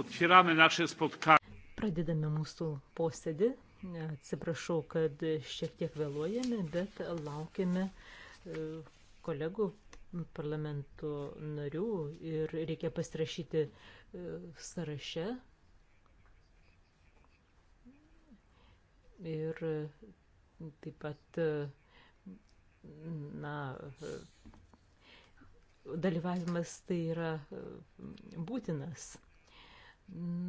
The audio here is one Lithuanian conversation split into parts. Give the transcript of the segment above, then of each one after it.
Otwieramy nasze spotkanie. Pradedame mūsų posėdį. Atsiprašau, kad šiek tiek vėluojame, bet laukiame e, kolegų parlamento narių ir reikia pasirašyti e, sąraše. Ir taip pat, e, na, dalyvavimas tai yra būtinas.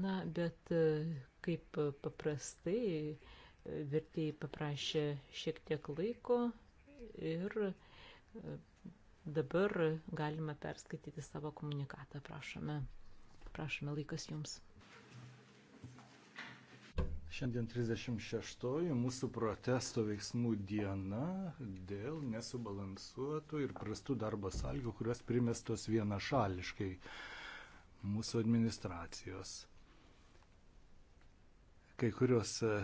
Na, bet e, kaip paprastai, e, vertėjai paprašė šiek tiek laiko ir e, dabar galima perskaityti savo komunikatą. Prašome, prašome laikas jums. Šiandien 36-oji mūsų protesto veiksmų diena dėl nesubalansuotų ir prastų darbo sąlygų, kurios primestos vienašališkai. šališkai mūsų administracijos. Kai kurios e,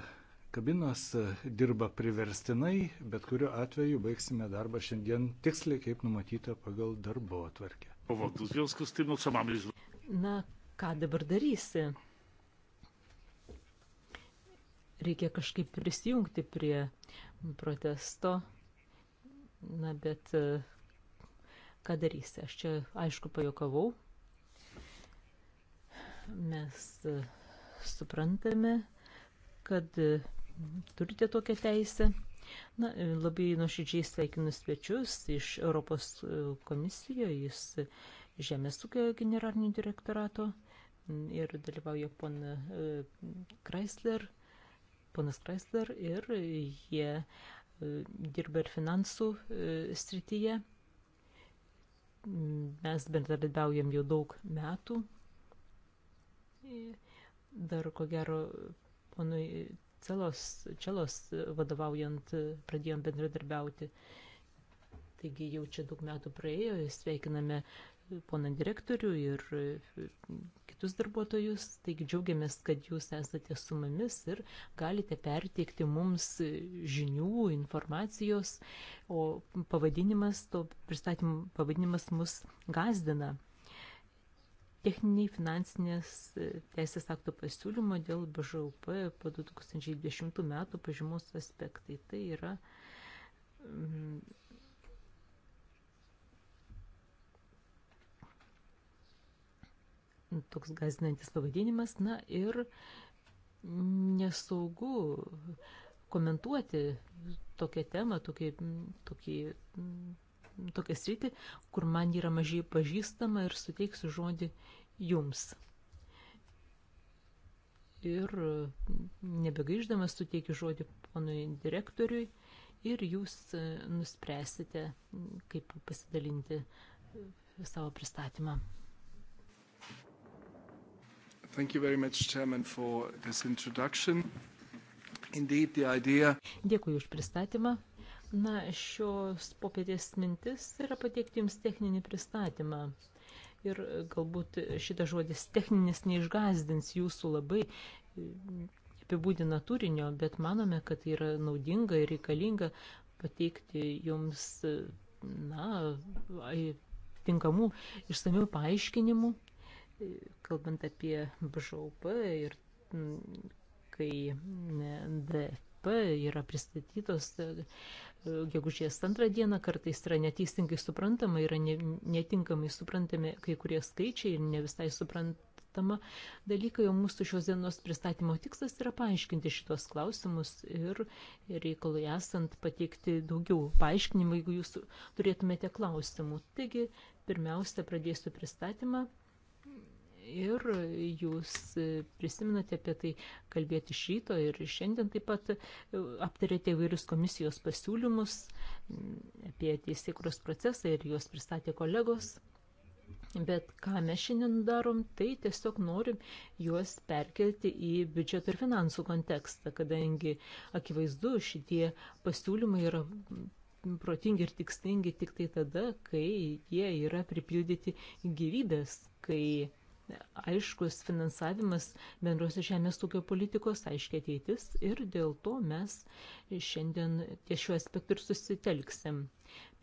kabinos e, dirba priverstinai, bet kuriuo atveju baigsime darbą šiandien tiksliai, kaip numatyta pagal darbo atvarkę. Na, ką dabar darysi? Reikia kažkaip prisijungti prie protesto, na, bet e, ką darysi? Aš čia, aišku, pajokavau, Mes e, suprantame, kad e, turite tokią teisę. Na, e, labai nuoširdžiai sveikinu svečius iš Europos komisijos, iš Žemės ūkio generalinio direktorato ir dalyvauja pon Chrysler, ponas Chrysler ir jie dirba ir finansų srityje. Mes bendradarbiaujam jau daug metų Dar ko gero, ponui celos, celos vadovaujant pradėjom bendradarbiauti. Taigi jau čia daug metų praėjo, sveikiname poną direktorių ir kitus darbuotojus. Taigi džiaugiamės, kad jūs esate su mumis ir galite perteikti mums žinių, informacijos, o pavadinimas, to pristatymo pavadinimas mus gazdina techniniai finansinės e, teisės akto pasiūlymo dėl BŽUP po 2020 metų pažymos aspektai. Tai yra mm, toks gazinantis pavadinimas, na ir nesaugu komentuoti tokią temą, tokį, tokį, tokią sritį, kur man yra mažai pažįstama ir suteiksiu žodį jums. Ir nebegaiždamas suteikiu žodį ponui direktoriui ir jūs e, nuspręsite, kaip pasidalinti e, savo pristatymą. Thank you very much, Chairman, for this introduction. Indeed, the idea... Dėkui už pristatymą. Na, šios popietės mintis yra pateikti jums techninį pristatymą ir galbūt šitas žodis techninis neišgazdins jūsų labai e, apibūdina turinio, bet manome, kad tai yra naudinga ir reikalinga pateikti jums, e, na, tinkamų išsamių paaiškinimų, e, kalbant apie BŽOP ir kai DFP yra pristatytos gegužės antrą dieną, kartais yra neteisingai suprantama, yra ne, netinkamai suprantami kai kurie skaičiai ir ne visai suprantama dalykai, o mūsų šios dienos pristatymo tikslas yra paaiškinti šitos klausimus ir reikalui esant pateikti daugiau paaiškinimų, jeigu jūs turėtumėte klausimų. Taigi, pirmiausia, pradėsiu pristatymą Ir jūs e, prisiminate apie tai kalbėti iš ryto ir šiandien taip pat e, aptarėte įvairius komisijos pasiūlymus apie teisėkuros procesą ir juos pristatė kolegos. Bet ką mes šiandien darom, tai tiesiog norim juos perkelti į biudžeto ir finansų kontekstą, kadangi akivaizdu šitie pasiūlymai yra protingi ir tikslingi tik tai tada, kai jie yra pripildyti gyvybės, kai aiškus finansavimas bendrosios žemės ūkio politikos, aiškiai ateitis ir dėl to mes šiandien ties šiuo aspektu ir susitelksim.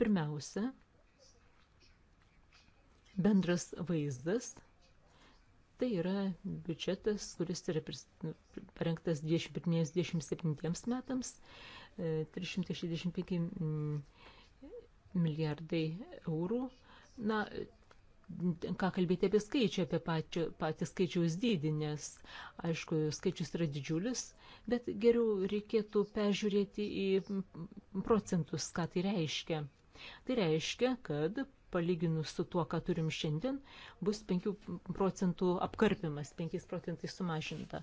Pirmiausia, bendras vaizdas. Tai yra biudžetas, kuris yra parengtas 21-27 metams, 365 e, mm, milijardai eurų. Na, ką kalbėti apie skaičių, apie pačią, patį skaičiaus dydį, nes, aišku, skaičius yra didžiulis, bet geriau reikėtų peržiūrėti į procentus, ką tai reiškia. Tai reiškia, kad palyginus su tuo, ką turim šiandien, bus 5 procentų apkarpimas, 5 procentai sumažinta.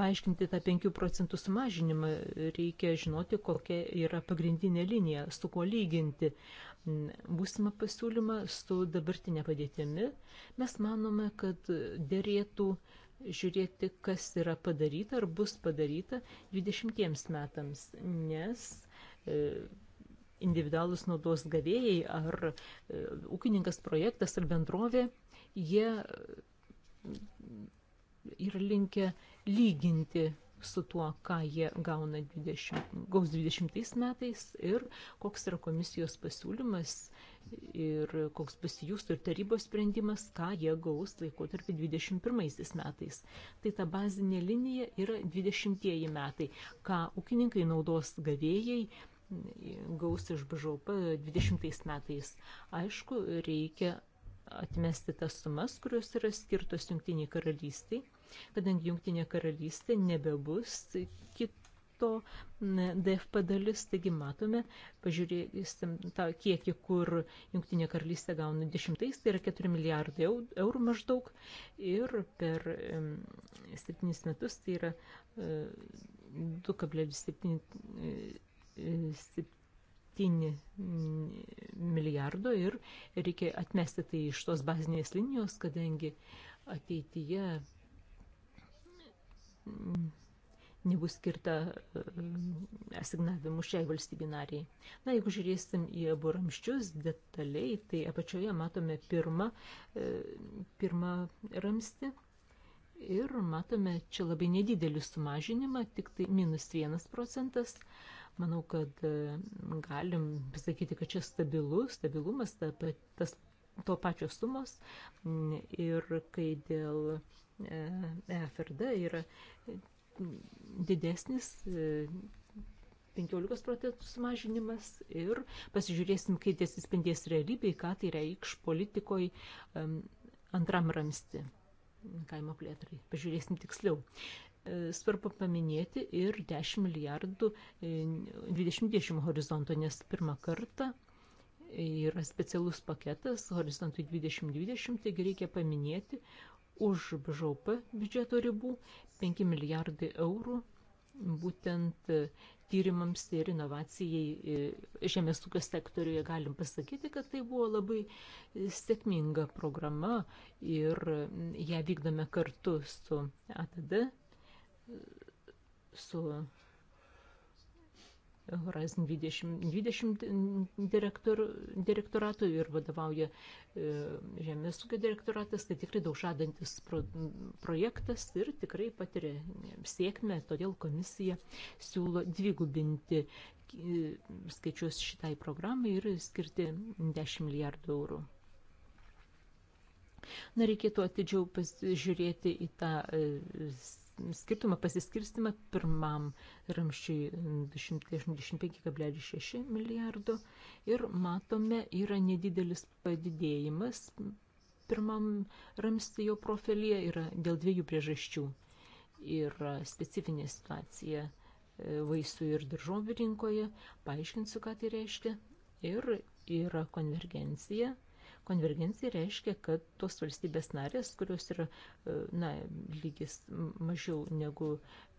Paaiškinti tą 5 procentų sumažinimą reikia žinoti, kokia yra pagrindinė linija, su kuo lyginti mm, būsimą pasiūlymą su dabartinė padėtimi. Mes manome, kad dėrėtų žiūrėti, kas yra padaryta ar bus padaryta 20 metams, nes e, individualus naudos gavėjai ar e, ūkininkas projektas ar bendrovė, jie mm, yra linkę lyginti su tuo, ką jie gauna 20, gaus 20 metais ir koks yra komisijos pasiūlymas ir koks bus jūsų ir tarybos sprendimas, ką jie gaus laikotarpį 21 metais. Tai ta bazinė linija yra 20 metai, ką ūkininkai naudos gavėjai gaus iš BŽP 20 metais. Aišku, reikia atmesti tas sumas, kurios yra skirtos Junktiniai karalystiai, kadangi Junktinė karalystė nebebus kito DFP dalis, taigi matome, pažiūrėsim tą kiekį, kur Junktinė karalystė gauna dešimtais, tai yra 4 milijardai eurų maždaug ir per 7 metus tai yra 2,7 e, 7 milijardo ir reikia atmesti tai iš tos bazinės linijos, kadangi ateityje nebus skirta e, asignavimų šiai valstybinariai. Na, jeigu žiūrėsim į abu ramščius detaliai, tai apačioje matome pirmą, e, pirmą ramstį ir matome čia labai nedidelį sumažinimą, tik tai minus vienas procentas, Manau, kad e, galim pasakyti, kad čia stabilu, stabilumas, ta, tas to pačios sumos ir kai dėl EFRD e yra didesnis 15 e, procentų sumažinimas ir pasižiūrėsim, kaip tai atsispindės realybėje, ką tai reikš politikoje antram ramsti kaimo plėtrai. Pažiūrėsim tiksliau. E, svarbu paminėti ir 10 milijardų 2020 e, horizonto, nes pirmą kartą yra specialus paketas horizontui 2020, taigi reikia paminėti už BŽP biudžeto ribų 5 milijardai eurų būtent tyrimams ir inovacijai e, žemės ūkio sektoriuje galim pasakyti, kad tai buvo labai sėkminga programa ir ją vykdome kartu su ATD su Horizon 2020 direktor, direktoratu ir vadovauja e, Žemės ūkio direktoratas, tai tikrai daug žadantis pro, projektas ir tikrai patiria sėkmę, todėl komisija siūlo dvigubinti e, skaičius šitai programai ir skirti 10 milijardų eurų. Na, reikėtų atidžiau pasižiūrėti į tą e, skirtumą, pasiskirstimą pirmam ramščiui 285,6 milijardo ir matome yra nedidelis padidėjimas pirmam ramstį jo profilyje yra dėl dviejų priežasčių. Yra specifinė situacija e, vaisių ir daržovių rinkoje, paaiškinsiu, ką tai reiškia, ir yra konvergencija Konvergencija reiškia, kad tos valstybės narės, kurios yra e, na, lygis mažiau negu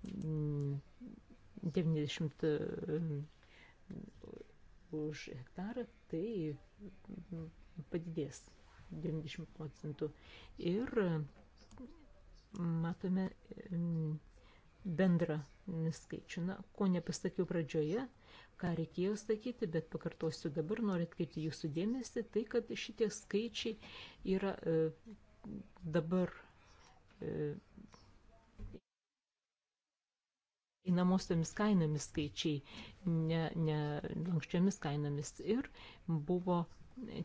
90 e, už hektarą, tai padidės 90 procentų. Ir matome bendrą skaičių. Na, ko nepasakiau pradžioje, ką reikėjo sakyti, bet pakartosiu dabar, noriu atkreipti jūsų dėmesį, tai kad šitie skaičiai yra e, dabar e, įnamostomis kainomis skaičiai, ne, ne lankščiomis kainomis ir buvo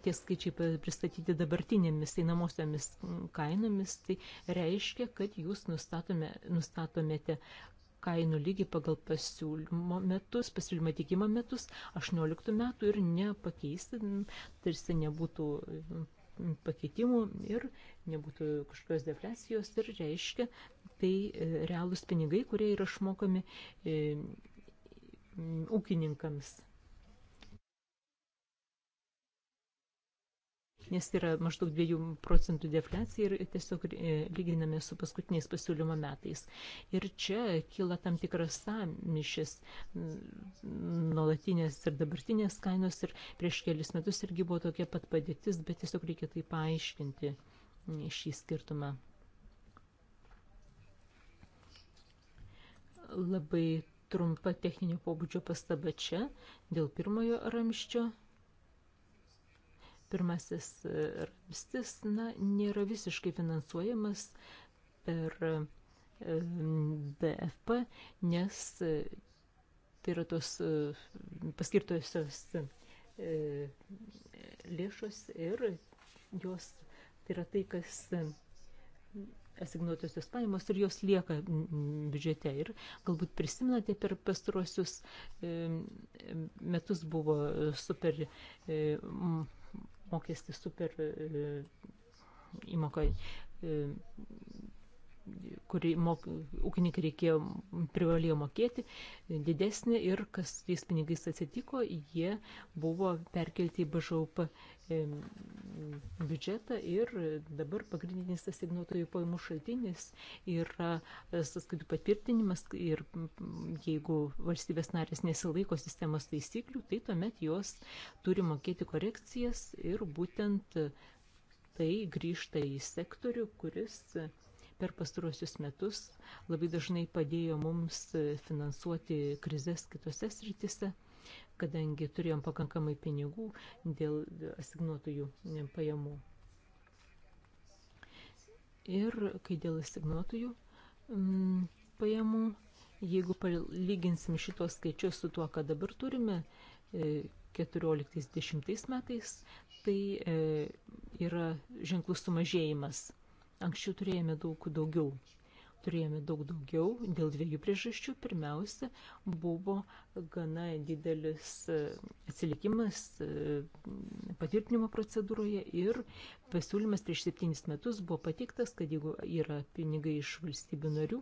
tie skaičiai pristatyti dabartinėmis einamosiomis kainomis, tai reiškia, kad jūs nustatome, nustatomėte kainų lygį pagal pasiūlymo metus, pasiūlymo tikimo metus, 18 metų ir nepakeisti, tarsi nebūtų pakeitimų ir nebūtų kažkokios deflecijos ir reiškia tai realūs pinigai, kurie yra išmokami e, ūkininkams. nes yra maždaug 2 procentų deflecija ir tiesiog e, lyginame su paskutiniais pasiūlymo metais. Ir čia kyla tam tikras samišis nuolatinės ir dabartinės kainos ir prieš kelis metus irgi buvo tokia pat padėtis, bet tiesiog reikia tai paaiškinti e, šį skirtumą. Labai trumpa techninio pobūdžio pastaba čia dėl pirmojo ramščio Pirmasis e, ramstis, na, nėra visiškai finansuojamas per e, BFP, nes e, tai yra tos paskirtosios lėšos ir jos tai yra tai, kas asignuotosios pajamos ir jos lieka biudžete. Ir galbūt prisimenate, per pastarosius metus buvo super mokestį super e, įmokai e, kurį mok, ūkininkai reikėjo privalėjo mokėti, didesnė ir kas tais pinigais atsitiko, jie buvo perkelti į BŽUP biudžetą ir dabar pagrindinis asignuotojų pajamų šaltinis yra sąskaitų patvirtinimas ir jeigu valstybės narės nesilaiko sistemos taisyklių, tai tuomet jos turi mokėti korekcijas ir būtent tai grįžta į sektorių, kuris per pastaruosius metus labai dažnai padėjo mums finansuoti krizės kitose sritise, kadangi turėjom pakankamai pinigų dėl asignuotojų pajamų. Ir kai dėl asignuotojų m, mm, pajamų, jeigu palyginsim šitos skaičius su tuo, ką dabar turime, 14-10 e, metais, tai e, yra ženklus sumažėjimas. Anksčiau turėjome daug daugiau. Turėjome daug daugiau dėl dviejų priežasčių. Pirmiausia, buvo gana didelis e, atsilikimas e, patvirtinimo procedūroje ir pasiūlymas prieš septynis metus buvo patiktas, kad jeigu yra pinigai iš valstybių narių,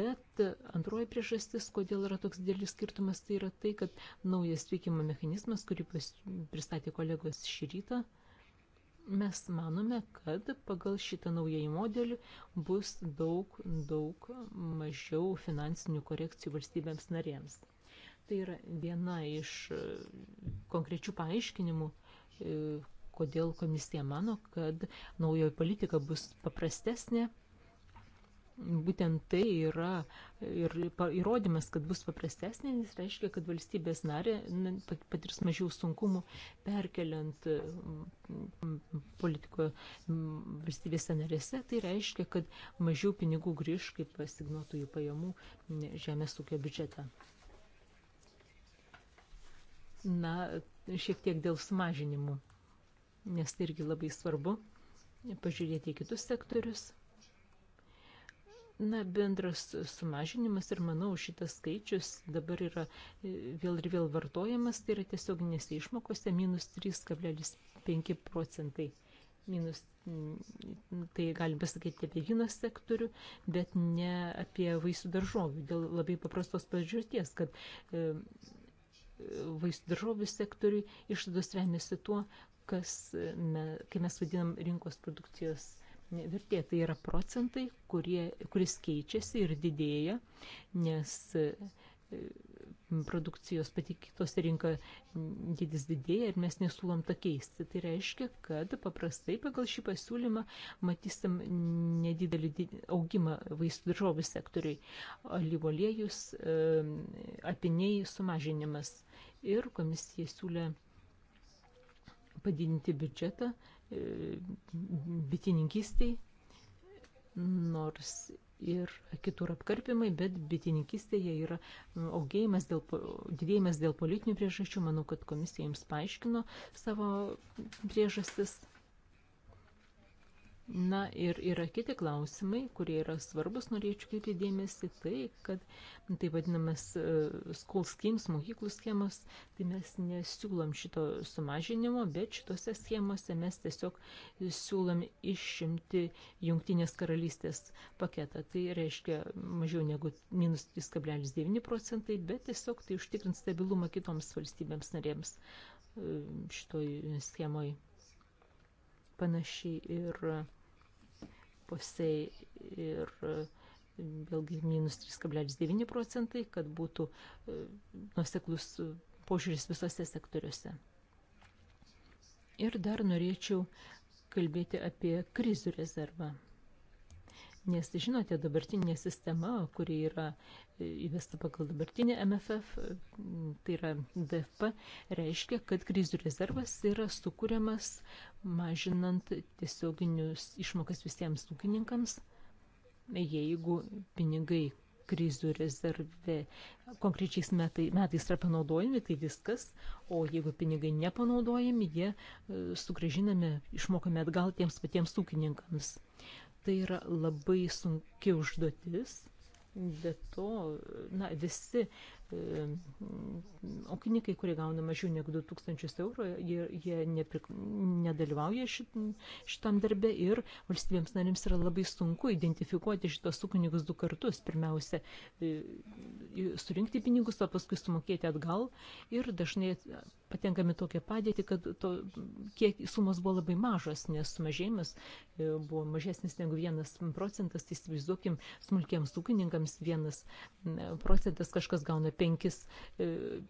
bet antroji priežastis, kodėl yra toks didelis skirtumas, tai yra tai, kad naujas veikimo mechanizmas, kurį pristatė kolegos šį rytą, Mes manome, kad pagal šitą naująjį modelį bus daug, daug mažiau finansinių korekcijų valstybėms narėms. Tai yra viena iš e, konkrečių paaiškinimų, e, kodėl komisija mano, kad naujoji politika bus paprastesnė būtent tai yra ir įrodymas, kad bus paprastesnė, nes reiškia, kad valstybės narė patirs mažiau sunkumų perkeliant politiko valstybėse narėse, tai reiškia, kad mažiau pinigų grįž kaip pasignuotojų pajamų žemės ūkio biudžetą. Na, šiek tiek dėl sumažinimų, nes tai irgi labai svarbu pažiūrėti į kitus sektorius Na, bendras sumažinimas ir manau šitas skaičius dabar yra e, vėl ir vėl vartojamas, tai yra tiesioginėse išmokose minus 3,5 procentai. Minus, tai galim pasakyti apie vyną sektorių, bet ne apie vaisių daržovių. Dėl labai paprastos pažiūrties, kad e, vaisių daržovių sektoriui išlaidos remiasi tuo, kas, e, me, kai mes vadinam rinkos produkcijos vertė, tai yra procentai, kurie, kuris keičiasi ir didėja, nes e, produkcijos patikytos rinka didis didėja ir mes nesulom tą keisti. Tai reiškia, kad paprastai pagal šį pasiūlymą matysim nedidelį augimą vaistų daržovių sektoriui. Alyvolėjus, e, apiniai sumažinimas. Ir komisija siūlė padidinti biudžetą E, bitininkystiai, nors ir kitur apkarpimai, bet bitininkystėje yra e, augėjimas dėl, didėjimas dėl politinių priežasčių. Manau, kad komisija jums paaiškino savo priežastis. Na ir yra kiti klausimai, kurie yra svarbus, norėčiau kaip įdėmėsi tai, kad tai vadinamas e, school schemes, mokyklų schemos, tai mes nesiūlom šito sumažinimo, bet šitose schemose mes tiesiog siūlom išimti jungtinės karalystės paketą. Tai reiškia mažiau negu minus 3,9 procentai, bet tiesiog tai užtikrint stabilumą kitoms valstybėms narėms e, šitoj schemoje panašiai ir pusėje ir e, vėlgi minus 3,9 procentai, kad būtų e, nuseklus požiūris visose sektoriuose. Ir dar norėčiau kalbėti apie krizių rezervą. Nes žinote, dabartinė sistema, kuri yra e, įvesta pagal dabartinį MFF, tai yra DFP, reiškia, kad krizių rezervas yra sukūriamas mažinant tiesioginius išmokas visiems ūkininkams, jeigu pinigai krizių rezerve konkrečiais metai, metais yra panaudojami, tai viskas, o jeigu pinigai nepanaudojami, jie e, sugražinami, išmokami atgal tiems patiems ūkininkams tai yra labai sunki užduotis. Be to, na, visi Okininkai, e, kurie gauna mažiau negu 2000 eurų, jie, jie neprik, nedalyvauja šit, šitam darbe ir valstybėms narėms yra labai sunku identifikuoti šitos ūkininkus du kartus. Pirmiausia, e, surinkti pinigus, o paskui sumokėti atgal ir dažnai patenkame tokią padėtį, kad to, kiek sumos buvo labai mažas, nes sumažėjimas e, buvo mažesnis negu vienas procentas, tai įsivaizduokim, smulkiems ūkininkams vienas procentas kažkas gauna 5 e,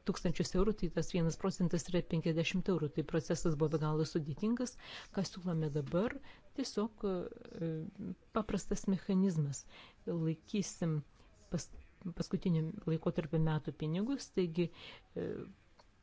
tūkstančius eurų, tai tas 1 procentas yra 50 eurų. Tai procesas buvo be galo sudėtingas. Ką siūlome dabar? Tiesiog e, paprastas mechanizmas. Laikysim pas, paskutiniu laikotarpiu metų pinigus, taigi e,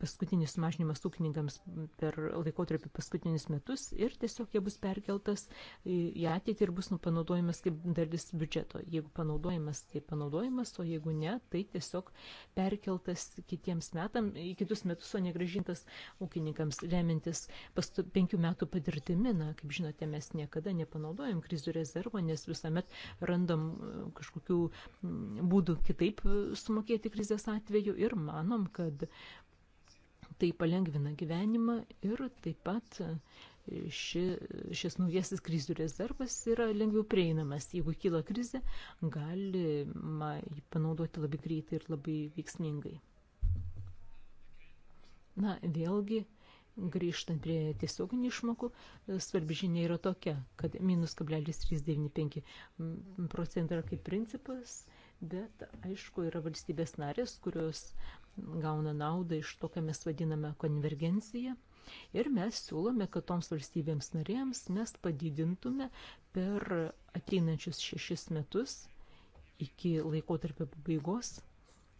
paskutinis mažinimas ūkininkams per laikotarpį paskutinius metus ir tiesiog jie bus perkeltas į ateitį ir bus nu, panaudojamas kaip dalis biudžeto. Jeigu panaudojamas, tai panaudojamas, o jeigu ne, tai tiesiog perkeltas kitiems metam, į kitus metus, o negražintas ūkininkams, remintis pastu, penkių metų patirtimi. Na, kaip žinote, mes niekada nepanaudojam krizių rezervo, nes visuomet randam e, kažkokių būdų kitaip e, sumokėti krizės atveju ir manom, kad Tai palengvina gyvenimą ir taip pat e, ši, šis naujasis krizių rezervas yra lengviau prieinamas. Jeigu kyla krizė, galima jį panaudoti labai greitai ir labai veiksmingai. Na, vėlgi, grįžtant prie tiesioginių išmokų, e, svarbi žinia yra tokia, kad minus kablelis 395 procentai yra kaip principas, bet aišku, yra valstybės narės, kurios gauna naudą iš to, ką mes vadiname konvergencija. Ir mes siūlome, kad toms valstybėms narėms mes padidintume per ateinančius šešis metus iki laikotarpio pabaigos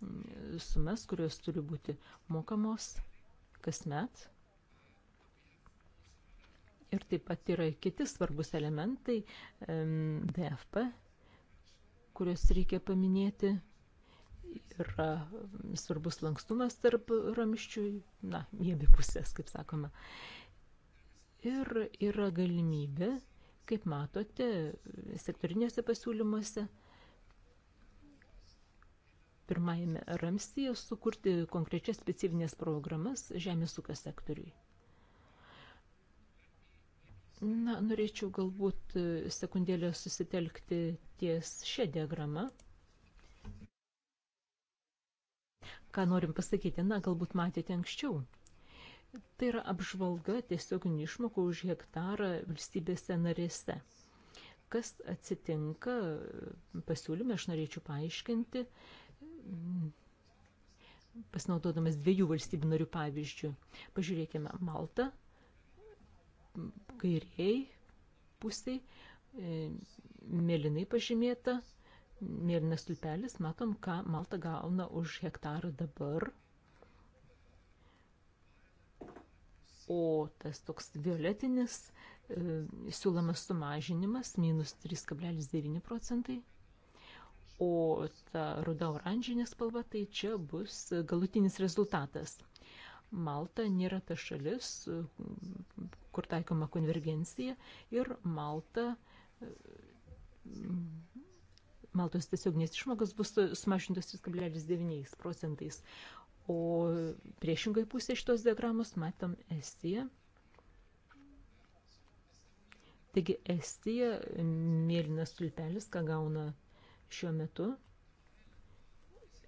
mm, sumas, kurios turi būti mokamos kasmet. Ir taip pat yra kiti svarbus elementai DFP, kuriuos reikia paminėti yra mm, svarbus lankstumas tarp ramščių, na, į abi pusės, kaip sakoma. Ir yra galimybė, kaip matote, sektorinėse pasiūlymuose pirmajame ramstyje sukurti konkrečias specifinės programas žemės ūkio sektoriui. Na, norėčiau galbūt sekundėlę susitelkti ties šią diagramą. ką norim pasakyti, na, galbūt matėte anksčiau. Tai yra apžvalga tiesioginių išmokų už hektarą valstybėse narėse. Kas atsitinka, pasiūlymę aš norėčiau paaiškinti, pasinaudodamas dviejų valstybių narių pavyzdžių. Pažiūrėkime, Malta kairiai pusiai e, mėlynai pažymėta – mėlynas tulpelis, matom, ką Malta gauna už hektarą dabar. O tas toks violetinis e, siūlomas sumažinimas minus 3,9 procentai. O ta ruda oranžinė spalva, tai čia bus galutinis rezultatas. Malta nėra ta šalis, kur taikoma konvergencija ir Malta e, Maltos tiesioginės išmokos bus sumažintos 3,9 procentais. O priešingai pusė šitos diagramos matom Estiją. Taigi Estija, mėlynas tulpelis, ką gauna šiuo metu –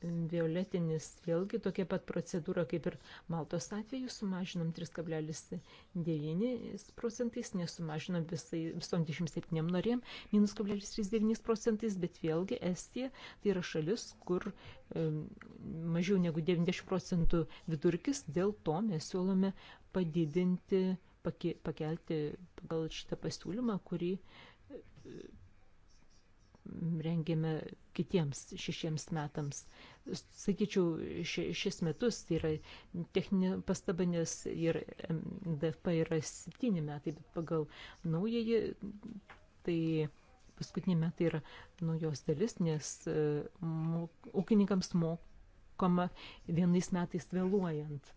violetinis, vėlgi tokia pat procedūra kaip ir Maltos atveju, sumažinom 3,9 procentais, nesumažinom visai, visom 27 norėm, minus 0,39 procentais, bet vėlgi Estija tai yra šalis, kur e, mažiau negu 90 procentų vidurkis, dėl to mes siūlome padidinti, pake, pakelti pagal šitą pasiūlymą, kurį e, rengėme kitiems šešiems metams. Sakyčiau, še, šis metus yra techninė pastaba, nes ir DFP yra septyni metai, bet pagal naująjį, tai paskutiniai metai yra naujos dalis, nes e, mok, ūkininkams mokama vienais metais vėluojant.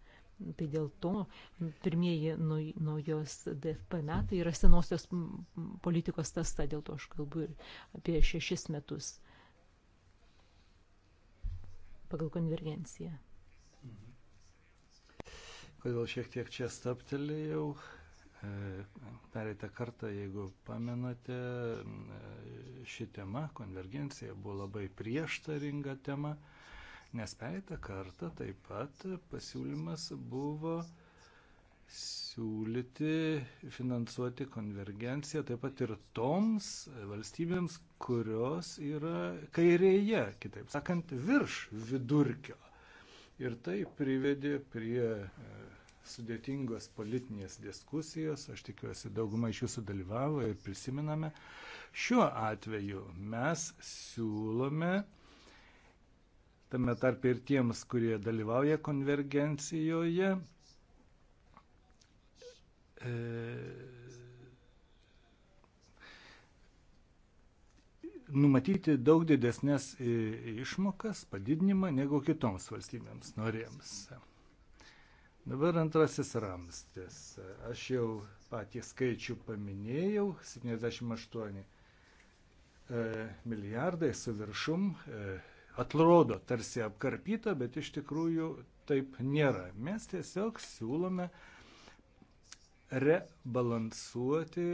Tai dėl to pirmieji naujos DFP metai yra senosios politikos tasta, dėl to aš kalbu ir apie šešis metus pagal konvergenciją. Kodėl šiek tiek čia staptelėjau? E, pereitą kartą, jeigu pamenate, e, ši tema, konvergencija, buvo labai prieštaringa tema. Nes praeitą kartą taip pat pasiūlymas buvo siūlyti finansuoti konvergenciją taip pat ir toms valstybėms, kurios yra kairėje, kitaip sakant, virš vidurkio. Ir tai privedė prie e, sudėtingos politinės diskusijos, aš tikiuosi dauguma iš jūsų dalyvavo ir prisiminame. Šiuo atveju mes siūlome tame tarp ir tiems, kurie dalyvauja konvergencijoje. E, numatyti daug didesnės išmokas, padidinimą negu kitoms valstybėms norėjams. Dabar antrasis ramstis. Aš jau patį skaičių paminėjau - 78 e, milijardai su viršum e, atrodo tarsi apkarpyta, bet iš tikrųjų taip nėra. Mes tiesiog siūlome rebalansuoti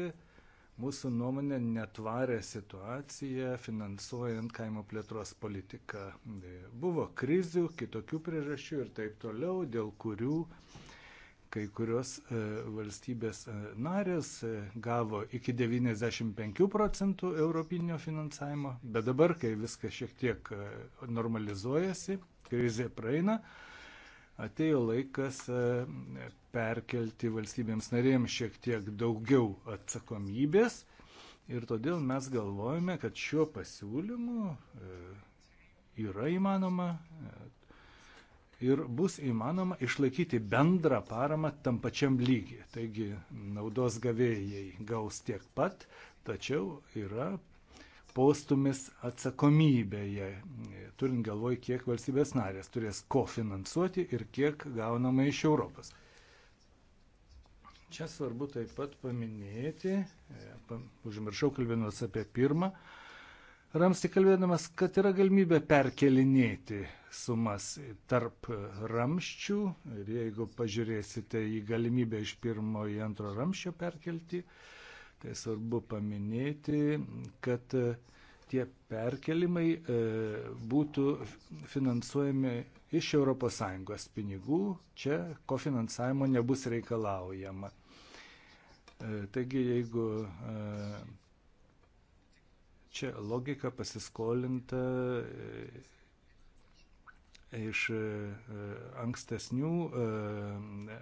mūsų nuomonė netvarę situaciją finansuojant kaimo plėtros politiką. Buvo krizių, kitokių priežasčių ir taip toliau, dėl kurių uh, kai kurios e, valstybės e, narės e, gavo iki 95 procentų europinio finansavimo, bet dabar, kai viskas šiek tiek normalizuojasi, krizė praeina, atėjo laikas perkelti valstybėms narėms šiek tiek daugiau atsakomybės ir todėl mes galvojame, kad šiuo pasiūlymu yra įmanoma ir bus įmanoma išlaikyti bendrą paramą tam pačiam lygiai. Taigi naudos gavėjai gaus tiek pat, tačiau yra postumis atsakomybėje, turint galvoj, kiek valstybės narės turės kofinansuoti ir kiek gaunama iš Europos. Čia svarbu taip pat paminėti, e, užmiršau kalbėdamas apie pirmą, ramsti kalbėdamas, kad yra galimybė perkelinėti sumas tarp ramščių ir jeigu pažiūrėsite į galimybę iš pirmo į antro ramščio perkelti, tai svarbu paminėti, kad tie perkelimai e, būtų finansuojami iš ES pinigų, čia kofinansavimo nebus reikalaujama. E, taigi, jeigu e, Čia logika pasiskolinta e, iš e, ankstesnių, e,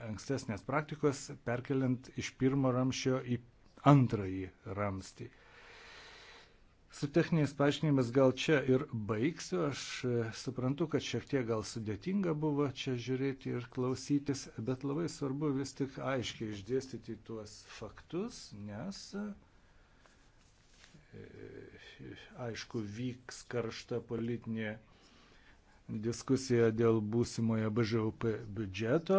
ankstesnės praktikos, perkeliant iš pirmo ramščio į antrąjį ramstį. Su techniniais paaiškinimais gal čia ir baigsiu. Aš suprantu, kad šiek tiek gal sudėtinga buvo čia žiūrėti ir klausytis, bet labai svarbu vis tik aiškiai išdėstyti tuos faktus, nes uh, aišku, vyks karšta politinė diskusija dėl būsimojo BŽUP biudžeto,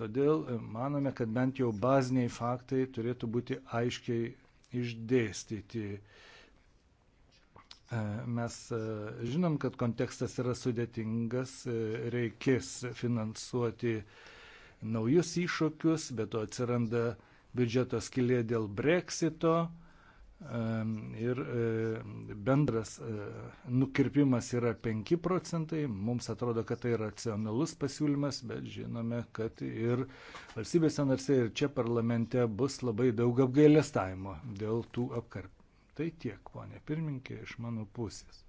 todėl manome, kad bent jau baziniai faktai turėtų būti aiškiai išdėstyti. E, mes e, žinom, kad kontekstas yra sudėtingas, e, reikės finansuoti naujus iššūkius, bet to atsiranda biudžeto skilė dėl breksito, ir e, bendras e, nukirpimas yra 5 procentai. Mums atrodo, kad tai racionalus pasiūlymas, bet žinome, kad ir valstybėse narse ir čia parlamente bus labai daug apgailestavimo dėl tų apkarpimų. Tai tiek, ponė pirminkė, iš mano pusės.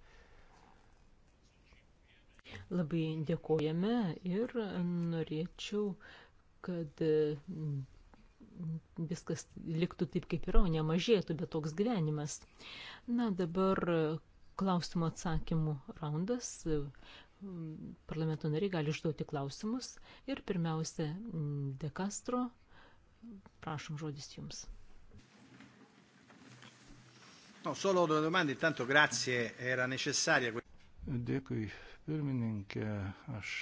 Labai dėkojame ir norėčiau, kad viskas liktų taip, kaip yra, o nemažėtų, bet toks gyvenimas. Na, dabar klausimų atsakymų raundas. Parlamento nariai gali išduoti klausimus. Ir pirmiausia, De Castro, prašom žodis jums. No, solo due domande, tanto grazie, era necessaria. Dėkui, pirmininkė, aš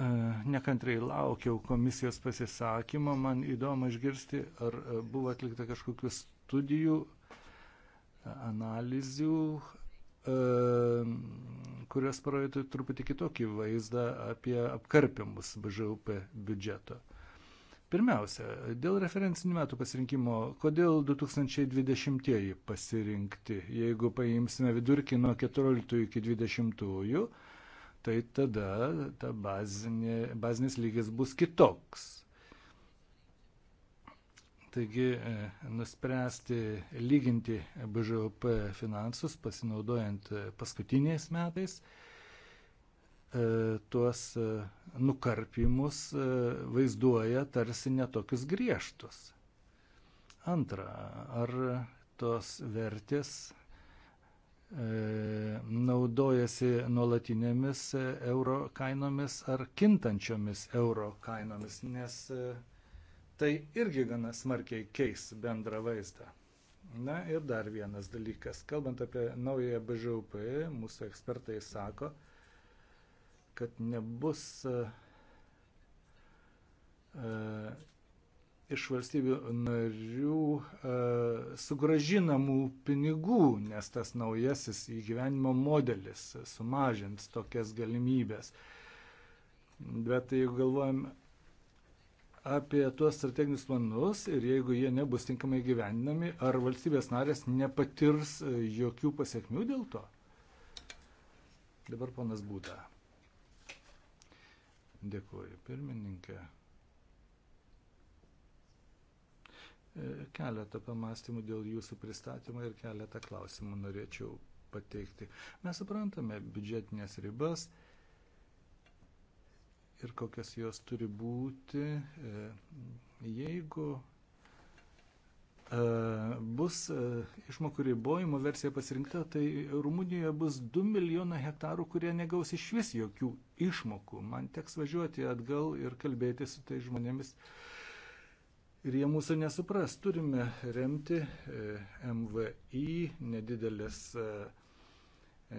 E, nekantrai laukiau komisijos pasisakymo. Man įdomu išgirsti, ar e, buvo atlikta kažkokių studijų, analizių, e, kurios parodytų truputį kitokį vaizdą apie apkarpimus BŽUP biudžeto. Pirmiausia, dėl referencinių metų pasirinkimo, kodėl 2020-ieji pasirinkti, jeigu paimsime vidurkį nuo 14 iki 20, tai tada ta bazinė, bazinis lygis bus kitoks. Taigi e, nuspręsti lyginti BŽOP finansus pasinaudojant e, paskutiniais metais e, tuos nukarpimus vaizduoja tarsi netokius griežtus. Antra, ar tos vertės E, naudojasi nuolatinėmis euro kainomis ar kintančiomis euro kainomis, nes e, tai irgi gana smarkiai keis bendrą vaizdą. Na ir dar vienas dalykas. Kalbant apie naująją BŽUP, mūsų ekspertai sako, kad nebus e, iš valstybių narių e, sugražinamų pinigų, nes tas naujasis įgyvenimo modelis sumažins tokias galimybės. Bet tai jeigu galvojam apie tuos strateginius planus ir jeigu jie nebus tinkamai gyvendinami, ar valstybės narės nepatirs e, jokių pasiekmių dėl to? Dabar ponas Būda. Dėkuoju, pirmininkė. E, keletą pamastymų dėl jūsų pristatymo ir keletą klausimų norėčiau pateikti. Mes suprantame biudžetinės ribas ir kokias jos turi būti, e, jeigu e, bus išmokų ribojimo versija pasirinkta, tai Rumunijoje bus 2 milijonai hektarų, kurie negaus iš vis jokių išmokų. Man teks važiuoti atgal ir kalbėti su tai žmonėmis, uh, ir jie mūsų nesupras. Turime remti e, MVI, nedidelės,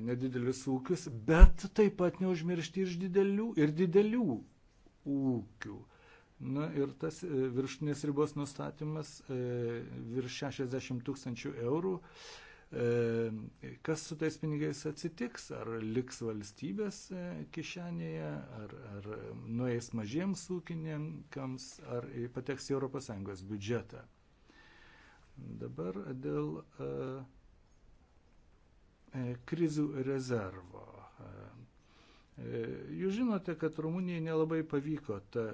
nedidelis e, ūkius, bet taip pat neužmiršti ir didelių, ir didelių ūkių. Na ir tas e, viršutinės ribos nustatymas virš 60 tūkstančių eurų E, kas su tais pinigais atsitiks, ar liks valstybės e, kišenėje, ar, ar nueis mažiems ūkininkams, ar pateks į ES biudžetą. Dabar dėl e, krizių rezervo. Jūs žinote, kad Rumunijai nelabai pavyko tą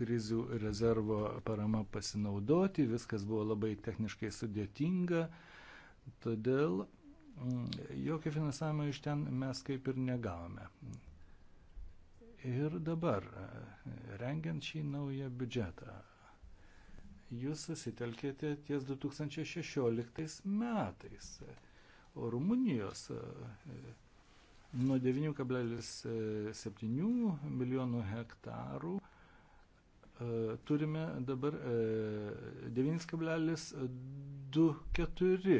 krizių rezervo parama pasinaudoti, viskas buvo labai techniškai sudėtinga, Todėl mm, jokio finansavimo iš ten mes kaip ir negavome. Ir dabar, e, rengiant šį naują biudžetą, jūs susitelkėte ties 2016 metais. O Rumunijos e, e, nuo 9,7 milijonų hektarų turime dabar 9,24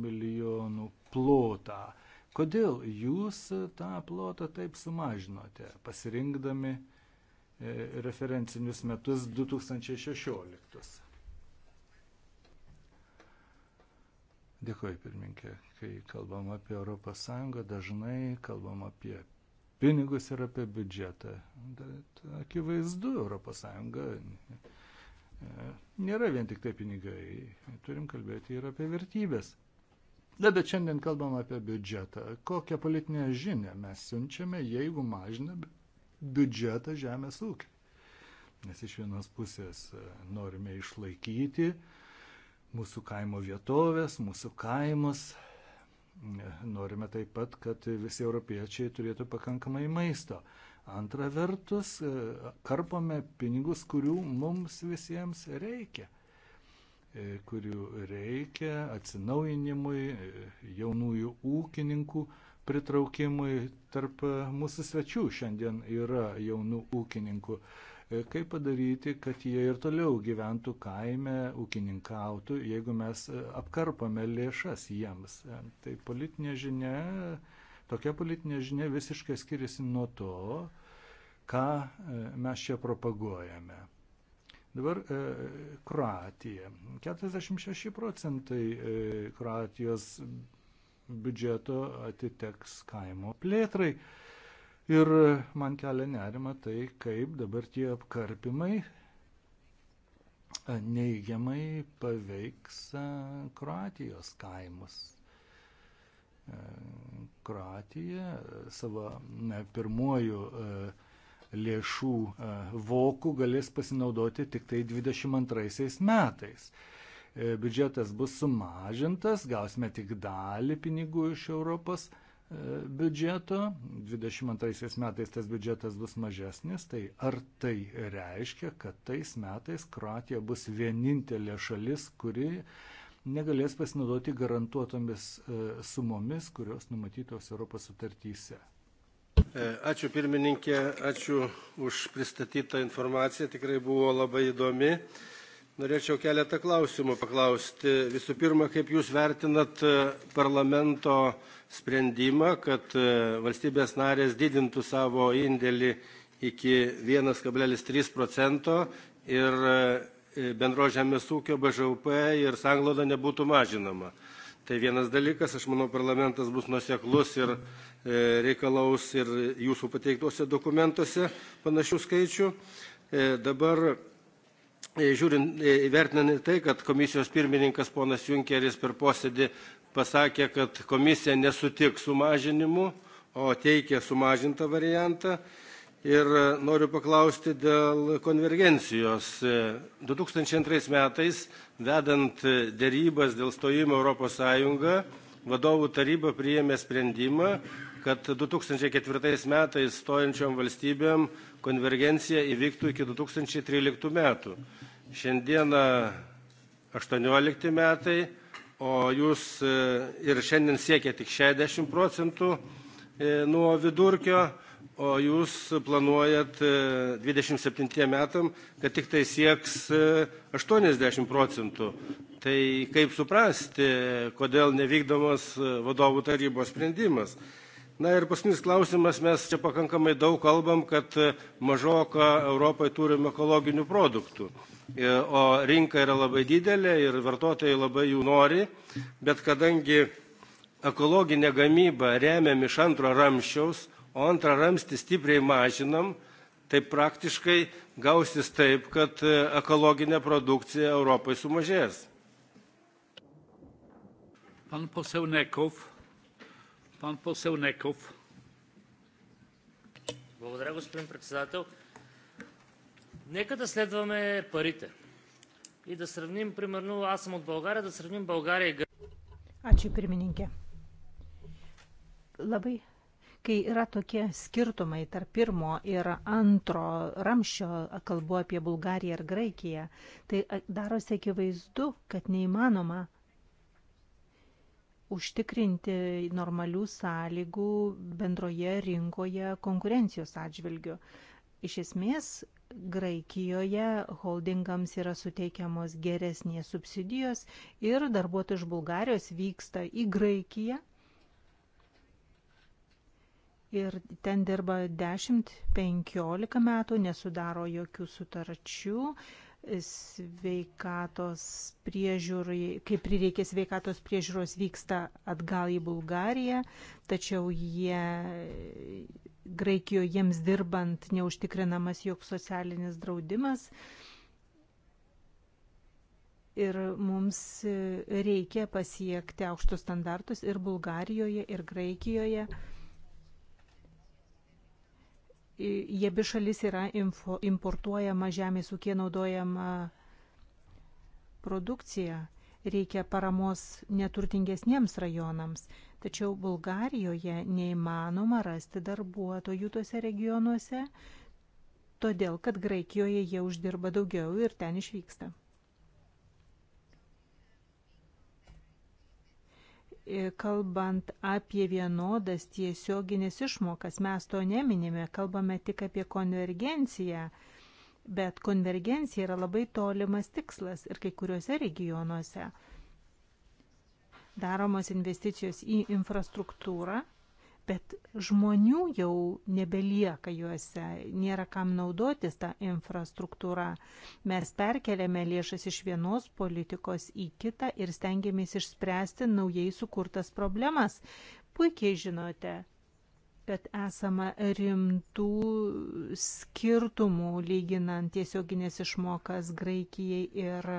milijonų plotą. Kodėl jūs tą plotą taip sumažinote, pasirinkdami e, referencinius metus 2016? Dėkuoju, pirminkė. Kai kalbam apie ES, dažnai kalbam apie pinigus ir apie biudžetą. Bet akivaizdu, ES E, nėra vien tik tai pinigai. Turim kalbėti ir apie vertybės. Na, bet šiandien kalbam apie biudžetą. Kokią politinę žinę mes siunčiame, jeigu mažiname biudžetą žemės ūkį? Nes iš vienos pusės e, norime išlaikyti mūsų kaimo vietovės, mūsų kaimus. E, norime taip pat, kad visi europiečiai turėtų pakankamai maisto. Antra vertus, e, karpame pinigus, kurių mums visiems reikia e, kurių reikia atsinaujinimui, e, jaunųjų ūkininkų pritraukimui. Tarp mūsų svečių šiandien yra jaunų ūkininkų. Kaip padaryti, kad jie ir toliau gyventų kaime, ūkininkautų, jeigu mes apkarpame lėšas jiems. Tai politinė žinia Tokia politinė žinia visiškai skiriasi nuo to, ką e, mes čia propaguojame. Dabar e, Kroatija. 46 procentai e, Kroatijos biudžeto atiteks kaimo plėtrai. Ir man kelia nerima tai, kaip dabar tie apkarpimai e, neigiamai paveiks e, Kroatijos kaimus. Kroatija savo e, pirmuoju e, lėšų e, vokų galės pasinaudoti tik tai 22 metais. Biudžetas bus sumažintas, gausime tik dalį pinigų iš Europos biudžeto, 22 metais tas biudžetas bus mažesnis, tai ar tai reiškia, kad tais metais Kroatija bus vienintelė šalis, kuri uh, negalės pasinaudoti garantuotomis e, sumomis, kurios numatytos Europos sutartyse. E, ačiū pirmininkė, ačiū už pristatytą informaciją, tikrai buvo labai įdomi. Norėčiau keletą klausimų paklausti. Visų pirma, kaip Jūs vertinat e, parlamento sprendimą, kad valstybės narės didintų savo indėlį iki 1,3 procento ir E, bendro žemės ūkio BŽUP ir sangloda nebūtų mažinama. Tai vienas dalykas, aš manau, parlamentas bus nuseklus ir e, reikalaus ir jūsų pateiktuose dokumentuose panašių skaičių. E, dabar žiūrint, vertinant tai, kad komisijos pirmininkas ponas Junkeris per posėdį pasakė, kad komisija nesutiks sumažinimu, o teikia sumažintą variantą, Ir e, noriu paklausti dėl konvergencijos. 2002 e, metais, vedant e, dėrybas dėl stojimo Europos Sąjungą, vadovų taryba priėmė sprendimą, kad 2004 metais stojančiom valstybėm konvergencija įvyktų iki 2013 metų. Šiandieną 18 metai, o jūs ir šiandien siekia tik 60 procentų nuo vidurkio o jūs planuojat 27 e, metam, kad tik tai sieks 80 e, procentų. Tai kaip suprasti, kodėl nevykdomas e, vadovų tarybos sprendimas? Na ir paskutinis klausimas, mes čia pakankamai daug kalbam, kad mažoka Europai turim ekologinių produktų, o rinka yra labai didelė ir vartotojai labai jų nori, bet kadangi ekologinė gamyba remiam iš antro ramščiaus, o antrą ramstį stipriai mažinam, tai praktiškai gausis taip, kad e, ekologinė produkcija Europai sumažės. Pan poseł Nekow. Pan poseł Nekow. Благодаря, господин председател. Нека да следваме парите и да сравним, примерно, аз съм от България, да сравним България и Гърция. Ačiū pirmininkė. Labai kai yra tokie skirtumai tarp pirmo ir antro ramščio, kalbu apie Bulgariją ir Graikiją, tai darosi akivaizdu, kad neįmanoma užtikrinti normalių sąlygų bendroje rinkoje konkurencijos atžvilgiu. Iš esmės, Graikijoje holdingams yra suteikiamos geresnės subsidijos ir darbuotojai iš Bulgarijos vyksta į Graikiją ir ten dirba 10-15 metų, nesudaro jokių sutarčių sveikatos priežiūrai, kai prireikia sveikatos priežiūros vyksta atgal į Bulgariją, tačiau jie Graikijoje jiems dirbant neužtikrinamas joks socialinis draudimas. Ir mums reikia pasiekti aukštus standartus ir Bulgarijoje, ir Graikijoje jie bi šalis yra info, importuojama žemės ūkė naudojama produkcija. Reikia paramos neturtingesniems rajonams. Tačiau Bulgarijoje neįmanoma rasti darbuotojų tose regionuose, todėl kad Graikijoje jie uždirba daugiau ir ten išvyksta. E, kalbant apie vienodas tiesioginės išmokas, mes to neminime, kalbame tik apie konvergenciją, bet konvergencija yra labai tolimas tikslas ir kai kuriuose regionuose daromos investicijos į infrastruktūrą bet žmonių jau nebelieka juose, nėra kam naudotis tą infrastruktūrą. Mes perkeliame lėšas iš vienos politikos į kitą ir stengiamės išspręsti naujai sukurtas problemas. Puikiai žinote, kad esama rimtų skirtumų lyginant tiesioginės išmokas Graikijai ir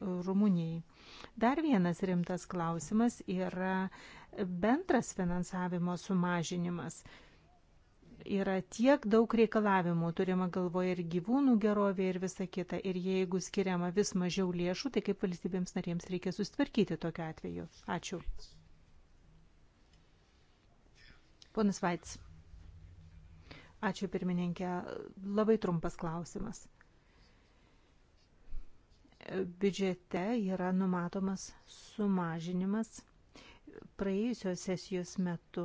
Rumunijai. Dar vienas rimtas klausimas yra bendras finansavimo sumažinimas. Yra tiek daug reikalavimų, turima galvoje ir gyvūnų gerovė ir visa kita. Ir jeigu skiriama vis mažiau lėšų, tai kaip valstybėms narėms reikia sustvarkyti tokiu atveju. Ačiū. Ponas Vaits. Ačiū pirmininkė. Labai trumpas klausimas biudžete yra numatomas sumažinimas praėjusios sesijos metu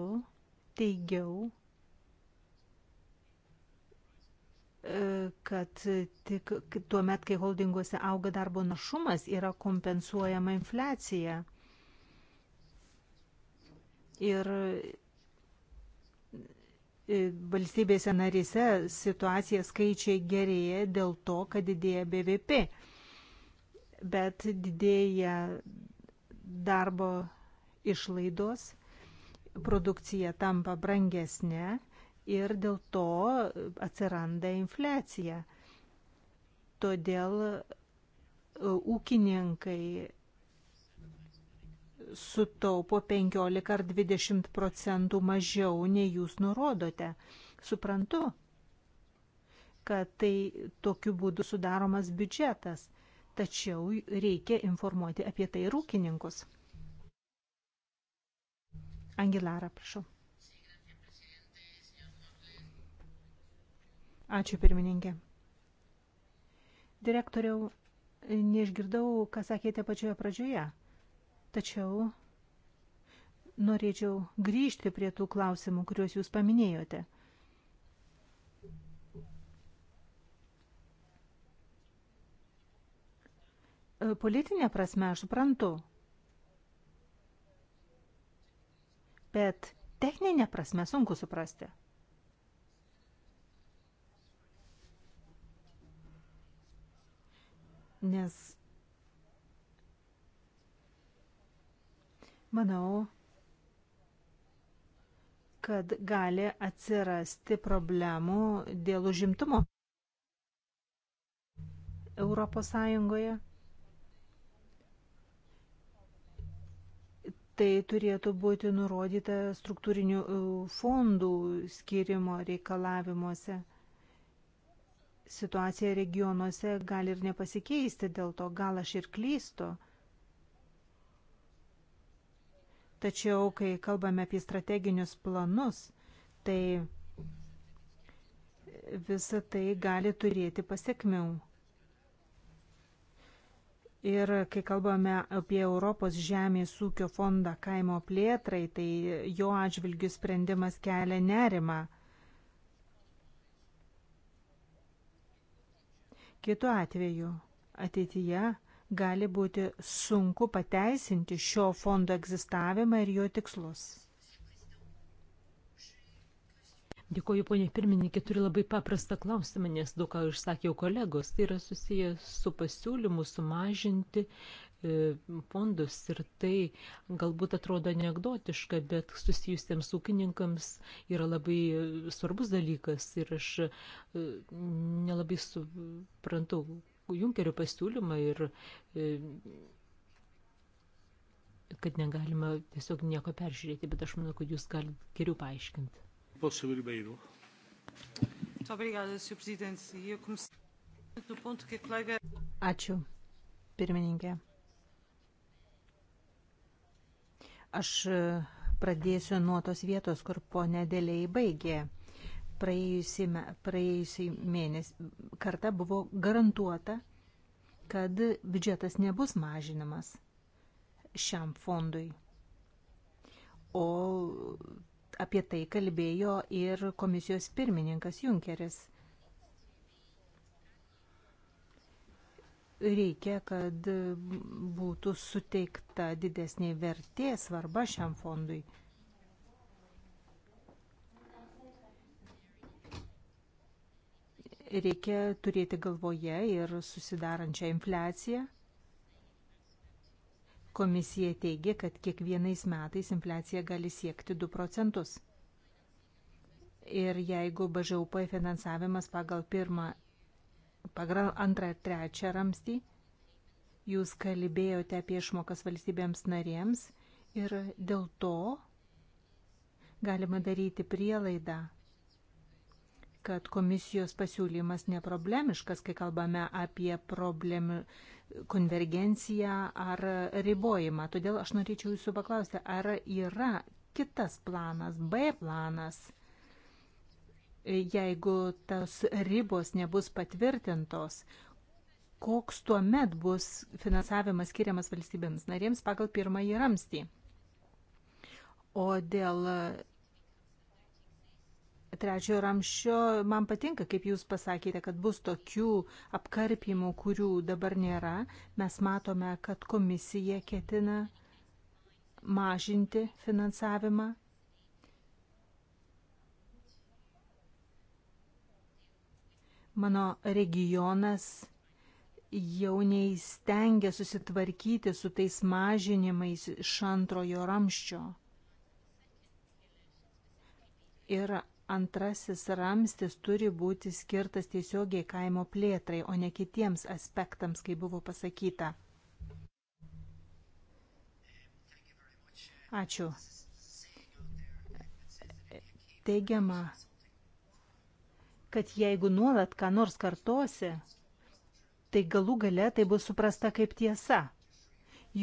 teigiau, e, kad tik tuo met, kai holdinguose auga darbo našumas, yra kompensuojama infliacija. Ir e, valstybėse narise situacija skaičiai gerėja dėl to, kad didėja BVP, bet didėja darbo išlaidos, produkcija tampa brangesnė ir dėl to atsiranda infliacija. Todėl e, ūkininkai sutaupo 15 ar 20 procentų mažiau, nei jūs nurodote. Suprantu, kad tai tokiu būdu sudaromas biudžetas, tačiau reikia informuoti apie tai ir ūkininkus. Angelara, prašau. Ačiū pirmininkė. Direktoriau, neišgirdau, ką sakėte pačioje pradžioje, tačiau norėčiau grįžti prie tų klausimų, kuriuos jūs paminėjote. Politinė prasme, aš suprantu, bet techninė prasme sunku suprasti. Nes manau, kad gali atsirasti problemų dėl užimtumo Europos Sąjungoje. Tai turėtų būti nurodyta struktūrinių e, fondų skirimo reikalavimuose. Situacija regionuose gali ir nepasikeisti, dėl to gal aš ir klystu. Tačiau, kai kalbame apie strateginius planus, tai visa tai gali turėti pasiekmių. Ir kai kalbame apie Europos žemės ūkio fondą kaimo plėtrai, tai jo atžvilgių sprendimas kelia nerimą. Kitu atveju ateityje gali būti sunku pateisinti šio fondo egzistavimą ir jo tikslus. Dėkoju, ponė pirmininkė, turi labai paprastą klausimą, nes daug ką išsakė jau kolegos. Tai yra susijęs su pasiūlymu sumažinti e, fondus ir tai galbūt atrodo anegdotiška, bet susijusiems ūkininkams yra labai svarbus dalykas ir aš e, nelabai suprantu Junkerio pasiūlymą ir e, kad negalima tiesiog nieko peržiūrėti, bet aš manau, kad jūs galite geriau paaiškinti. Posso Ribeiro. Muito obrigada, Sr. Presidente. E eu comecei do ponto que a colega. Ačiū, pirmininkė. Aš e, pradėsiu nuo tos vietos, kur ponė dėliai baigė. Praėjusį, praėjusį mėnesį kartą buvo garantuota, kad biudžetas nebus mažinamas šiam fondui. O apie tai kalbėjo ir komisijos pirmininkas Junkeris. Reikia, kad būtų suteikta didesnė vertė svarba šiam fondui. Reikia turėti galvoje ir susidarančią infliaciją. Komisija teigia, kad kiekvienais metais infliacija gali siekti 2 procentus. Ir jeigu BŽUP finansavimas pagal pirmą, pagal antrą ir trečią ramstį, jūs kalbėjote apie išmokas valstybėms narėms ir dėl to galima daryti prielaidą, kad komisijos pasiūlymas neproblemiškas, kai kalbame apie problemų konvergenciją ar ribojimą. Todėl aš norėčiau jūsų paklausti, ar yra kitas planas, B planas, jeigu tas ribos nebus patvirtintos, koks tuo met bus finansavimas skiriamas valstybėms narėms pagal pirmąjį ramstį. O dėl trečiojo ramščio, man patinka, kaip jūs pasakėte, kad bus tokių apkarpimų, kurių dabar nėra. Mes matome, kad komisija ketina mažinti finansavimą. Mano regionas jau neįstengia susitvarkyti su tais mažinimais iš antrojo ramščio. Ir antrasis ramstis turi būti skirtas tiesiogiai kaimo plėtrai, o ne kitiems aspektams, kaip buvo pasakyta. Ačiū. Teigiama, kad jeigu nuolat ką nors kartosi, tai galų gale tai bus suprasta kaip tiesa.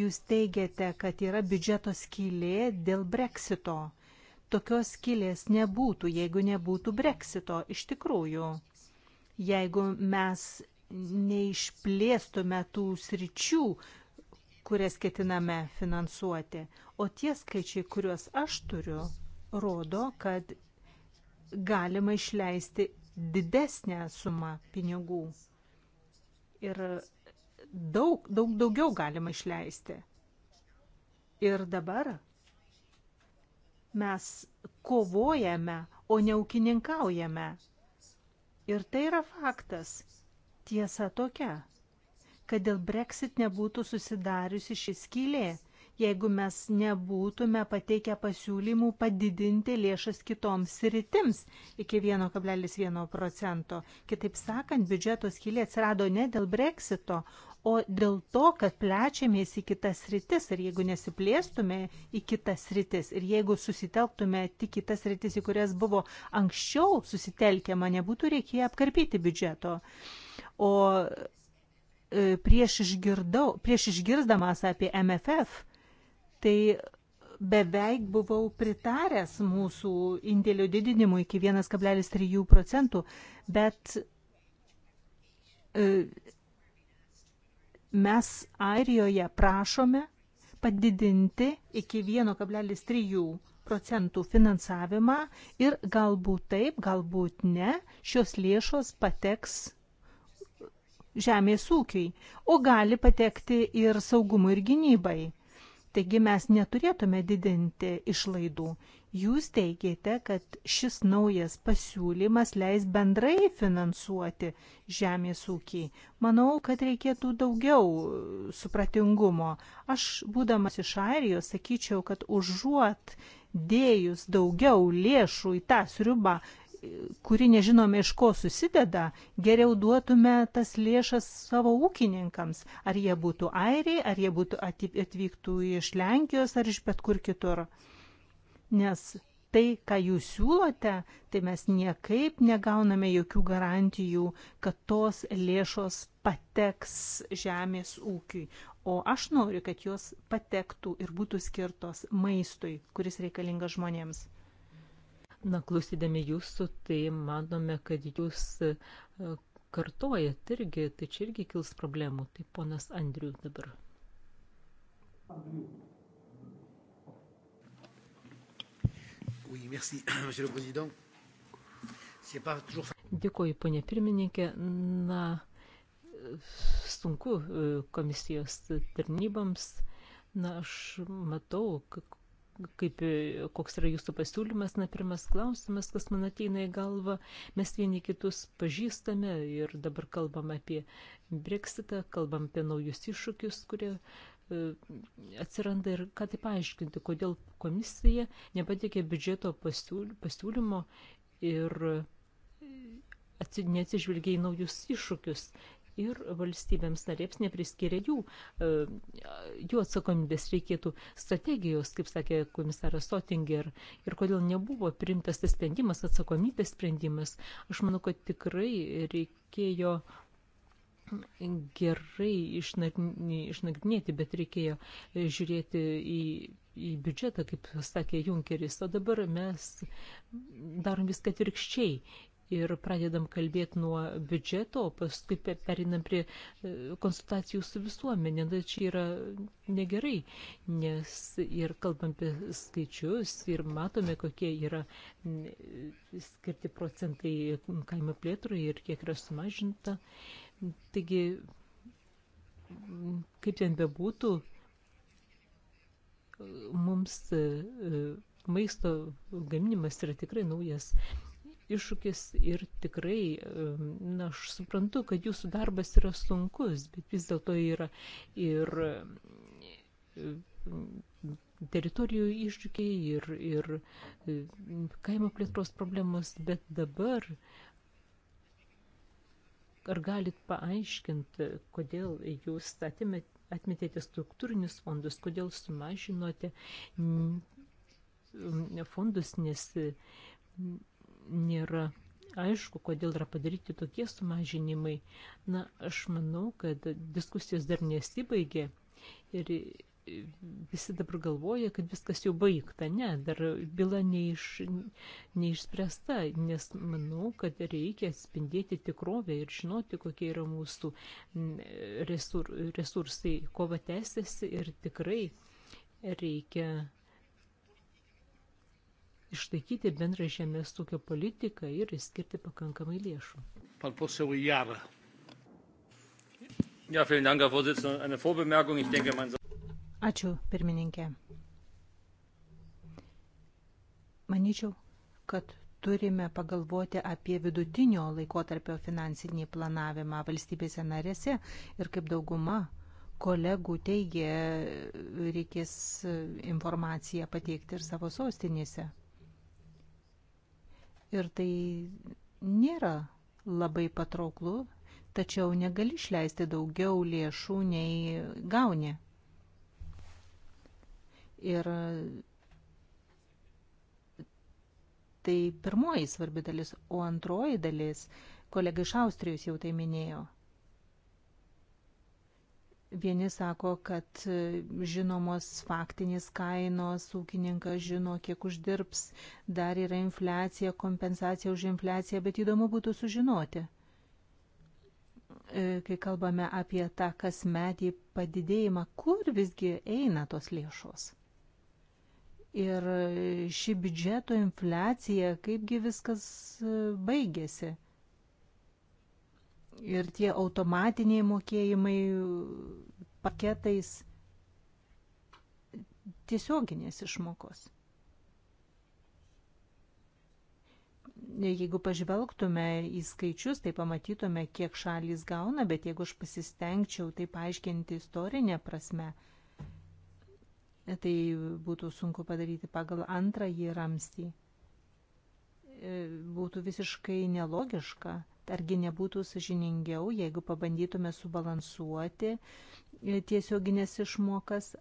Jūs teigiate, kad yra biudžeto skylė dėl breksito tokios skilės nebūtų, jeigu nebūtų breksito iš tikrųjų. Jeigu mes neišplėstume tų sričių, kurias ketiname finansuoti. O tie skaičiai, kuriuos aš turiu, rodo, kad galima išleisti didesnę sumą pinigų. Ir daug, daug daugiau galima išleisti. Ir dabar Mes kovojame, o neaukininkaujame. Ir tai yra faktas. Tiesa tokia, kad dėl Brexit nebūtų susidariusi šis skylė, jeigu mes nebūtume pateikę pasiūlymų padidinti lėšas kitoms sritims iki 1,1 procento. Kitaip sakant, biudžeto skylė atsirado ne dėl breksito, o dėl to, kad plečiamės į kitas rytis ir jeigu nesiplėstume į kitas rytis ir jeigu susitelktume tik į tas rytis, į kurias buvo anksčiau susitelkiama, nebūtų reikėję apkarpyti biudžeto. O e, prieš, išgirdau, prieš išgirdamas apie MFF, tai beveik buvau pritaręs mūsų indėlio didinimui iki 1,3 procentų, bet e, Mes Airijoje prašome padidinti iki 1,3 procentų finansavimą ir galbūt taip, galbūt ne, šios lėšos pateks žemės ūkiui, o gali patekti ir saugumui ir gynybai. Taigi mes neturėtume didinti išlaidų. Jūs teigėte, kad šis naujas pasiūlymas leis bendrai finansuoti žemės ūkį. Manau, kad reikėtų daugiau supratingumo. Aš, būdamas iš Airijos, sakyčiau, kad užuot dėjus daugiau lėšų į tą sriubą, kuri nežinome iš ko susideda, geriau duotume tas lėšas savo ūkininkams, ar jie būtų airiai, ar jie būtų atvyktų iš Lenkijos ar iš bet kur kitur nes tai, ką jūs siūlote, tai mes niekaip negauname jokių garantijų, kad tos lėšos pateks žemės ūkiui. O aš noriu, kad jos patektų ir būtų skirtos maistui, kuris reikalingas žmonėms. Na, klausydami jūsų, tai manome, kad jūs e, kartojat irgi, tai čia irgi kils problemų. Tai ponas Andriu dabar. Andriu. Oui, merci, Monsieur le Président. Dėkuoju, ponė pirmininkė. Na, sunku e, komisijos tarnybams. Na, aš matau, kaip, e, koks yra jūsų pasiūlymas. Na, pirmas klausimas, kas man ateina į galvą, mes vieni kitus pažįstame ir dabar kalbam apie breksitą, kalbam apie naujus iššūkius, kurie E, atsiranda ir ką tai paaiškinti, kodėl komisija nepatikė biudžeto pasiūlymo ir e, neatsižvelgia į naujus iššūkius ir valstybėms narėms nepriskiria jų, e, jų atsakomybės reikėtų strategijos, kaip sakė komisaras Sotinger, ir kodėl nebuvo primtas tas sprendimas, atsakomybės sprendimas. Aš manau, kad tikrai reikėjo gerai išnagrinėti, bet reikėjo e, žiūrėti į, į biudžetą, kaip sakė Junkeris, o dabar mes darom viską atvirkščiai ir pradedam kalbėti nuo biudžeto, o paskui perinam prie e, konsultacijų su visuomenė. Tai čia yra negerai, nes ir kalbam apie skaičius ir matome, kokie yra skirti procentai kaimo plėtrui ir kiek yra sumažinta. Taigi, kaip ten bebūtų, mums e, maisto gaminimas yra tikrai naujas iššūkis ir tikrai, e, na, aš suprantu, kad jūsų darbas yra sunkus, bet vis dėlto yra ir e, teritorijų iššūkiai, ir, ir kaimo plėtros problemos, bet dabar Ar galit paaiškinti, kodėl jūs atmetėte struktūrinius fondus, kodėl sumažinote fondus, nes nėra aišku, kodėl yra padaryti tokie sumažinimai. Na, aš manau, kad diskusijos dar nesibaigė ir visi dabar galvoja, kad viskas jau baigta. Ne, dar byla neiš, neišspręsta, nes manau, kad reikia atspindėti tikrovę ir žinoti, kokie yra mūsų resur, resursai. Kova tęsiasi ir tikrai reikia išlaikyti bendrą žemės ūkio politiką ir skirti pakankamai lėšų. Ja, vielen Dank, Herr Vorsitzender. Eine Vorbemerkung. Ich denke, man Ačiū, pirmininkė. Manyčiau, kad turime pagalvoti apie vidutinio laikotarpio finansinį planavimą valstybėse narėse ir kaip dauguma kolegų teigė, reikės informaciją pateikti ir savo sostinėse. Ir tai nėra labai patrauklu, tačiau negali išleisti daugiau lėšų nei gauni. Ir tai pirmoji svarbi dalis, o antroji dalis, kolega iš Austrijos jau tai minėjo. Vieni sako, kad žinomos faktinės kainos, ūkininkas žino, kiek uždirbs, dar yra infliacija, kompensacija už infliaciją, bet įdomu būtų sužinoti e, kai kalbame apie tą kasmetį padidėjimą, kur visgi eina tos lėšos ir ši biudžeto infliacija, kaipgi viskas e, baigėsi. Ir tie automatiniai mokėjimai paketais tiesioginės išmokos. Jeigu pažvelgtume į skaičius, tai pamatytume, kiek šalys gauna, bet jeigu aš pasistengčiau tai paaiškinti istorinė prasme, E tai būtų sunku padaryti pagal antrąjį ramstį. E, būtų visiškai nelogiška. Argi nebūtų sažiningiau, jeigu pabandytume subalansuoti e, tiesioginės išmokas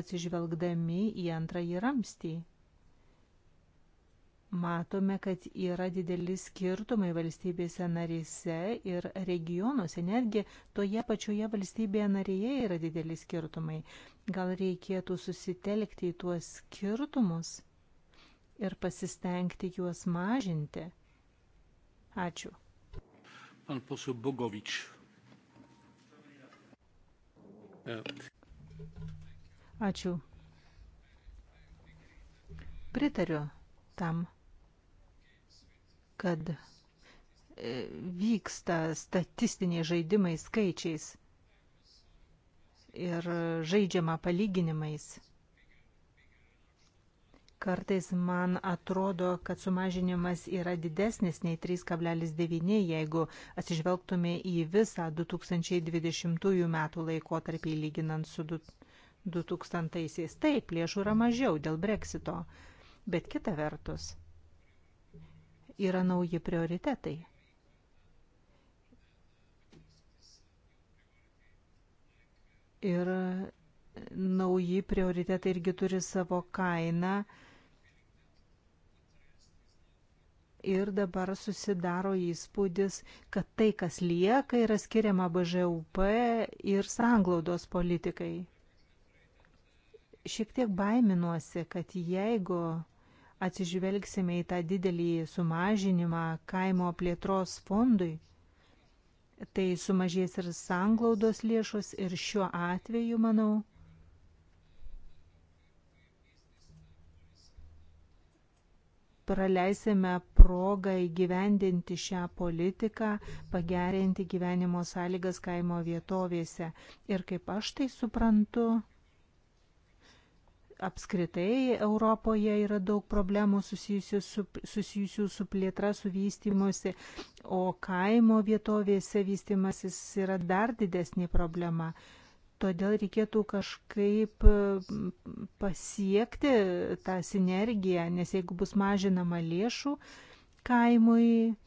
atsižvelgdami į antrąjį ramstį. Matome, kad yra dideli skirtumai valstybėse narėse ir regionuose, netgi toje pačioje valstybėje narėje yra dideli skirtumai. Gal reikėtų susitelkti į tuos skirtumus ir pasistengti juos mažinti. Ačiū. Pan poseł Bogovič. E. Ačiū. Pritariu tam, kad e, vyksta statistiniai žaidimai skaičiais ir žaidžiama palyginimais. Kartais man atrodo, kad sumažinimas yra didesnis nei 3,9, jeigu atsižvelgtume į visą 2020 metų laikotarpį lyginant su 2000-aisiais. Taip, lėšų yra mažiau dėl breksito, bet kita vertus yra nauji prioritetai. ir nauji prioritetai irgi turi savo kainą. Ir dabar susidaro įspūdis, kad tai, kas lieka, yra skiriama BŽUP ir sanglaudos politikai. Šiek tiek baiminuosi, kad jeigu atsižvelgsime į tą didelį sumažinimą kaimo plėtros fondui, tai sumažės ir sanglaudos lėšos ir šiuo atveju, manau, praleisime progą įgyvendinti šią politiką, pagerinti gyvenimo sąlygas kaimo vietovėse. Ir kaip aš tai suprantu, apskritai Europoje yra daug problemų susijusių su, susijusių su plėtra, su vystimuose, o kaimo vietovėse vystimasis yra dar didesnė problema. Todėl reikėtų kažkaip pasiekti tą sinergiją, nes jeigu bus mažinama lėšų kaimui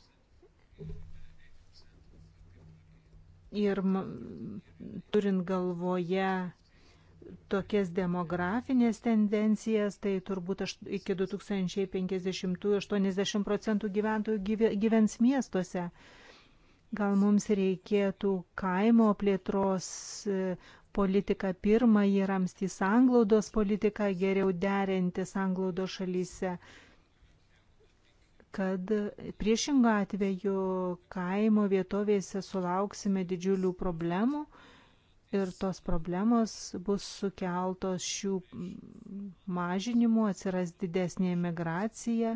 ir turint galvoje tokias demografinės tendencijas, tai turbūt aš, iki 2050-80 procentų gyventojų gyvens miestuose. Gal mums reikėtų kaimo plėtros e, politiką pirmąjį ramstį sanglaudos politiką geriau derinti sanglaudos šalyse, kad priešingą atveju kaimo vietovėse sulauksime didžiulių problemų ir tos problemos bus sukeltos šių mažinimų, atsiras didesnė migracija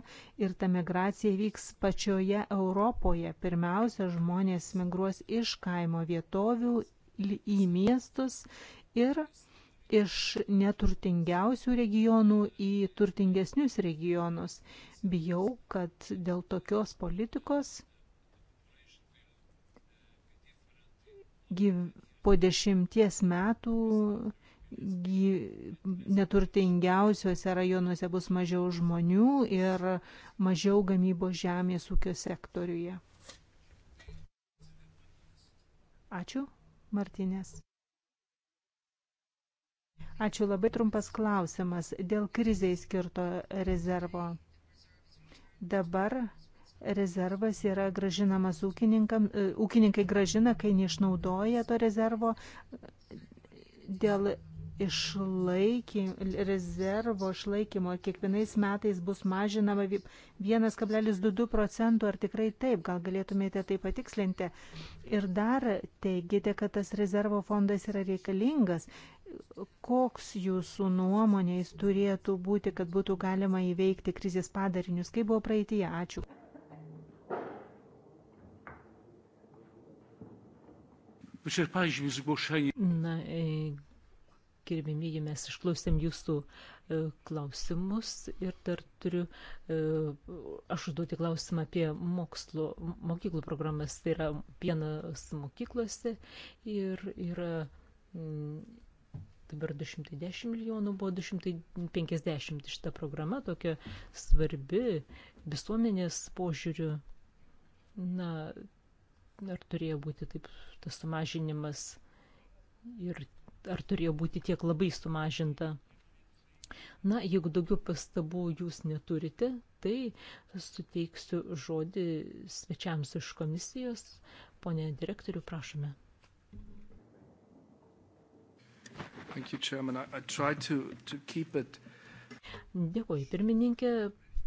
ir ta migracija vyks pačioje Europoje. Pirmiausia, žmonės migruos iš kaimo vietovių į miestus ir iš neturtingiausių regionų į turtingesnius regionus. Bijau, kad dėl tokios politikos gyvenimų po dešimties metų neturtingiausiuose rajonuose bus mažiau žmonių ir mažiau gamybos žemės ūkio sektoriuje. Ačiū, Martinės. Ačiū labai trumpas klausimas dėl kriziai skirto rezervo. Dabar rezervas yra gražinamas ūkininkam, e, ūkininkai gražina, kai neišnaudoja to rezervo dėl išlaiky, rezervo išlaikymo kiekvienais metais bus mažinama 1,22 procentų. Ar tikrai taip? Gal galėtumėte tai patikslinti? Ir dar teigite, kad tas rezervo fondas yra reikalingas. Koks jūsų nuomonės turėtų būti, kad būtų galima įveikti krizės padarinius? Kaip buvo praeitie? Ačiū. Wyczerpaliśmy zgłoszenie. Na, e, gerbėmėji, mes išklausėm jūsų e, klausimus ir dar turiu, e, aš užduoti klausimą apie mokslo, mokyklų programas, tai yra vienas mokyklose ir yra mm, dabar 210 milijonų, buvo 250 šita programa, tokia svarbi visuomenės požiūriu. Na, ar turėjo būti taip tas sumažinimas ir ar turėjo būti tiek labai sumažinta. Na, jeigu daugiau pastabų jūs neturite, tai suteiksiu žodį svečiams iš komisijos. Pone direktorių, prašome. Thank you, Chairman. I, I try to, to keep it. Dėkuoju, pirmininkė,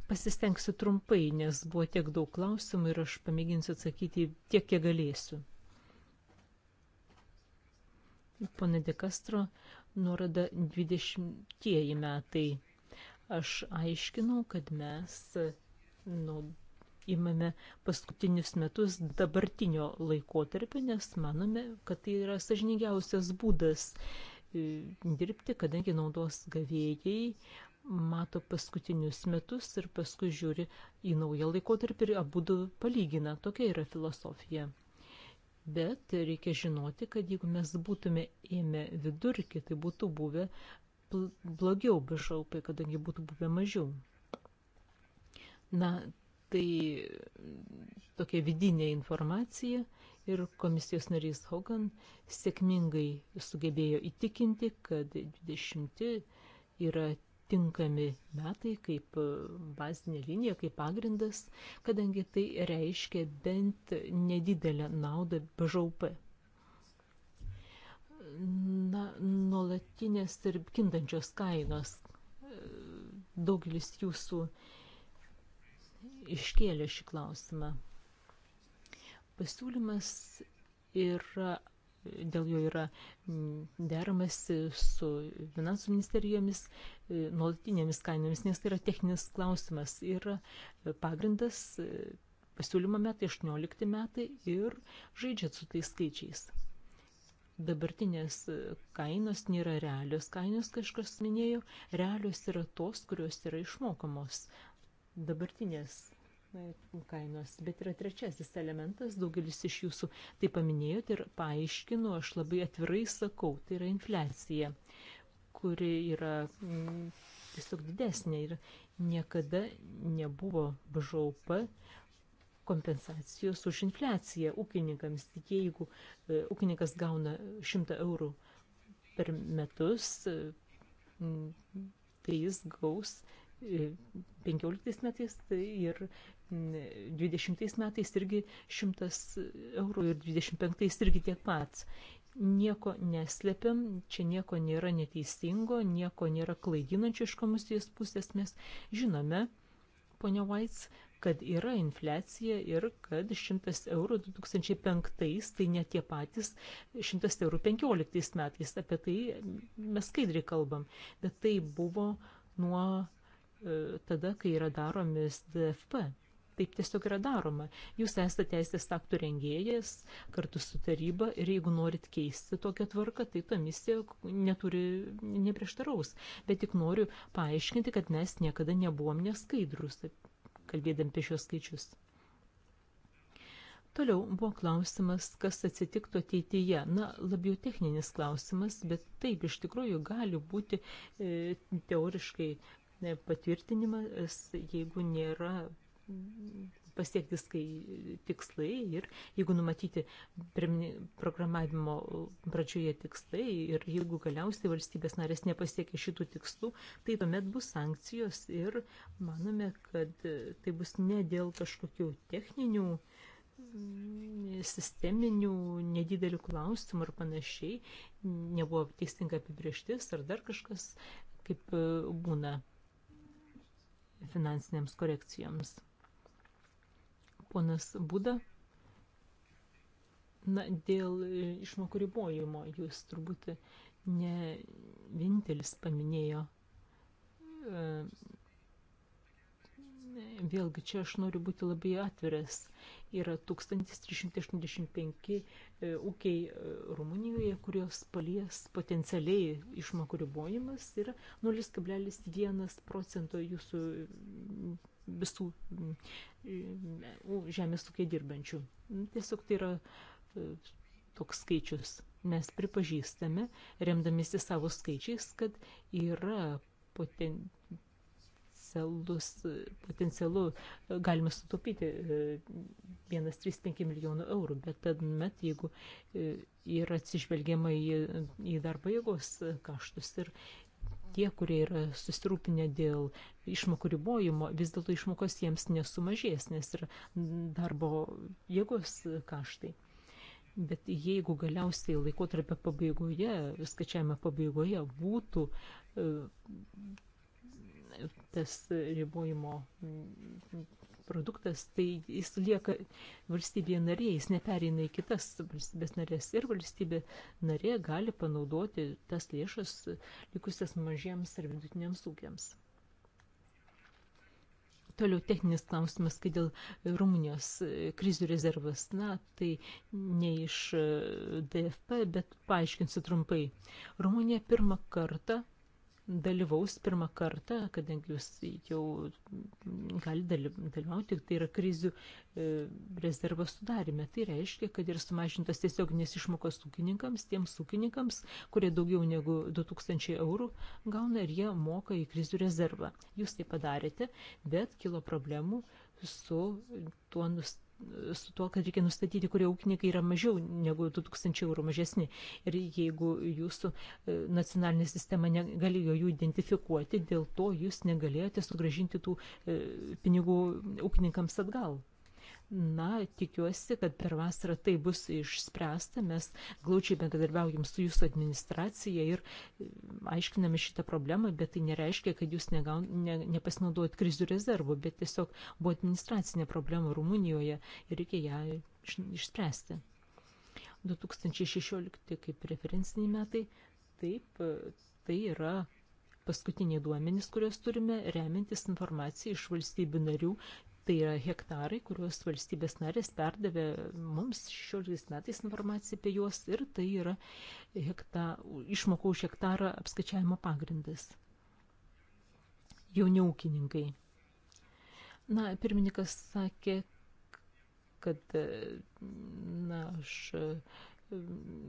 Pasistengsiu trumpai, nes buvo tiek daug klausimų ir aš pamėginsiu atsakyti tiek, kiek galėsiu. Pone De Castro, nuoroda 20 metai. Aš aiškinau, kad mes nu, imame paskutinius metus dabartinio laikotarpio, nes manome, kad tai yra sažiningiausias būdas e, dirbti, kadangi naudos gavėjai mato paskutinius metus ir paskui žiūri į naują laikotarpį ir abudu palygina. Tokia yra filosofija. Bet reikia žinoti, kad jeigu mes būtume ėmę vidurkį, tai būtų buvę blogiau bažaupai, kadangi būtų buvę mažiau. Na, tai tokia vidinė informacija ir komisijos narys Hogan sėkmingai sugebėjo įtikinti, kad 20 yra tinkami metai kaip e, bazinė linija, kaip pagrindas, kadangi tai reiškia bent nedidelę naudą BŽUP. Na, nuolatinės ir kintančios kainos. E, daugelis jūsų iškėlė šį klausimą. Pasiūlymas yra dėl jo yra mm, deramasi su finansų ministerijomis e, nuolatinėmis kainomis, nes tai yra techninis klausimas. Yra e, pagrindas e, pasiūlymo metai 18 metai ir žaidžiat su tais skaičiais. Dabartinės kainos nėra realios kainos, kažkas minėjo, realios yra tos, kurios yra išmokamos. Dabartinės kainos. Bet yra trečiasis elementas, daugelis iš jūsų tai paminėjote ir paaiškinu, aš labai atvirai sakau, tai yra infliacija, kuri yra m, mm, tiesiog didesnė ir niekada nebuvo BŽOP kompensacijos už infliaciją ūkininkams. Jeigu e, ūkininkas gauna 100 eurų per metus, e, tai jis gaus 15 e, metais tai ir 20 metais irgi 100 eurų ir 25 irgi tiek pats. Nieko neslėpiam, čia nieko nėra neteisingo, nieko nėra klaidinančio iš komisijos pusės, mes žinome, ponia Vaits, kad yra infliacija ir kad 100 eurų 2005 tai ne tie patys 100 eurų 15 metais. Apie tai mes skaidriai kalbam. Bet tai buvo nuo e, tada, kai yra daromis DFP taip tiesiog yra daroma. Jūs esate teisės aktų rengėjas kartu su taryba ir jeigu norit keisti tokią tvarką, tai komisija neturi, neprieštaraus. Bet tik noriu paaiškinti, kad mes niekada nebuvom neskaidrus, kalbėdami apie šios skaičius. Toliau buvo klausimas, kas atsitiktų ateityje. Na, labiau techninis klausimas, bet taip iš tikrųjų gali būti e, teoriškai e, patvirtinimas, jeigu nėra pasiekti skai tikslai ir jeigu numatyti programavimo pradžioje tikslai ir jeigu galiausiai valstybės narės nepasiekia šitų tikslų, tai tuomet bus sankcijos ir manome, kad tai bus ne dėl kažkokių techninių mm, sisteminių nedidelių klausimų ir panašiai, nebuvo teisinga apibrieštis ar dar kažkas, kaip e, būna finansinėms korekcijoms ponas Būda. Na, dėl išmokų ribojimo jūs turbūt ne vienintelis paminėjo. E, vėlgi, čia aš noriu būti labai atviras. Yra 1385 e, ūkiai e, Rumunijoje, kurios palies potencialiai išmokų ribojimas yra 0,1 procento jūsų visų mm, žemės ūkiai dirbančių. Nu, tiesiog tai yra e, toks skaičius. Mes pripažįstame, remdamėsi savo skaičiais, kad yra potencialus, potencialu galime sutaupyti 1,35 e, milijonų eurų, bet tad met, jeigu e, yra atsižvelgiama į, į darbo jėgos kaštus ir tie, kurie yra susirūpinę dėl išmokų ribojimo, vis dėlto išmokos jiems nesumažės, nes yra darbo jėgos kaštai. Bet jeigu galiausiai laikotarpio pabaigoje, skaičiavimo pabaigoje būtų e, tas ribojimo produktas, tai jis lieka valstybėje narėje, jis nepereina į kitas valstybės narės ir valstybė narė gali panaudoti tas lėšas likusias mažiems ar vidutiniams ūkiams. Toliau techninis klausimas, kai dėl Rumunijos krizių rezervas, na, tai ne iš e, DFP, bet paaiškinsiu trumpai. Rumunija pirmą kartą dalyvaus pirmą kartą, kadangi jūs jau gali dalyvauti, tai yra krizių e, rezervo sudarime. Tai reiškia, kad yra sumažintas tiesioginės išmokos ūkininkams, tiems ūkininkams, kurie daugiau negu 2000 eurų gauna ir jie moka į krizių rezervą. Jūs tai padarėte, bet kilo problemų su tuo nustatymu su tuo, kad reikia nustatyti, kurie ūkininkai yra mažiau negu 2000 eurų mažesni. Ir jeigu jūsų e, nacionalinė sistema negalėjo jų identifikuoti, dėl to jūs negalėjote sugražinti tų e, pinigų ūkininkams atgal. Na, tikiuosi, kad per vasarą tai bus išspręsta. Mes glaučiai bendradarbiaujam su jūsų administracija ir e, aiškiname šitą problemą, bet tai nereiškia, kad jūs negaun, ne, nepasinaudojat krizių rezervų, bet tiesiog buvo administracinė problema Rumunijoje ir reikia ją iš, išspręsti. 2016 kaip referenciniai metai, taip, e, tai yra paskutiniai duomenys, kuriuos turime remintis informaciją iš valstybių narių Tai yra hektarai, kuriuos valstybės narės perdavė mums 16 metais informaciją apie juos ir tai yra hekta, išmokų už hektarą apskaičiavimo pagrindas. Jauni ūkininkai. Na, pirmininkas sakė, kad, na, aš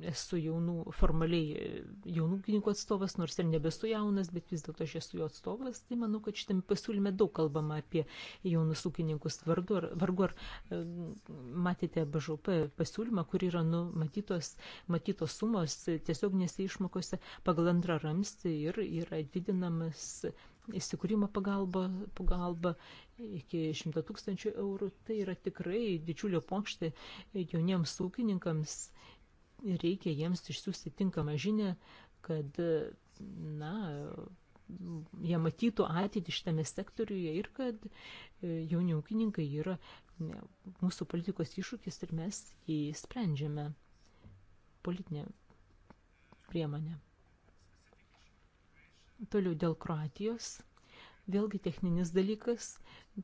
esu jaunų, formaliai jaunų knygų atstovas, nors ir nebesu jaunas, bet vis dėlto aš esu jo atstovas, tai manau, kad šitame pasiūlyme daug kalbama apie jaunus ūkininkus vardu, ar, vargu ar matėte BŽP pasiūlymą, kur yra numatytos matytos sumos tiesioginėse išmokose pagal antrą ramstį ir yra didinamas įsikūrimo pagalba, pagalba iki 100 tūkstančių eurų. Tai yra tikrai didžiulio pokštė jauniems ūkininkams reikia jiems išsiųsti tinkamą žinę, kad, na, jie matytų ateitį šitame sektoriuje ir kad e, jauni ūkininkai yra ne, mūsų politikos iššūkis ir mes jį sprendžiame politinė priemonė. Toliau dėl Kroatijos. Vėlgi techninis dalykas,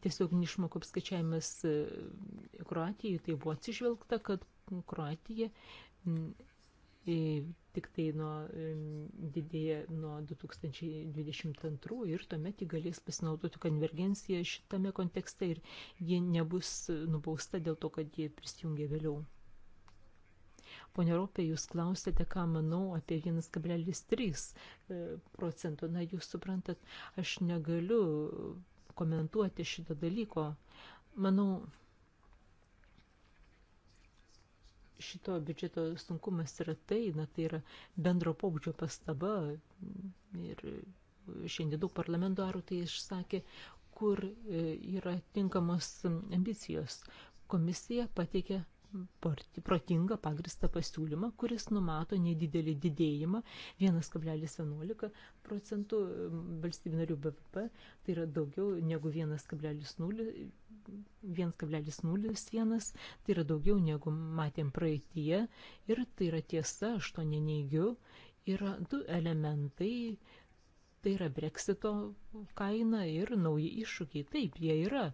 tiesiog nišmokų apskaičiavimas e, Kroatijai, tai buvo atsižvelgta, kad Kroatija tik tai nuo, didėja nuo 2022 ir tuomet jį galės pasinaudoti konvergenciją šitame kontekste ir ji nebus nubausta dėl to, kad jie prisijungė vėliau. Pone Ropė, jūs klausėte, ką manau apie 1,3 e, procentų. Na, jūs suprantat, aš negaliu komentuoti šito dalyko. Manau, šito biudžeto sunkumas yra tai, na, tai yra bendro pobūdžio pastaba ir šiandien daug parlamentarų tai išsakė, kur e, yra tinkamos ambicijos. Komisija pateikė protingą pagristą pasiūlymą, kuris numato nedidelį didėjimą 1,11 procentų valstybių narių BVP, tai yra daugiau negu 1,01, tai yra daugiau negu matėm praeitie ir tai yra tiesa, aš to neneigiu, yra du elementai, tai yra breksito kaina ir nauji iššūkiai. Taip, jie yra.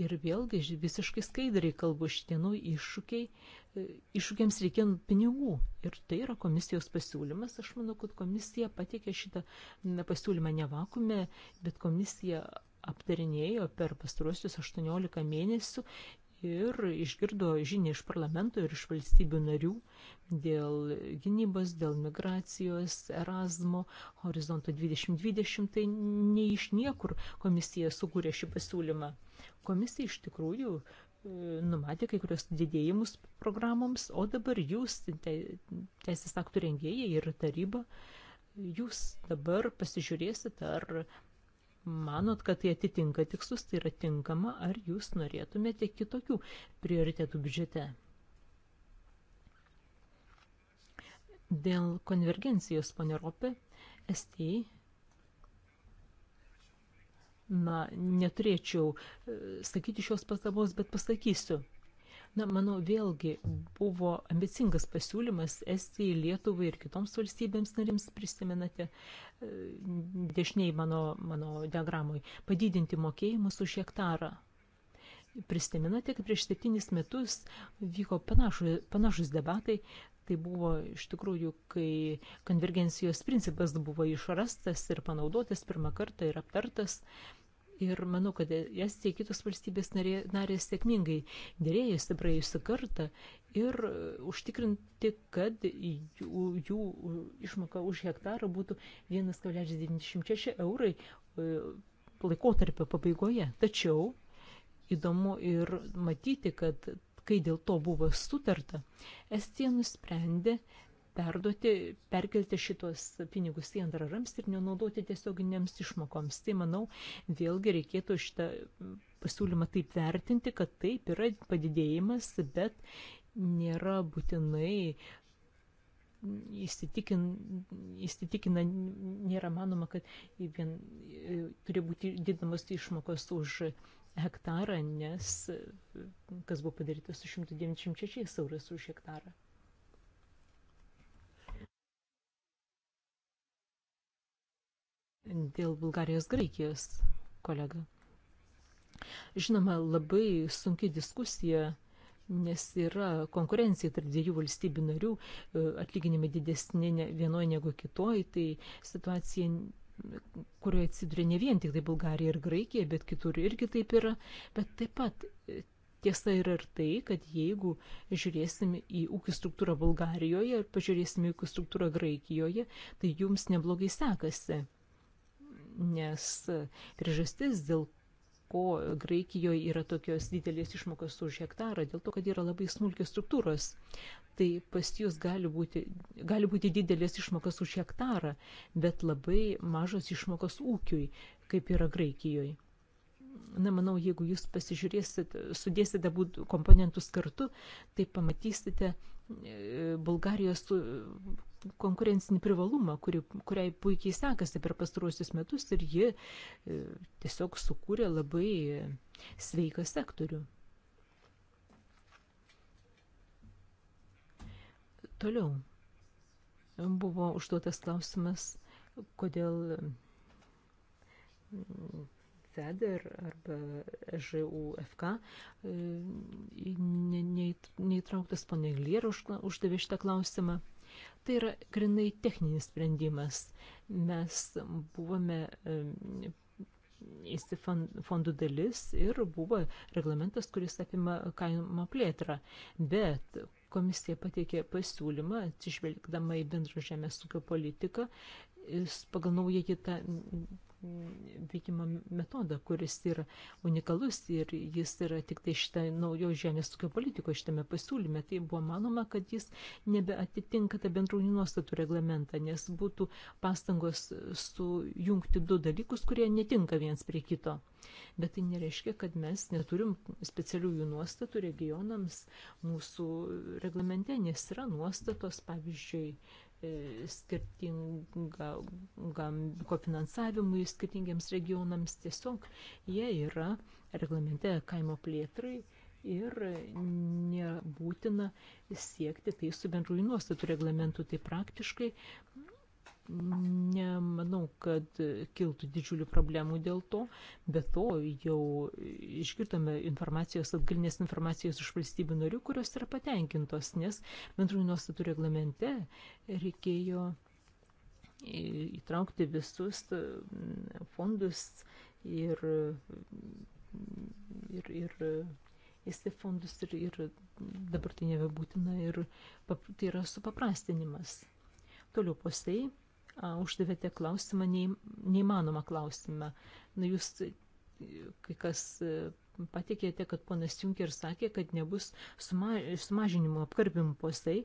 Ir vėlgi visiškai skaidriai kalbu šitienų iššūkiai, e, iššūkiams reikia pinigų. Ir tai yra komisijos pasiūlymas. Aš manau, kad komisija patikė šitą pasiūlymą ne vakume, bet komisija aptarinėjo per pastaruosius 18 mėnesių ir išgirdo žinią iš parlamento ir iš valstybių narių dėl gynybos, dėl migracijos, Erasmo, Horizonto 2020. Tai ne iš niekur komisija sukūrė šį pasiūlymą. Komisija iš tikrųjų e, numatė kai kurios didėjimus programoms, o dabar jūs, te, teisės aktų rengėjai ir taryba, jūs dabar pasižiūrėsit, ar manot, kad tai atitinka tikslus, tai yra tinkama, ar jūs norėtumėte kitokių prioritėtų biudžete. Dėl konvergencijos, ponė Ropė, STI na, neturėčiau e, sakyti šios pastabos, bet pasakysiu. Na, manau, vėlgi buvo ambicingas pasiūlymas Estijai, Lietuvai ir kitoms valstybėms narims, prisimenate, e, dešiniai mano, mano diagramui, padidinti mokėjimus už hektarą. Prisimenate, kad prieš septynis metus vyko panašu, panašus debatai, tai buvo iš tikrųjų, kai konvergencijos principas buvo išrastas ir panaudotas pirmą kartą ir aptartas. E, ir manau, kad Estija kitos valstybės narės sėkmingai dėrėjasi praėjusią kartą ir e, užtikrinti, kad jų, jų išmoka už hektarą būtų 1,96 eurai e, laikotarpio pabaigoje. Tačiau įdomu ir matyti, kad kai dėl to buvo sutarta, Estija nusprendė perduoti, perkelti šitos pinigus į antrą ramstį ir nenaudoti tiesioginėms išmokoms. Tai manau, vėlgi reikėtų šitą pasiūlymą taip vertinti, kad taip yra padidėjimas, bet nėra būtinai įsitikin, įsitikina, nėra manoma, kad vien, e, turi būti didinamos išmokos už hektarą, nes kas buvo padaryta su 196 eurais už hektarą. Dėl Bulgarijos Graikijos, kolega. Žinoma, labai sunki diskusija, nes yra konkurencija tarp dviejų valstybių narių, e, atlyginimai didesni vienoje negu kitoje, tai situacija kurioje atsiduria ne vien tik tai Bulgarija ir Graikija, bet kitur irgi taip yra. Bet taip pat e, tiesa yra ir tai, kad jeigu žiūrėsim į ūkių struktūrą Bulgarijoje ir pažiūrėsim į ūkių struktūrą Graikijoje, tai jums neblogai sekasi nes priežastis, dėl ko Graikijoje yra tokios didelės išmokos už hektarą, dėl to, kad yra labai smulkios struktūros. Tai pas jūs gali būti, gali būti didelės išmokos už hektarą, bet labai mažos išmokos ūkiui, kaip yra Graikijoje. Na, manau, jeigu jūs pasižiūrėsit, sudėsite abu komponentus kartu, tai pamatysite, Bulgarijos e, konkurencinį privalumą, kuri, kuriai puikiai sekasi per pastaruosius metus ir ji e, tiesiog sukūrė labai sveiką sektorių. Toliau buvo užduotas klausimas, kodėl FEDER arba ŽUFK e, neįtrauktas ponė Glier uždavė šitą klausimą. Tai yra grinai techninis sprendimas. Mes buvome e, įsi fondų dalis ir buvo reglamentas, kuris apima kaimo plėtrą. Bet komisija pateikė pasiūlymą, atsižvelgdama į bendrą žemės ūkio politiką, pagal naują kitą veikimo metodą, kuris yra unikalus ir jis yra tik tai šitą naujo žemės tokio politiko šitame pasiūlyme. Tai buvo manoma, kad jis nebeatitinka tą bendrųjų nuostatų reglamentą, nes būtų pastangos sujungti du dalykus, kurie netinka viens prie kito. Bet tai nereiškia, kad mes neturim specialiųjų nuostatų regionams mūsų reglamente, nes yra nuostatos, pavyzdžiui, E, skirtingam kofinansavimui, skirtingiams regionams. Tiesiog jie yra reglamente kaimo plėtrai ir nebūtina siekti tai su bendrųjų nuostatų reglamentu. Tai praktiškai nemanau, kad kiltų didžiulių problemų dėl to, bet to jau iškirtame informacijos, atgalinės informacijos iš valstybių narių, kurios yra patenkintos, nes bendrųjų nuostatų reglamente reikėjo įtraukti visus fondus ir, ir, ir įsti fondus ir, ir dabar tai nebebūtina ir tai yra supaprastinimas. Toliau postai uždavėte klausimą, neįmanomą klausimą. Na, jūs e, kai kas e, patikėte, kad ponas Junker sakė, kad nebus suma, sumažinimo apkarpimų postai.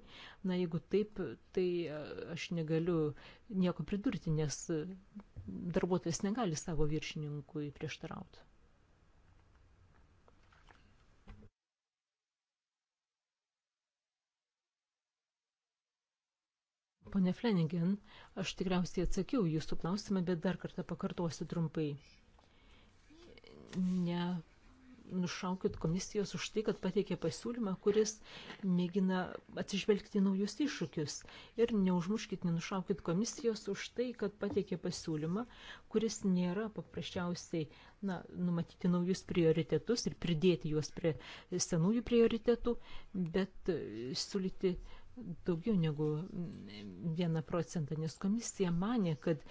Na, jeigu taip, tai e, aš negaliu nieko pridurti, nes darbuotojas negali savo viršininkui prieštarauti. Pone Flanagan, aš tikriausiai atsakiau jūsų klausimą, bet dar kartą pakartosiu trumpai. Ne nušaukit komisijos už tai, kad pateikė pasiūlymą, kuris mėgina atsižvelgti naujus iššūkius. Ir neužmuškit, nenušaukit komisijos už tai, kad pateikė pasiūlymą, kuris nėra paprasčiausiai na, numatyti naujus prioritetus ir pridėti juos prie senųjų prioritetų, bet siūlyti uh, daugiau negu 1 procentą, nes komisija mane, kad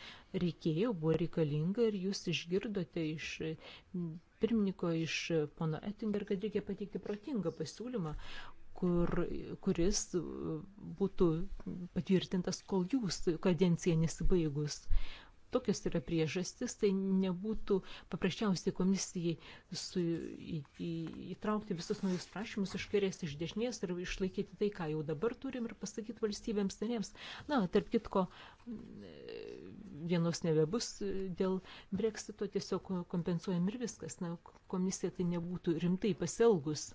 reikėjo, buvo reikalinga ir jūs išgirdote iš pirmininko, iš pono Ettinger, kad reikia pateikti protingą pasiūlymą, kur, kuris būtų patvirtintas kol jūs kadencija nesibaigus tokios yra priežastis, tai nebūtų paprasčiausiai komisijai su, į, į, įtraukti visus naujus prašymus iš kairės, iš dešinės ir išlaikyti tai, ką jau dabar turim ir pasakyti valstybėms narėms. Na, tarp kitko, vienos nebebus dėl breksito, tiesiog kompensuojam ir viskas. Na, komisija tai nebūtų rimtai pasielgus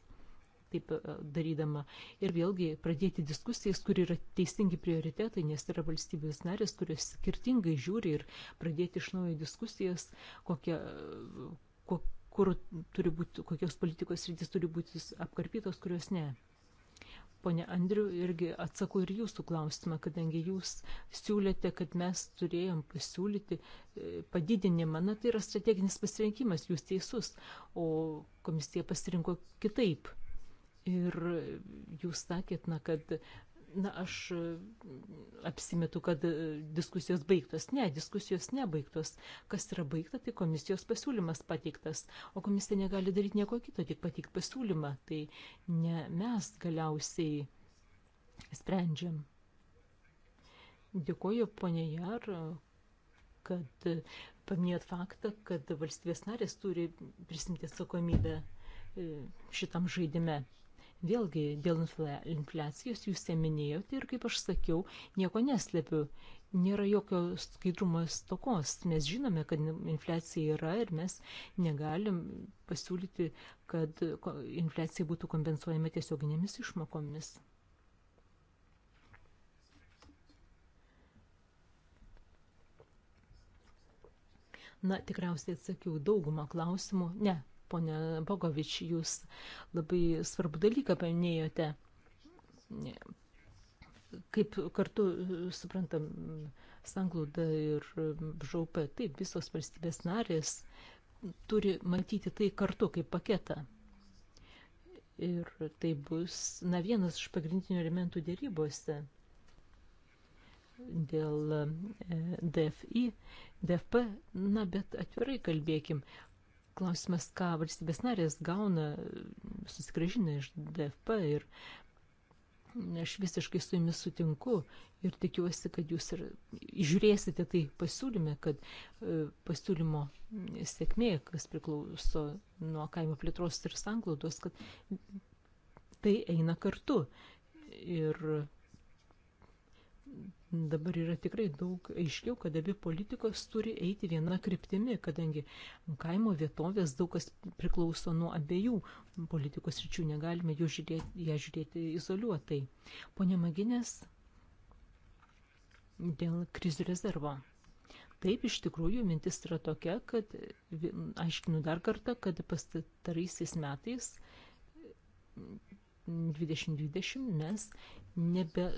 taip e, darydama. Ir vėlgi pradėti diskusijas, kur yra teisingi prioritetai, nes yra valstybės narės, kurios skirtingai žiūri ir pradėti iš naujo diskusijas, kokia, e, ko, kur turi būti, kokios politikos rytis turi būti apkarpytos, kurios ne. Pone Andriu, irgi atsakau ir jūsų klausimą, kadangi jūs siūlėte, kad mes turėjom pasiūlyti e, padidinimą. Na, tai yra strateginis pasirinkimas, jūs teisus, o komisija pasirinko kitaip. Ir jūs sakėt, na, kad na, aš apsimetu, kad diskusijos baigtos. Ne, diskusijos nebaigtos. Kas yra baigta, tai komisijos pasiūlymas pateiktas. O komisija negali daryti nieko kito, tik pateikti pasiūlymą. Tai ne mes galiausiai sprendžiam. Dėkuoju, ponė Jar, kad paminėjot faktą, kad valstybės narės turi prisimti atsakomybę e, šitam žaidime. Vėlgi, dėl infliacijos jūs ją minėjote ir, kaip aš sakiau, nieko neslepiu. Nėra jokio skaidrumo stokos. Mes žinome, kad infliacija yra ir mes negalim pasiūlyti, kad infliacija būtų kompensuojama tiesioginėmis išmokomis. Na, tikriausiai atsakiau daugumą klausimų. Ne, Pone Bogovič, jūs labai svarbų dalyką paminėjote. Kaip kartu suprantam, sanglauda ir žaupė, taip, visos valstybės narės turi matyti tai kartu kaip paketą. Ir tai bus, na, vienas iš pagrindinių elementų dėrybose dėl e, DFI, DFP, na, bet atvirai kalbėkim, klausimas, ką valstybės narės gauna, susigražina iš DFP ir aš visiškai su jumis sutinku ir tikiuosi, kad jūs ir žiūrėsite tai pasiūlyme, kad e, pasiūlymo sėkmė, kas priklauso nuo kaimo plėtros ir sanklaudos, kad tai eina kartu. Ir dabar yra tikrai daug aiškiau, kad abi politikos turi eiti viena kryptimi, kadangi kaimo vietovės daug kas priklauso nuo abiejų politikos ryčių, negalime jų žiūrėti, ją žiūrėti izoliuotai. Pone Maginės, dėl krizių rezervo. Taip, iš tikrųjų, mintis yra tokia, kad, aiškinu dar kartą, kad pastaraisiais metais 2020 mes nebe,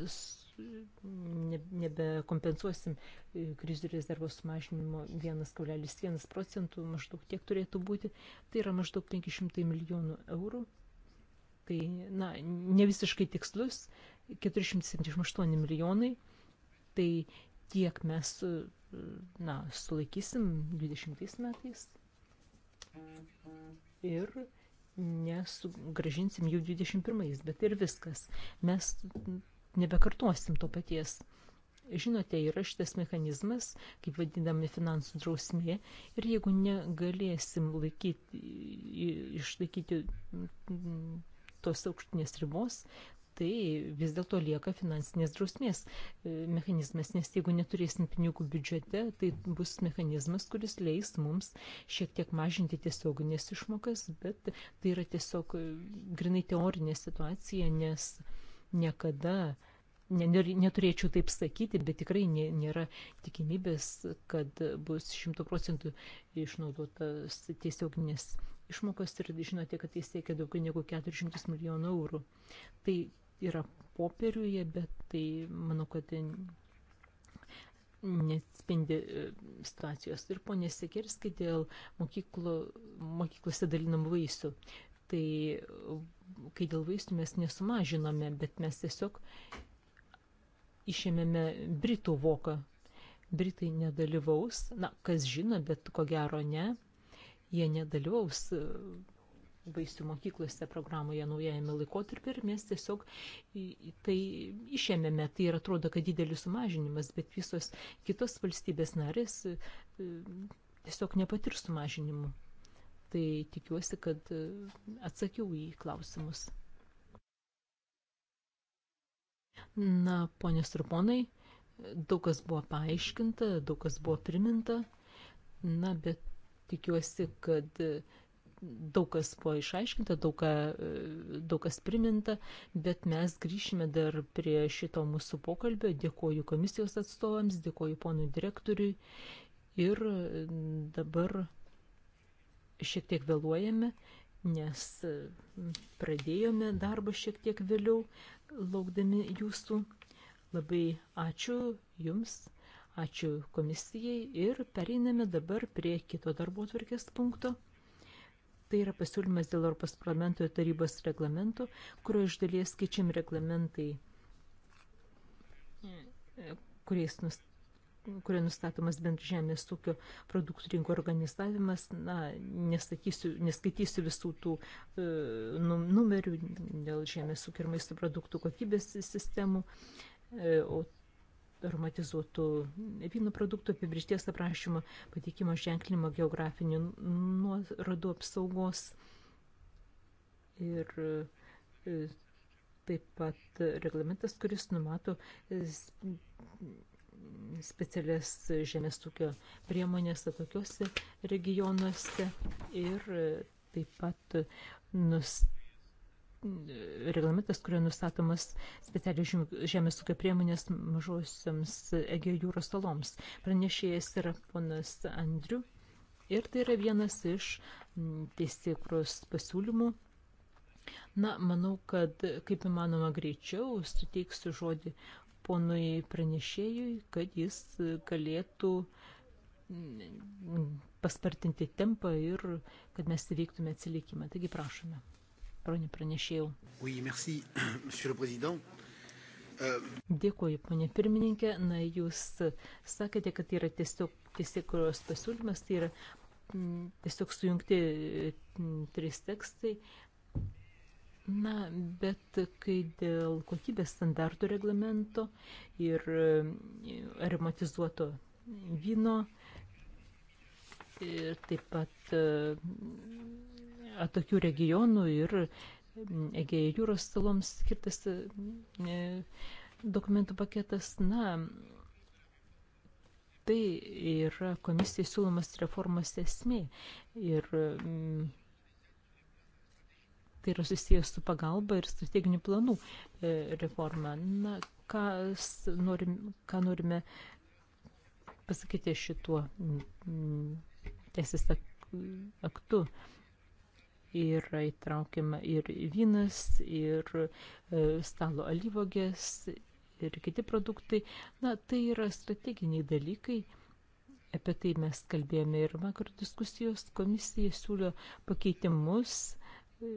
ne, nebekompensuosim e, krizių rezervo sumažinimo 1,1 procentų, maždaug tiek turėtų būti, tai yra maždaug 500 milijonų eurų. Tai, na, ne visiškai tikslus, 478 milijonai, tai tiek mes, e, na, sulaikysim 20 metais. Ir nesugražinsim jau 21-ais, bet ir viskas. Mes nebekartuosim to paties. Žinote, yra šitas mechanizmas, kaip vadinami finansų drausmė, ir jeigu negalėsim laikyti, išlaikyti mm, tos aukštinės ribos, tai vis dėlto lieka finansinės drausmės e, mechanizmas, nes jeigu neturėsim pinigų biudžete, tai bus mechanizmas, kuris leis mums šiek tiek mažinti tiesioginės išmokas, bet tai yra tiesiog e, grinai teorinė situacija, nes niekada ne, neturėčiau taip sakyti, bet tikrai nė, nėra tikimybės, kad bus šimtų procentų išnaudotas tiesioginės išmokos ir žinote, kad jis tai siekia daugiau negu 400 milijonų eurų. Tai yra popieriuje, bet tai manau, kad neatspindi e, situacijos. Ir ponė Sekerski dėl mokyklų, mokyklose dalinamų vaisių. Tai e, kai dėl vaistų mes nesumažinome, bet mes tiesiog išėmėme Britų voką. Britai nedalyvaus, na, kas žino, bet ko gero ne, jie nedalyvaus e, vaisių mokyklose programoje naujajame laikotarpį ir mes tiesiog tai išėmėme. Tai ir atrodo, kad didelis sumažinimas, bet visos kitos valstybės narės e, e, tiesiog nepatir sumažinimų. Tai tikiuosi, kad e, atsakiau į klausimus. Na, ponės ir ponai, daug kas buvo paaiškinta, daug kas buvo priminta, na, bet tikiuosi, kad daug kas buvo išaiškinta, daug, ką, daug kas priminta, bet mes grįšime dar prie šito mūsų pokalbio. Dėkoju komisijos atstovams, dėkoju ponui direktoriui ir dabar šiek tiek vėluojame, nes pradėjome darbą šiek tiek vėliau, laukdami jūsų. Labai ačiū Jums. Ačiū komisijai ir pereiname dabar prie kito darbo tvarkės punkto. Tai yra pasiūlymas dėl Europos parlamento ir tarybos reglamentų, kurio iš dalies keičiami reglamentai, kuriais nustatyti kurio nustatomas bent žemės ūkio produktų rinkų organizavimas, na, nesakysiu, neskaitysiu visų tų e, numerių dėl žemės ūkio ir maisto produktų kokybės sistemų, e, o aromatizuotų vynų produktų apibrišties aprašymo, patikimo ženklimo geografinių nuorodų apsaugos ir e, taip pat reglamentas, kuris numato e, specialias žemės ūkio priemonės tokiuose regionuose ir e, taip pat nustatyti reglamentas, kurio nustatomas specialios žemės ūkio priemonės mažosiams Egėjo jūros saloms. Pranešėjas yra ponas Andriu ir tai yra vienas iš teisėkros pasiūlymų. Na, manau, kad kaip įmanoma greičiau suteiksiu žodį ponui pranešėjui, kad jis galėtų paspartinti tempą ir kad mes įveiktume atsilikimą. Taigi prašome pranešėjau. Oui, merci, euh, Dėkuoju, ponė pirmininkė. Na, jūs sakėte, kad tai yra tiesiog teisėkuros pasiūlymas, tai yra tiesiog sujungti e, trys tekstai. Na, bet kai dėl kokybės standartų reglamento ir e, aromatizuoto vyno ir taip pat e, atokių regionų ir mm, Egėjo jūros saloms skirtas mm, e, dokumentų paketas. Na, tai yra komisijai siūlomas reformos esmė. Ir mm, tai yra susijęs su pagalba ir strateginių planų e, reforma. Na, kas norim, ką norime pasakyti šituo teisės aktu yra įtraukiama ir vynas, ir e, stalo alyvogės, ir kiti produktai. Na, tai yra strateginiai dalykai. Apie tai mes kalbėjome ir vakar diskusijos. Komisija siūlio pakeitimus e,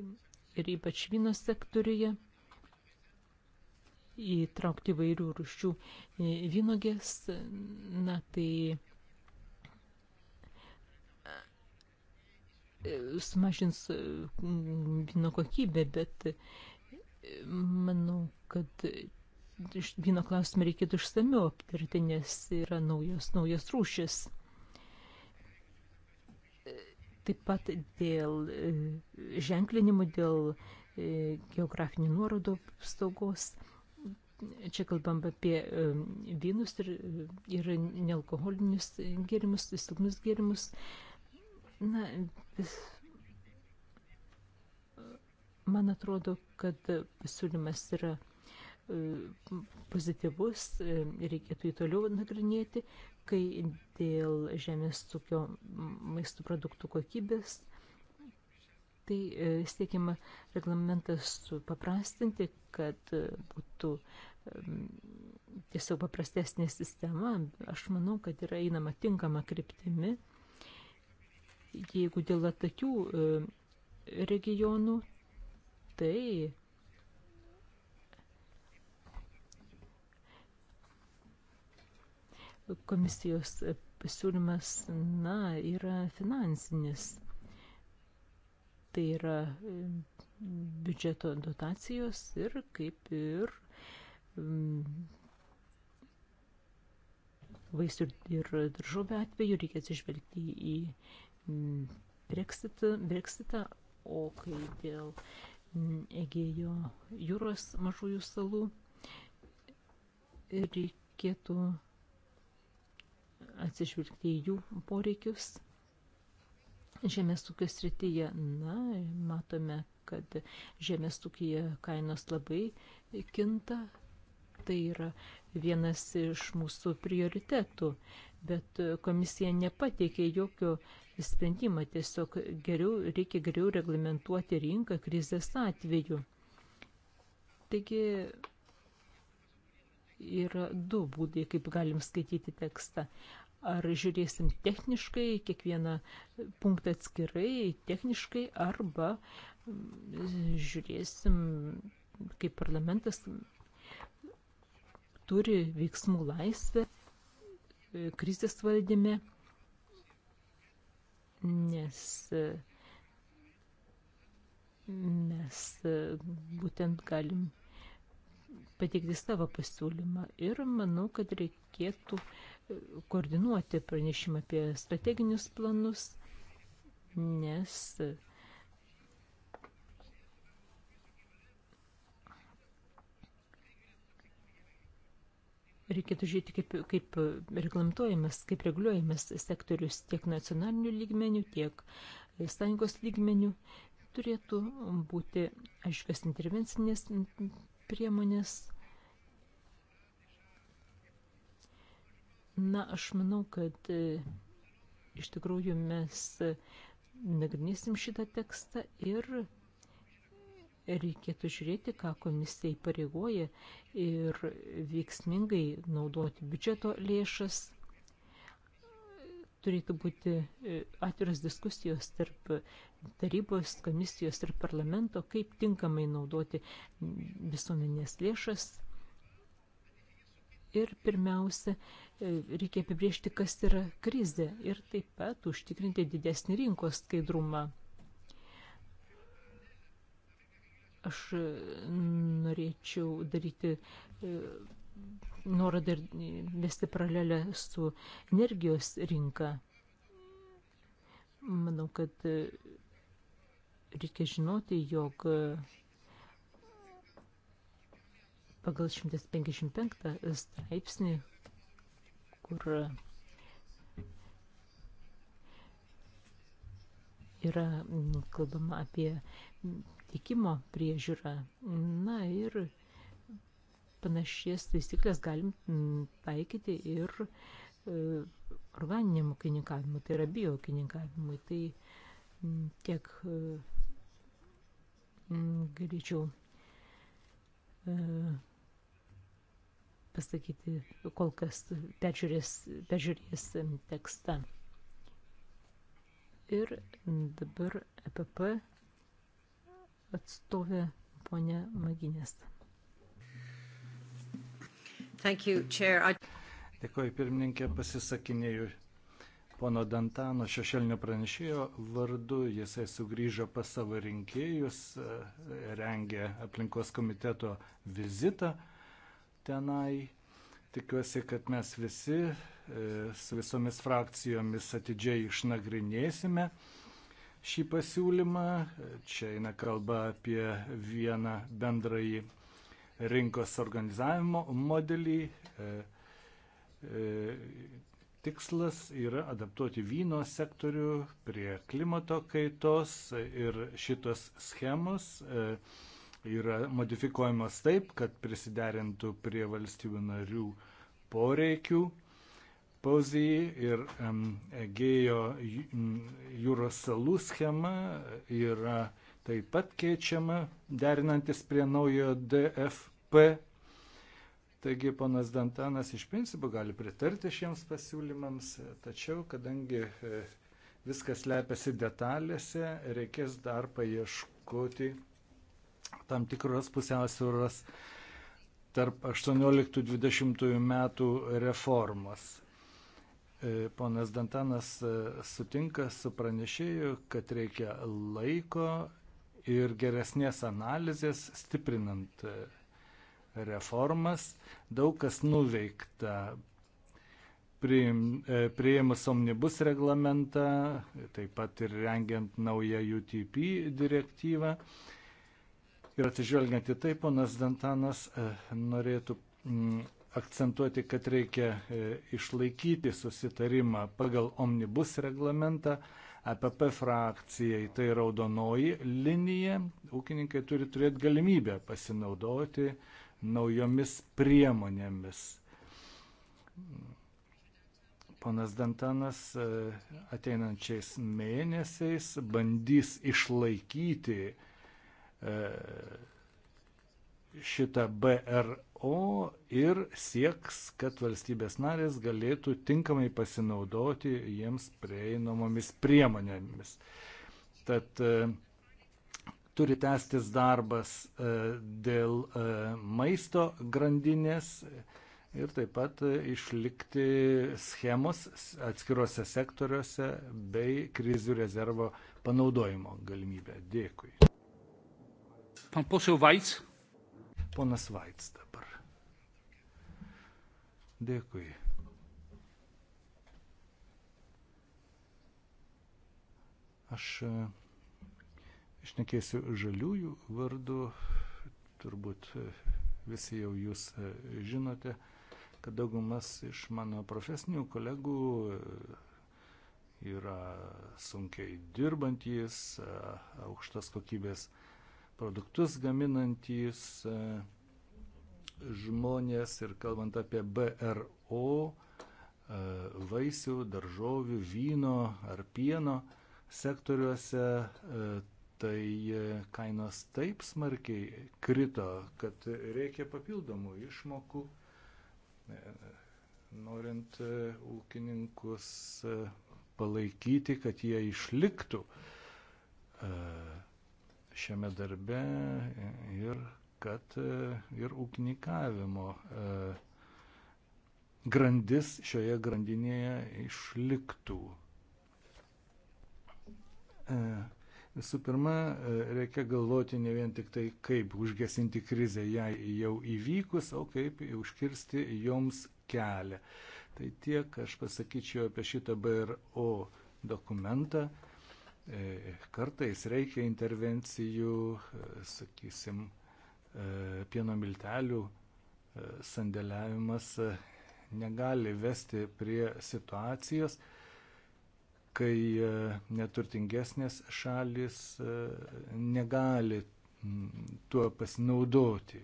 ir ypač vyno sektoriuje įtraukti vairių rušių e, vynogės. Na, tai sumažins e, vyno kokybę, bet e, manau, kad vyno klausimą reikėtų išsamiau aptarti, nes yra naujos, naujos rūšis. E, taip pat dėl ženklinimų, dėl geografinių nuorodų saugos. Čia kalbam apie vynus ir, ir nealkoholinius gėrimus, silpnus gėrimus. Na, vis. Man atrodo, kad pasiūlymas yra e, pozityvus, e, reikėtų jį toliau nagrinėti, kai dėl žemės ūkio maisto produktų kokybės, tai e, siekiama reglamentas paprastinti, kad būtų tiesiog paprastesnė sistema. Aš manau, kad yra einama tinkama kryptimi Jeigu dėl atakių e, regionų, tai komisijos pasiūlymas, na, yra finansinis. Tai yra e, biudžeto dotacijos ir kaip ir mm, vaisių ir daržovę atveju reikia atsižvelgti į, į Mm, Brexitą, Brexitą o kai dėl mm, Egėjo jūros mažųjų salų reikėtų atsižvelgti į jų poreikius žemės ūkio srityje. Na, matome, kad žemės ūkija kainos labai kinta. Tai yra vienas iš mūsų prioritetų bet komisija nepateikė jokio sprendimą, tiesiog geriau, reikia geriau reglamentuoti rinką krizės atveju. Taigi yra du būdai, kaip galim skaityti tekstą. Ar žiūrėsim techniškai, kiekvieną punktą atskirai, techniškai, arba mm, žiūrėsim, kaip parlamentas turi veiksmų laisvę krizės valdyme, nes mes būtent galim pateikti savo pasiūlymą ir manau, kad reikėtų koordinuoti pranešimą apie strateginius planus, nes Reikėtų žiūrėti, kaip, kaip reglamentuojamas, kaip reguliuojamas sektorius tiek nacionaliniu lygmeniu, tiek sąjungos lygmeniu. Turėtų būti aiškios intervencinės priemonės. Na, aš manau, kad e, iš tikrųjų mes e, nagrinėsim šitą tekstą ir reikėtų žiūrėti, ką komisija įpareigoja ir veiksmingai naudoti biudžeto lėšas. Turėtų būti e, atviras diskusijos tarp tarybos, komisijos ir parlamento, kaip tinkamai naudoti visuomenės lėšas. Ir pirmiausia, e, reikia apibriežti, kas yra krizė ir taip pat užtikrinti didesnį rinkos skaidrumą Aš e, norėčiau daryti e, nuorodą ir e, vesti paralelę su energijos rinka. Manau, kad reikia žinoti, jog pagal 155 straipsnį, kur yra kalbama apie tikimo priežiūra. Na ir panašias taisyklės galim taikyti ir e, organiniam ūkininkavimui, tai yra biokininkavimui. Tai tiek e, galėčiau e, pasakyti, kol kas peržiūrės, peržiūrės tekstą. Ir dabar EPP atstovė ponė Maginės. Dėkuoju, pirmininkė, pasisakinėjau pono Dantano šešėlinio pranešėjo vardu. Jisai sugrįžo pas savo rinkėjus, e, rengė aplinkos komiteto vizitą tenai. Tikiuosi, kad mes visi e, su visomis frakcijomis atidžiai išnagrinėsime šį pasiūlymą. Čia eina kalba apie vieną bendrąjį rinkos organizavimo modelį. E, e, tikslas yra adaptuoti vyno sektorių prie klimato kaitos ir šitos schemos e, yra modifikuojamas taip, kad prisiderintų prie valstybių narių poreikių. Pozy ir Egėjo jūros salų schema yra taip pat keičiama, derinantis prie naujo DFP. Taigi ponas Dantanas iš principo gali pritarti šiems pasiūlymams, tačiau kadangi e, viskas lepiasi detalėse, reikės dar paieškoti tam tikros pusiausvėros tarp 18-20 metų reformos. E, ponas Dantanas e, sutinka su pranešėju, kad reikia laiko ir geresnės analizės stiprinant e, reformas. Daug kas nuveikta priėmus omnibus reglamentą, taip pat ir rengiant naują UTP direktyvą. Ir atsižvelgiant į tai, ponas Dantanas norėtų akcentuoti, kad reikia e, išlaikyti susitarimą pagal omnibus reglamentą. APP frakcijai tai raudonoji linija. Ūkininkai turi turėti galimybę pasinaudoti naujomis priemonėmis. Ponas Dantanas e, ateinančiais mėnesiais bandys išlaikyti e, šitą BRI o ir sieks, kad valstybės narės galėtų tinkamai pasinaudoti jiems prieinamomis priemonėmis. Tad e, turi tęstis darbas e, dėl e, maisto grandinės ir taip pat išlikti schemos atskiruose sektoriuose bei krizių rezervo panaudojimo galimybę. Dėkui. Pan posėl Vaits. Ponas Vaits dabar. Dėkui. Aš išnekėsiu e, žaliųjų vardu, turbūt e, visi jau jūs e, žinote, kad daugumas iš mano profesinių kolegų yra sunkiai dirbantys, aukštas kokybės produktus gaminantys, žmonės ir kalbant apie BRO, e, vaisių, daržovių, vyno ar pieno sektoriuose, e, tai e, kainos taip smarkiai krito, kad reikia papildomų išmokų, norint ūkininkus palaikyti, kad jie išliktų šiame darbe ir kad e, ir ūkininkavimo e, grandis šioje grandinėje išliktų. E, visų pirma, reikia galvoti ne vien tik tai, kaip užgesinti krizę jai jau įvykus, o kaip užkirsti joms kelią. Tai tiek aš pasakyčiau apie šitą BRO dokumentą. Kartais reikia intervencijų, sakysim, E, pieno miltelių e, sandėliavimas e, negali vesti prie situacijos, kai neturtingesnės šalis negali tuo pasinaudoti.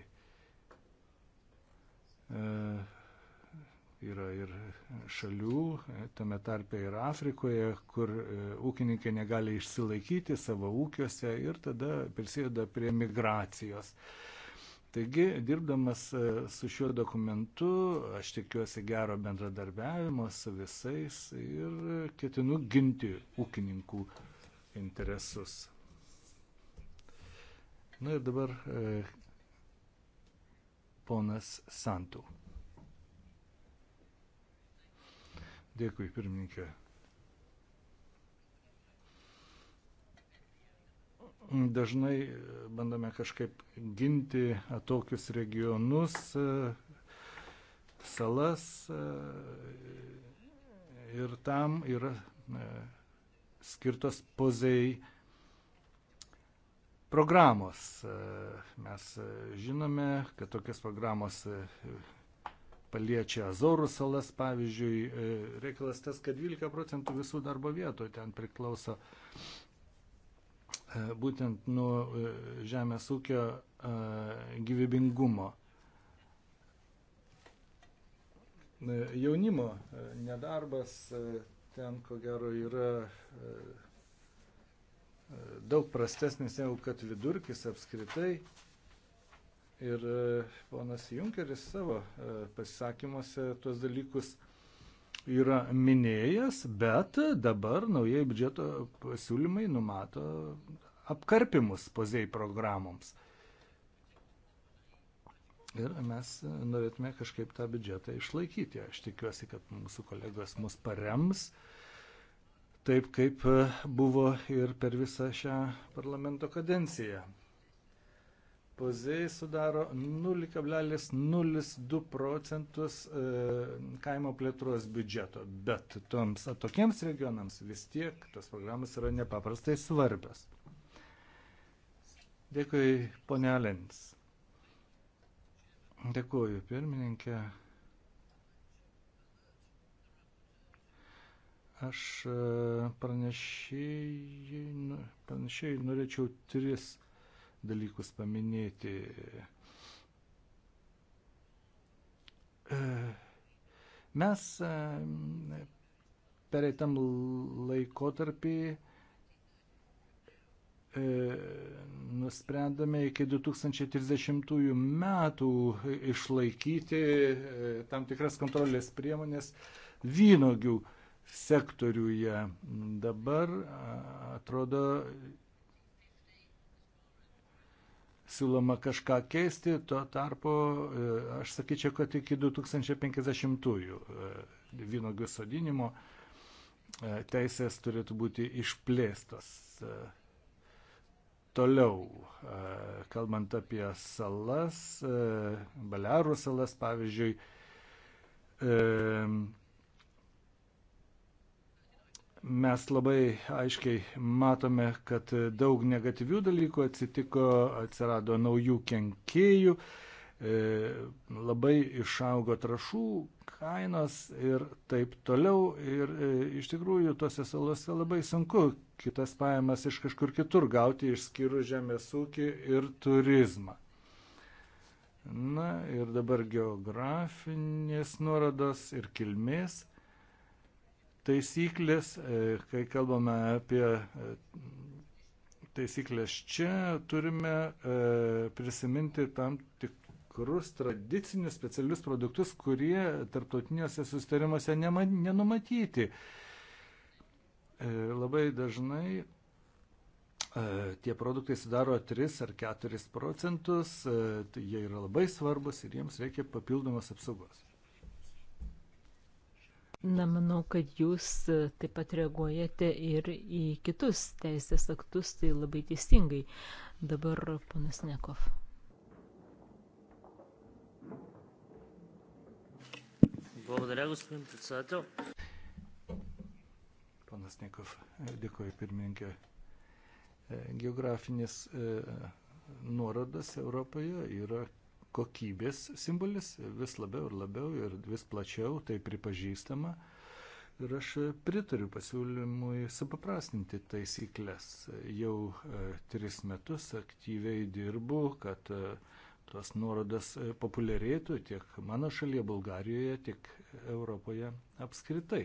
Yra ir šalių, tame tarpe ir Afrikoje, kur ūkininkai negali išsilaikyti savo ūkiuose ir tada prisideda prie migracijos. Uh, Taigi, dirbdamas e, su šiuo dokumentu, aš tikiuosi gero bendradarbiavimo su visais ir ketinu ginti ūkininkų interesus. Na ir dabar e, ponas Santų. Dėkui, pirmininkė. Dažnai bandome kažkaip ginti tokius regionus, salas ir tam yra e, skirtos pozei programos. E, mes žinome, kad tokias programos e, paliečia Azorų salas, pavyzdžiui, reikalas tas, kad 12 procentų visų darbo vietų ten priklauso E, būtent nuo e, žemės ūkio e, gyvybingumo. Jaunimo nedarbas ten, ko gero, yra daug prastesnis negu kad vidurkis apskritai. Ir ponas Junkeris savo pasisakymuose tuos dalykus yra minėjęs, bet dabar naujai biudžeto pasiūlymai numato apkarpimus pozei programoms. Ir mes norėtume kažkaip tą biudžetą išlaikyti. Aš tikiuosi, kad mūsų kolegos mus parems, taip kaip buvo ir per visą šią parlamento kadenciją. Pozei sudaro 0,02 procentus e, kaimo plėtros biudžeto, bet toms atokiems regionams vis tiek tos programos yra nepaprastai svarbios. Dėkui, ponia Lins. Dėkuoju, pirmininkė. Aš e, pranešėjai, nu, pranešėjai norėčiau tris dalykus paminėti. E, mes e, pereitam laikotarpį E, nusprendėme iki 2030 metų išlaikyti e, tam tikras kontrolės priemonės vynogių sektoriuje. Dabar atrodo siūloma kažką keisti, tuo tarpu e, aš sakyčiau, kad iki 2050-ųjų vynogių sodinimo teisės turėtų būti išplėstos. Toliau, e, kalbant apie salas, e, Balearų salas pavyzdžiui, e, mes labai aiškiai matome, kad daug negatyvių dalykų atsitiko, atsirado naujų kenkėjų, labai išaugo trašų kainos ir taip toliau. Ir iš tikrųjų tose salose labai sunku kitas pajamas iš kažkur kitur gauti, išskyrus žemės ūkį ir turizmą. Na ir dabar geografinės nuorodos ir kilmės taisyklės, e, kai kalbame apie e, taisyklės čia, turime e, prisiminti tam tikrus tradicinius specialius produktus, kurie tarptautiniuose sustarimuose nenumatyti. E, labai dažnai e, tie produktai sudaro 3 ar 4 procentus, e, tai jie yra labai svarbus ir jiems reikia papildomos apsaugos. Na, manau, kad jūs taip pat reaguojate ir į kitus teisės aktus, tai labai teisingai. Dabar panas Nekov. Благодаря, господин председател. Panas Nikov, dėkoju pirmininkė. E, geografinis e, nuorodas Europoje yra kokybės simbolis vis labiau ir labiau ir vis plačiau tai pripažįstama. Ir aš pritariu pasiūlymui supaprastinti taisyklės. Jau e, tris metus aktyviai dirbu, kad e, tos nuorodas e, populiarėtų tiek mano šalyje, Bulgarijoje, tiek Europoje apskritai.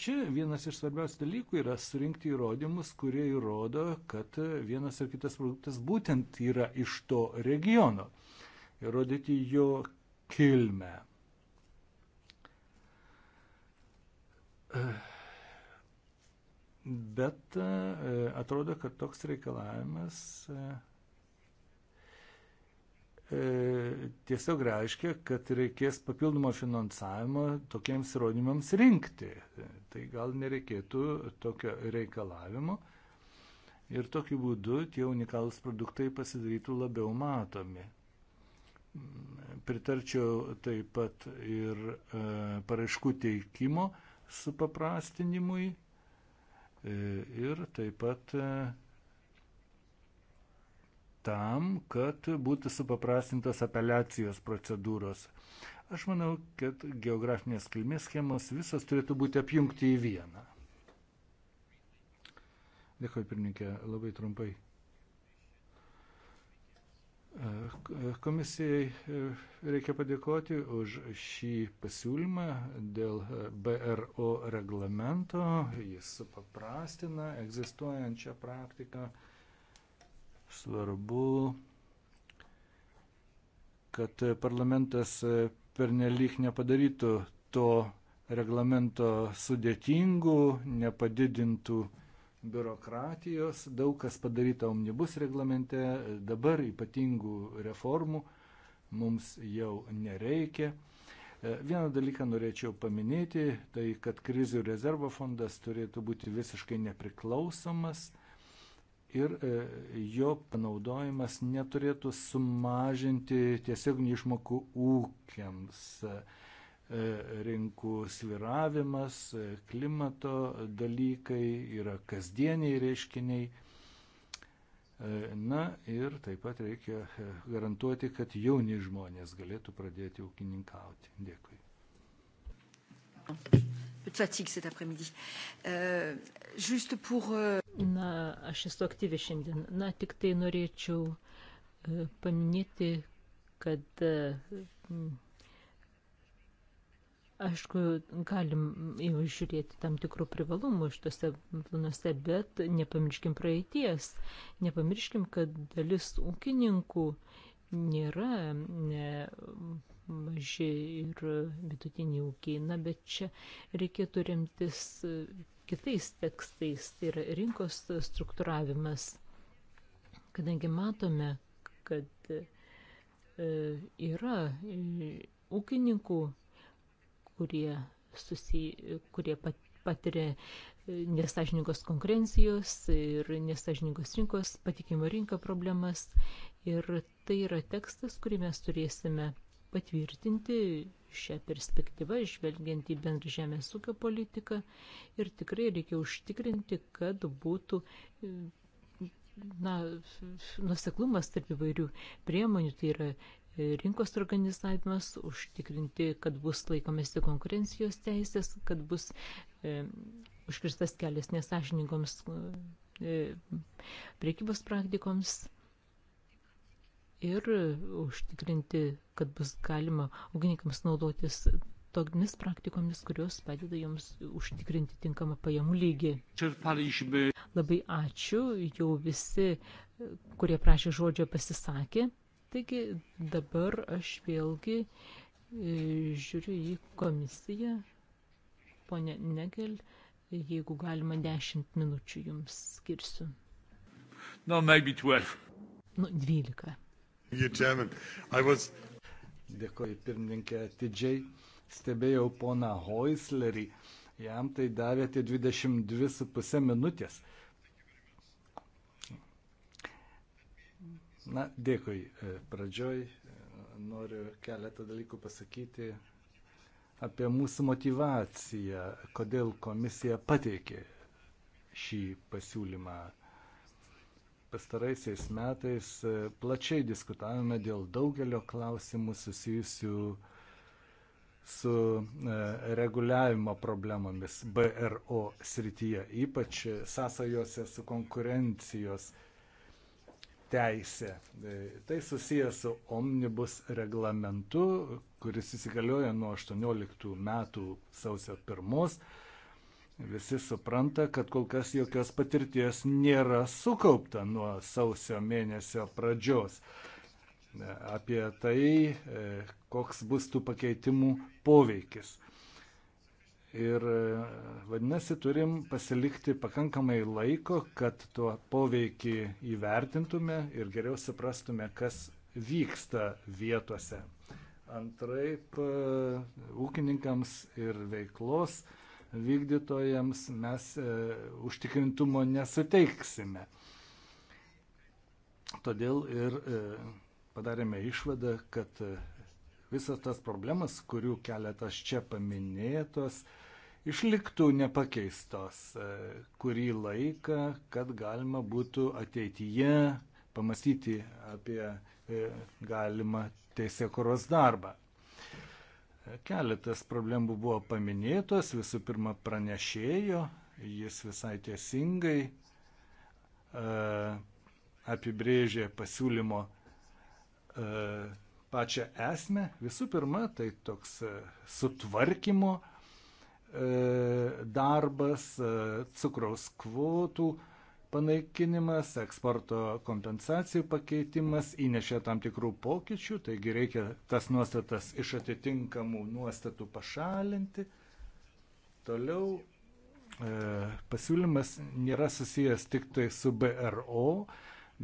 Čia vienas iš svarbiausių dalykų yra surinkti įrodymus, kurie įrodo, kad vienas ar kitas produktas būtent yra iš to regiono. Įrodyti jo kilmę. Bet e, atrodo, kad toks reikalavimas e, E, tiesiog reiškia, kad reikės papildomo finansavimo tokiems įrodymams rinkti. Tai gal nereikėtų tokio reikalavimo ir tokiu būdu tie unikalūs produktai pasidarytų labiau matomi. Pritarčiau taip pat ir e, paraiškų teikimo supaprastinimui e, ir taip pat e, tam, kad būtų supaprastintos apeliacijos procedūros. Aš manau, kad geografinės kilmės schemos visos turėtų būti apjungti į vieną. Dėkui, pirmininkė, labai trumpai. Komisijai e, reikia padėkoti už šį pasiūlymą dėl e, BRO reglamento. Jis supaprastina egzistuojančią praktiką Svarbu, kad parlamentas pernelyg nepadarytų to reglamento sudėtingų, nepadidintų biurokratijos, daug kas padaryta omnibus reglamente, dabar ypatingų reformų mums jau nereikia. Vieną dalyką norėčiau paminėti, tai kad krizių rezervo fondas turėtų būti visiškai nepriklausomas, ir e, jo panaudojimas neturėtų sumažinti tiesioginių išmokų ūkiams. E, rinkų sviravimas, e, klimato dalykai yra kasdieniai reiškiniai. Na ir taip pat reikia garantuoti, kad jauni žmonės galėtų pradėti ūkininkauti. Dėkui. Peu de fatigue cet après-midi. Euh, juste pour. Euh... Na, aš esu aktyvi šiandien. Na, tik tai norėčiau e, paminėti, kad e, Aišku, galim jau žiūrėti tam tikrų privalumų iš tose planuose, bet nepamirškim praeities. Nepamirškim, kad dalis ūkininkų nėra ne, maži ir vidutiniai ūkiai. Na, bet čia reikėtų remtis kitais tekstais, tai yra rinkos struktūravimas, kadangi matome, kad e, yra e, ūkininkų, kurie, susiję, kurie patiria e, nesažininkos konkurencijos ir nesažininkos rinkos, patikimo rinka problemas. Ir tai yra tekstas, kurį mes turėsime patvirtinti šią perspektyvą, žvelgiant į bendrą žemės ūkio politiką ir tikrai reikia užtikrinti, kad būtų na, nuseklumas tarp įvairių priemonių, tai yra rinkos organizavimas, užtikrinti, kad bus laikomasi konkurencijos teisės, kad bus e, užkirstas kelias nesažiningoms e, priekybos praktikoms ir e, užtikrinti, kad bus galima ūkininkams naudotis tomis praktikomis, kurios padeda joms užtikrinti tinkamą pajamų lygį. Labai ačiū, jau visi, kurie prašė žodžio, pasisakė. Taigi dabar aš vėlgi e, žiūriu į komisiją. Pone Negel, jeigu galima 10 minučių jums skirsiu. No, maybe 12. Nu, 12. Was... Dėkoju pirmininkė atidžiai. Stebėjau poną Hoislerį. Jam tai davėte 22,5 minutės. Na, dėkui. E, pradžioj e, noriu keletą dalykų pasakyti apie mūsų motivaciją, kodėl komisija pateikė šį pasiūlymą pastaraisiais metais e, plačiai diskutavome dėl daugelio klausimų susijusių su e, reguliavimo problemomis BRO srityje, ypač sąsajose su konkurencijos teisė. E, tai susijęs su omnibus reglamentu, kuris įsigalioja nuo 18 metų sausio 1 Visi supranta, kad kol kas jokios patirties nėra sukaupta nuo sausio mėnesio pradžios. Apie tai, e, koks bus tų pakeitimų poveikis. Ir e, vadinasi, turim pasilikti pakankamai laiko, kad tuo poveikį įvertintume ir geriau suprastume, kas vyksta vietose. Antraip, e, ūkininkams ir veiklos vykdytojams mes e, užtikrintumo nesuteiksime. Todėl ir e, padarėme išvadą, kad e, visas tas problemas, kurių keletas čia paminėtos, išliktų nepakeistos kurį laiką, kad galima būtų ateityje pamastyti apie galimą teisėkuros darbą. Keletas problemų buvo paminėtos, visų pirma pranešėjo, jis visai tiesingai e, apibrėžė pasiūlymo e, pačią esmę. Visų pirma, tai toks e, sutvarkymo darbas, cukraus kvotų, panaikinimas, eksporto kompensacijų pakeitimas įnešė tam tikrų pokyčių, taigi reikia tas nuostatas iš atitinkamų nuostatų pašalinti. Toliau e, pasiūlymas nėra susijęs tik tai su BRO,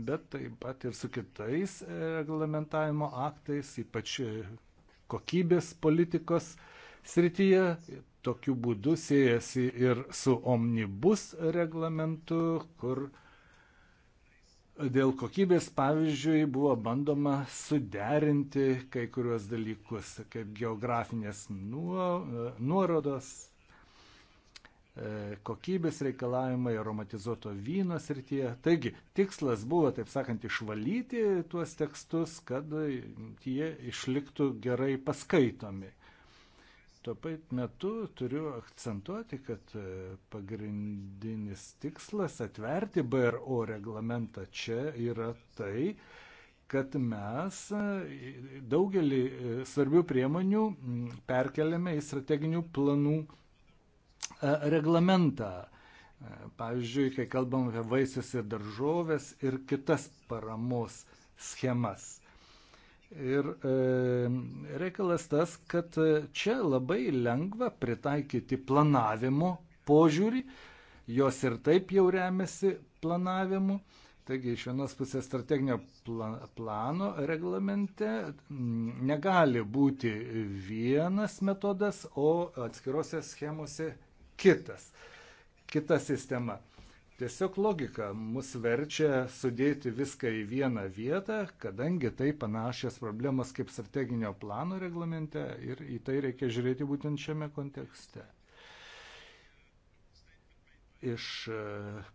bet taip pat ir su kitais e, reglamentavimo aktais, ypač e, kokybės politikos srityje tokiu būdu siejasi ir su omnibus reglamentu, kur dėl kokybės, pavyzdžiui, buvo bandoma suderinti kai kuriuos dalykus, kaip geografinės nuorodos, e, kokybės reikalavimai aromatizuoto vyno srityje. Taigi, tikslas buvo, taip sakant, išvalyti tuos tekstus, kad jie išliktų gerai paskaitomi. Tuo pat metu turiu akcentuoti, kad e, pagrindinis tikslas atverti BRO reglamentą čia yra tai, kad mes e, daugelį e, svarbių priemonių perkeliame į strateginių planų reglamentą. Pavyzdžiui, kai kalbam apie vaisius ir daržovės ir kitas paramos schemas. Ir e, reikalas tas, kad čia labai lengva pritaikyti planavimo požiūrį, jos ir taip jau remiasi planavimu. Taigi iš vienos pusės strateginio plano reglamente mm, negali būti vienas metodas, o atskirose schemose kitas, kita sistema. Tiesiog logika mus verčia sudėti viską į vieną vietą, kadangi tai panašios problemas kaip strateginio plano reglamente ir į tai reikia žiūrėti būtent šiame kontekste. Iš e,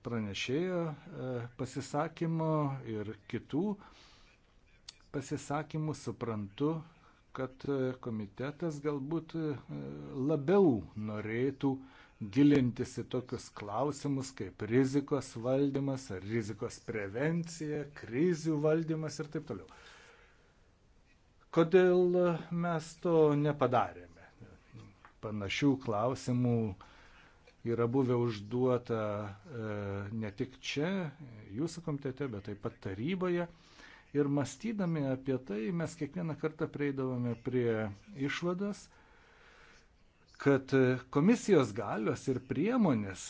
pranešėjo e, pasisakymo ir kitų pasisakymų suprantu, kad e, komitetas galbūt labiau norėtų uh, gilintis į tokius klausimus kaip rizikos valdymas, rizikos prevencija, krizių valdymas ir taip toliau. Kodėl mes to nepadarėme? Panašių klausimų yra buvę užduota e, ne tik čia, jūsų komitete, bet taip pat taryboje. Ir mąstydami apie tai, mes kiekvieną kartą prieidavome prie išvados, kad komisijos galios ir priemonės,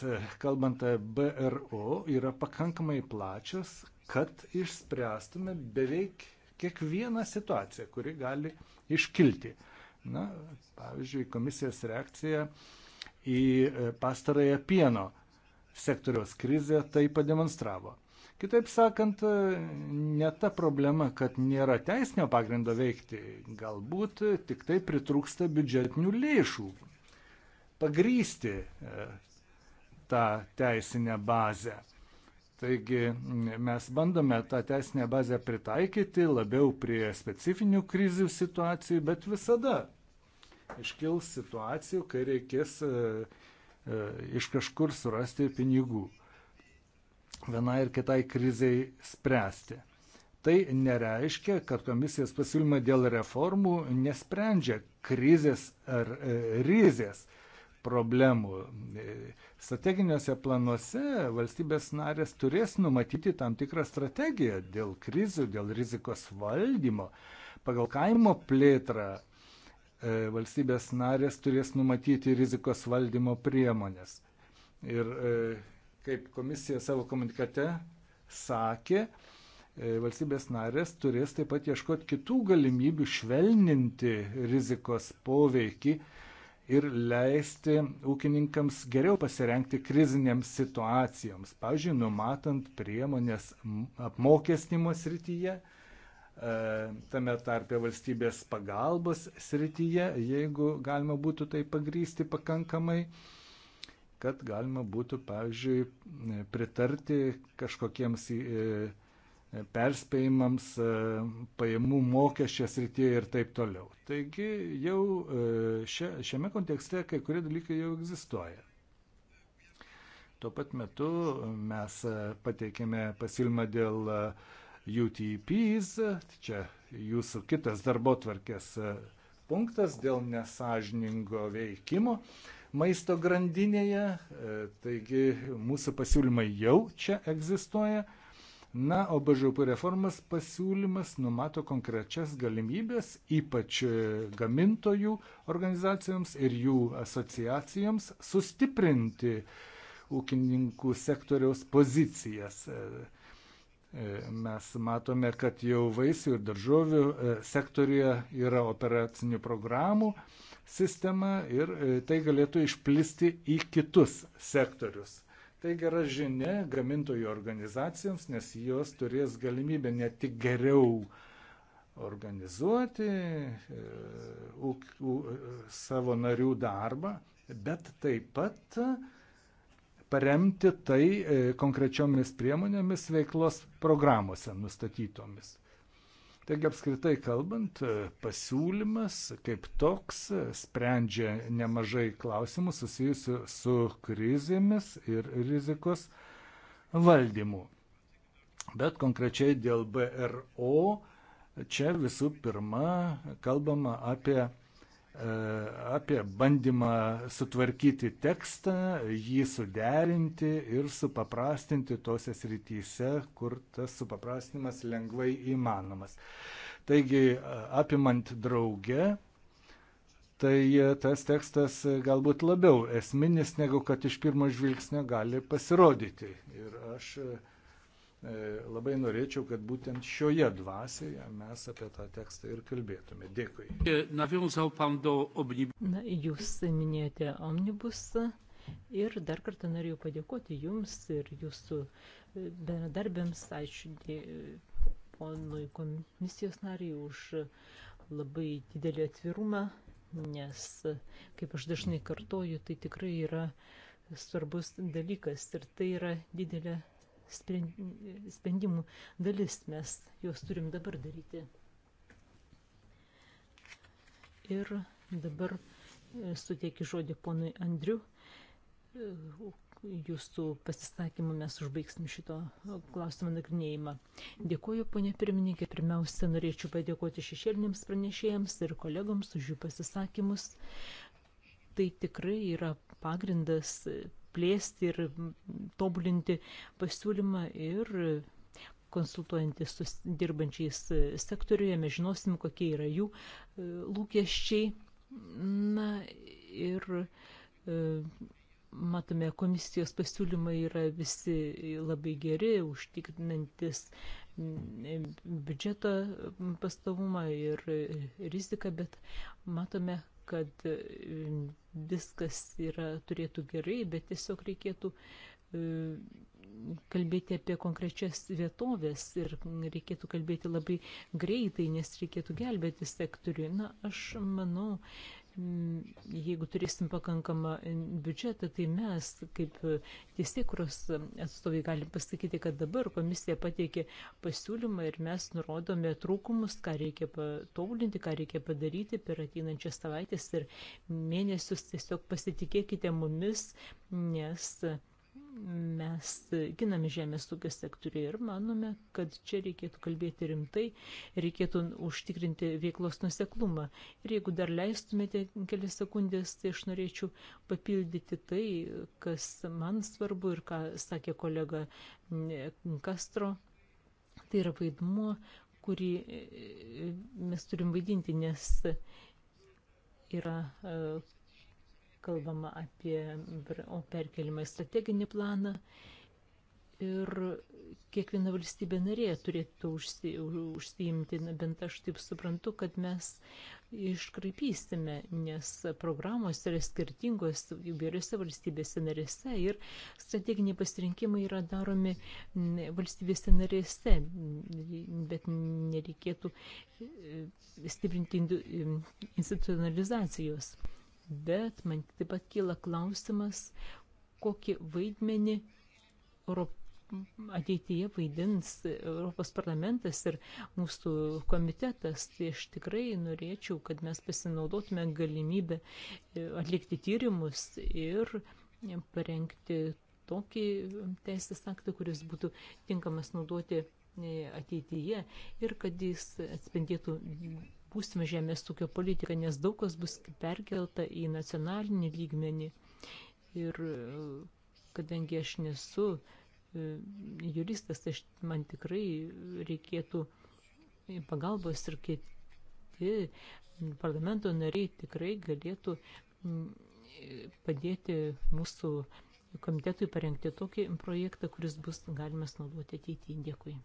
kalbant apie BRO, yra pakankamai plačios, kad išspręstume beveik kiekvieną situaciją, kuri gali iškilti. Na, pavyzdžiui, komisijos reakcija į e, pastarąją pieno sektoriaus krizę tai pademonstravo. Kitaip sakant, e, ne ta problema, kad nėra teisinio pagrindo veikti, galbūt tik tai pritrūksta biudžetinių lėšų pagrysti e, tą teisinę bazę. Taigi mes bandome tą teisinę bazę pritaikyti labiau prie specifinių krizių situacijų, bet visada iškils situacijų, kai reikės e, e, iš kažkur surasti pinigų vienai ir kitai kriziai spręsti. Tai nereiškia, kad komisijos pasiūlymai dėl reformų nesprendžia krizės ar rizės problemų. Strateginiuose planuose valstybės narės turės numatyti tam tikrą strategiją dėl krizių, dėl rizikos valdymo. Pagal kaimo plėtrą e, valstybės narės turės numatyti rizikos valdymo priemonės. Ir e, kaip komisija savo komunikate sakė, e, valstybės narės turės taip pat ieškoti kitų galimybių švelninti rizikos poveikį ir leisti ūkininkams geriau pasirenkti krizinėms situacijoms, pavyzdžiui, numatant priemonės apmokestinimo srityje, e, tame tarpe valstybės pagalbos srityje, jeigu galima būtų tai pagrysti pakankamai kad galima būtų, pavyzdžiui, pritarti kažkokiems e, perspėjimams, e, pajamų mokesčias rytyje ir taip toliau. Taigi jau e, šia, šiame kontekste kai kurie dalykai jau egzistuoja. Tuo pat metu mes e, pateikėme pasiūlymą dėl UTPs, čia jūsų kitas darbo tvarkės punktas dėl nesažiningo veikimo maisto grandinėje, taigi mūsų pasiūlymai jau čia egzistuoja. Na, o BŽP reformas pasiūlymas numato konkrečias galimybės, ypač e, gamintojų organizacijoms ir jų asociacijoms, sustiprinti ūkininkų sektoriaus pozicijas. E, e, mes matome, kad jau vaisių ir daržovių sektorija yra operacinių programų sistema ir tai galėtų išplisti į kitus sektorius. Tai gera žinia gamintojų organizacijoms, nes jos turės galimybę ne tik geriau organizuoti e, u, u, savo narių darbą, bet taip pat paremti tai e, konkrečiomis priemonėmis veiklos programuose nustatytomis. Taigi apskritai kalbant, pasiūlymas kaip toks sprendžia nemažai klausimų susijusių su krizėmis ir rizikos valdymu. Bet konkrečiai dėl BRO čia visų pirma kalbama apie E, apie bandymą sutvarkyti tekstą, jį suderinti ir supaprastinti tose srityse, kur tas supaprastinimas lengvai įmanomas. Taigi, e, apimant draugę, tai e, tas tekstas galbūt labiau esminis, negu kad iš pirmo žvilgsnio gali pasirodyti. Ir aš E, labai norėčiau, kad būtent šioje dvasioje mes apie tą tekstą ir kalbėtume. Dėkui. E, Na, jūs minėjote omnibusą ir dar kartą norėjau padėkoti jums ir jūsų e, bendradarbėms, ačiū ponui komisijos nariai už labai didelį atvirumą, nes, kaip aš dažnai kartoju, tai tikrai yra svarbus dalykas ir tai yra didelė sprendimų dalis, mes juos turim dabar daryti. Ir dabar e, suteikiu žodį ponui Andriu. E, jūsų pasisakymu mes užbaigsim šito e, klausimo nagrinėjimą. Dėkuoju, ponė pirmininkė. Pirmiausia, norėčiau padėkoti šešėlinėms pranešėjams ir kolegoms už jų pasisakymus. Tai tikrai yra pagrindas plėsti ir tobulinti pasiūlymą ir konsultuojantis su dirbančiais sektoriuje, mes žinosim, kokie yra jų e, lūkesčiai. Na ir e, matome, komisijos pasiūlymai yra visi labai geri, užtikrinantis e, biudžeto pastovumą ir riziką, bet matome, kad e, viskas yra, turėtų gerai, bet tiesiog reikėtų e, kalbėti apie konkrečias vietovės ir reikėtų kalbėti labai greitai, nes reikėtų gelbėti sektoriui. Na, aš manau, Mm, jeigu turėsim pakankamą mm, biudžetą, tai mes, kaip e, teisėkuros atstovai, galim pasakyti, kad dabar komisija pateikė pasiūlymą ir mes nurodome trūkumus, ką reikia patobulinti, ką reikia padaryti per ateinančias savaitės ir mėnesius. Tiesiog pasitikėkite mumis, nes mes giname žemės ūkio sektorių ir manome, kad čia reikėtų kalbėti rimtai, reikėtų užtikrinti veiklos nuseklumą. Ir jeigu dar leistumėte kelias sekundės, tai aš norėčiau papildyti tai, kas man svarbu ir ką sakė kolega Kastro. Tai yra vaidmuo, kurį mes turim vaidinti, nes yra kalbama apie perkelimą į strateginį planą ir kiekviena valstybė narė turėtų užsi, užsiimti, na, bent aš taip suprantu, kad mes iškraipysime, nes programos yra skirtingos įvairiose valstybėse narėse ir strateginiai pasirinkimai yra daromi valstybėse narėse, bet nereikėtų e, stiprinti institucionalizacijos bet man taip pat kyla klausimas, kokį vaidmenį Europ... ateityje vaidins Europos parlamentas ir mūsų komitetas. Tai aš tikrai norėčiau, kad mes pasinaudotume galimybę e, atlikti tyrimus ir parengti tokį teisės aktą, kuris būtų tinkamas naudoti e, ateityje ir kad jis atspindėtų būsimą žemės ūkio politiką, nes daug kas bus perkelta į nacionalinį lygmenį. Ir e, kadangi aš nesu e, juristas, tai aš, man tikrai reikėtų pagalbos ir kiti parlamento nariai tikrai galėtų padėti mūsų komitetui parengti tokį projektą, kuris bus galimas naudoti ateityje. Dėkui.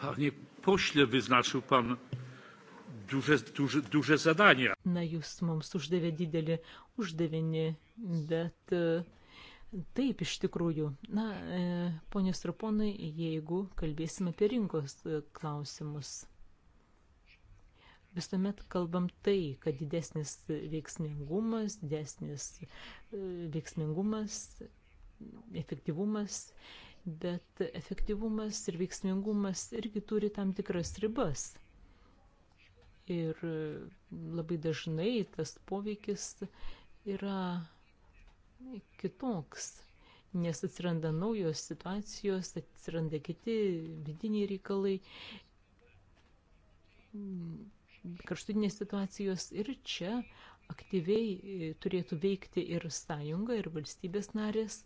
Panie pośle, wyznaczył pan duże, duže, duže zadanie. Na, jūs mums uždavė didelį uždavinį, bet e, taip iš tikrųjų. Na, e, ponės ir ponai, jeigu kalbėsime apie rinkos e, klausimus, visuomet kalbam tai, kad didesnis veiksmingumas, didesnis veiksmingumas, efektyvumas bet efektyvumas ir veiksmingumas irgi turi tam tikras ribas. Ir labai dažnai tas poveikis yra kitoks, nes atsiranda naujos situacijos, atsiranda kiti vidiniai reikalai, karštutinės situacijos ir čia aktyviai e, turėtų veikti ir sąjunga, ir valstybės narės,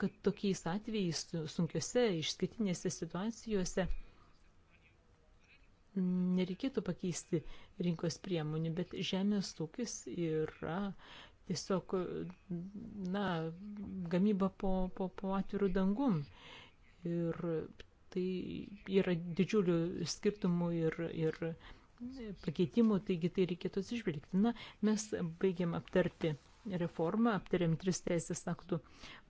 kad tokiais atvejais sunkiose, išskirtinėse situacijose nereikėtų pakeisti rinkos priemonių, bet žemės ūkis yra tiesiog, na, gamyba po, po, po atvirų dangum. Ir tai yra didžiulių skirtumų ir, ir pakeitimų, taigi tai reikėtų atsižvelgti. Na, mes baigiam aptarti reformą, aptarėm tris teisės aktų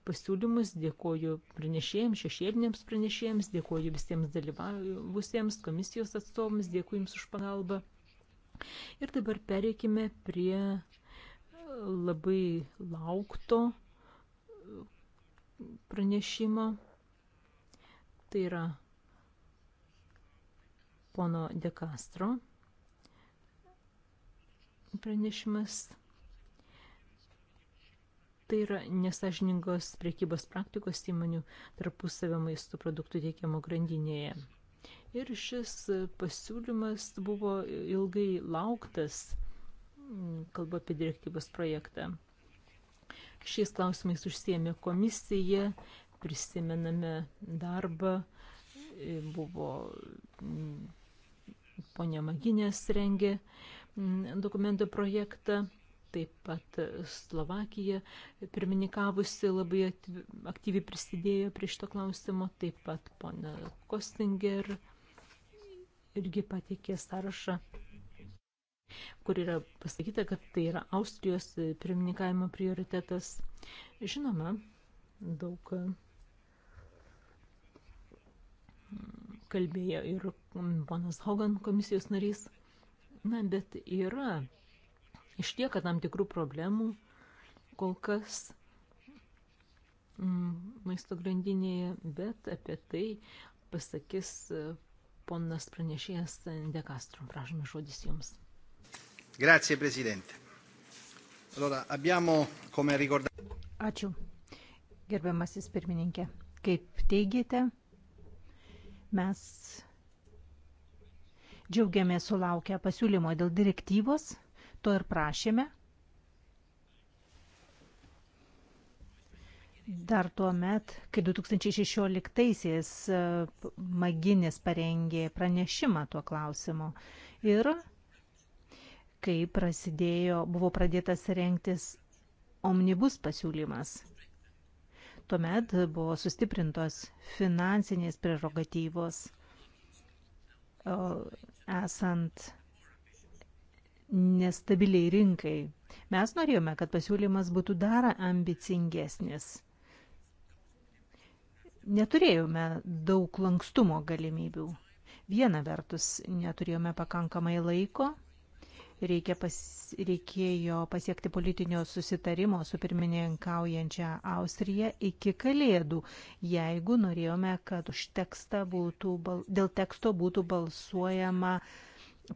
pasiūlymus, dėkoju pranešėjams, šešėliniams pranešėjams, dėkoju visiems dalyvavusiems komisijos atstovams, dėkoju jums už pagalbą. Ir dabar pereikime prie labai laukto pranešimo. Tai yra pono De Castro pranešimas. Tai yra nesažiningos priekybos praktikos įmonių tarpusavio maisto produktų teikiamo grandinėje. Ir šis pasiūlymas buvo ilgai lauktas, mm, kalbu apie direktyvos projektą. Šiais klausimais užsiemė komisija, prisimename darbą, buvo mm, ponia Maginės rengė Mm, dokumento projektą. Taip pat Slovakija pirmininkavusi labai aktyviai prisidėjo prie šito klausimo. Taip pat pana Kostinger irgi pateikė sąrašą, kur yra pasakyta, kad tai yra Austrijos pirmininkavimo prioritetas. Žinoma, daug mm, kalbėjo ir mm, ponas Hogan komisijos narys. Na, bet yra ištieka tam tikrų problemų, kol kas mm, maisto grandinėje, bet apie tai pasakys e, ponas pranešėjas De Castro. Prašome žodis jums. Grazie, prezidente. Allora, abbiamo, come ricordato. Ačiū, gerbiamasis pirmininkė. Kaip teigėte, mes Džiaugiamės sulaukę pasiūlymo dėl direktyvos, to ir prašėme. Dar tuo met, kai 2016-aisiais e, Maginis parengė pranešimą tuo klausimu ir kai prasidėjo, buvo pradėtas rengtis omnibus pasiūlymas. Tuomet buvo sustiprintos finansinės prerogatyvos esant nestabiliai rinkai. Mes norėjome, kad pasiūlymas būtų dar ambicingesnis. Neturėjome daug lankstumo galimybių. Viena vertus, neturėjome pakankamai laiko reikia pas, reikėjo pasiekti politinio susitarimo su pirmininkaujančia Austrija iki kalėdų, jeigu norėjome, kad už tekstą būtų, dėl teksto būtų balsuojama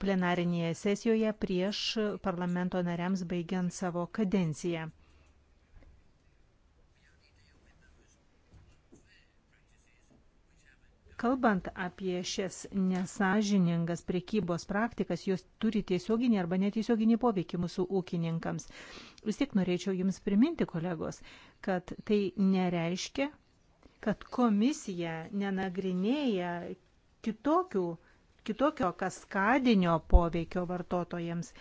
plenarinėje sesijoje prieš parlamento nariams baigiant savo kadenciją. Kalbant apie šias nesažiningas priekybos praktikas, jos turi tiesioginį arba netiesioginį poveikį mūsų ūkininkams. Vis tiek norėčiau Jums priminti, kolegos, kad tai nereiškia, kad komisija nenagrinėja kitokių kitokio kaskadinio poveikio vartotojams.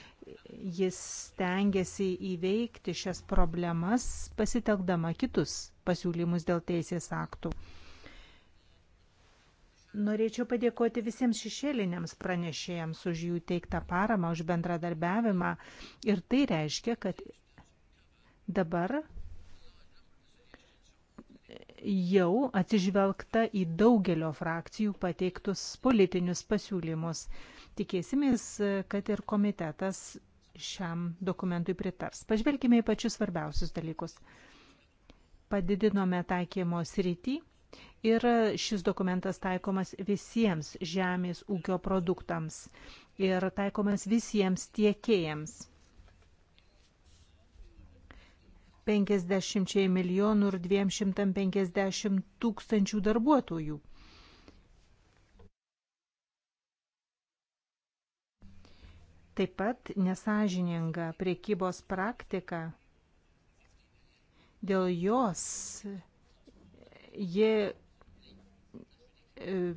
Jis tengiasi įveikti šias problemas pasitelkdama kitus pasiūlymus dėl teisės aktų. Norėčiau padėkoti visiems šešėliniams pranešėjams už jų teiktą paramą, už bendradarbiavimą. Ir tai reiškia, kad dabar jau atsižvelgta į daugelio frakcijų pateiktus politinius pasiūlymus. Tikėsimės, kad ir komitetas šiam dokumentui pritars. Pažvelkime į pačius svarbiausius dalykus. Padidinome taikymo srityje Ir šis dokumentas taikomas visiems žemės ūkio produktams ir taikomas visiems tiekėjams. 50 milijonų ir 250 tūkstančių darbuotojų. Taip pat nesažininga priekybos praktika dėl jos ji e,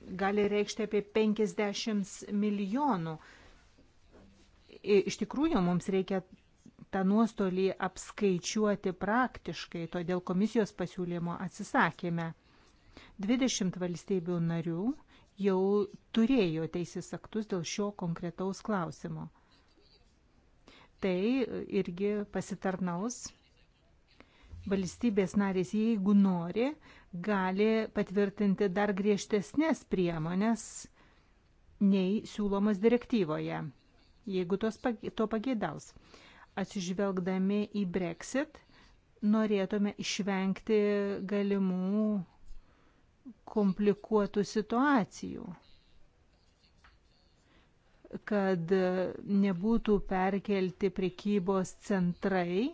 gali reikšti apie 50 milijonų. Iš tikrųjų, mums reikia tą nuostolį apskaičiuoti praktiškai, todėl komisijos pasiūlymo atsisakėme. 20 valstybių narių jau turėjo teisės aktus dėl šio konkretaus klausimo. Tai irgi pasitarnaus valstybės narės, jeigu nori, gali patvirtinti dar griežtesnės priemonės nei siūlomas direktyvoje, jeigu tos, to pageidaus. Atsižvelgdami į Brexit, norėtume išvengti galimų komplikuotų situacijų kad nebūtų perkelti prekybos centrai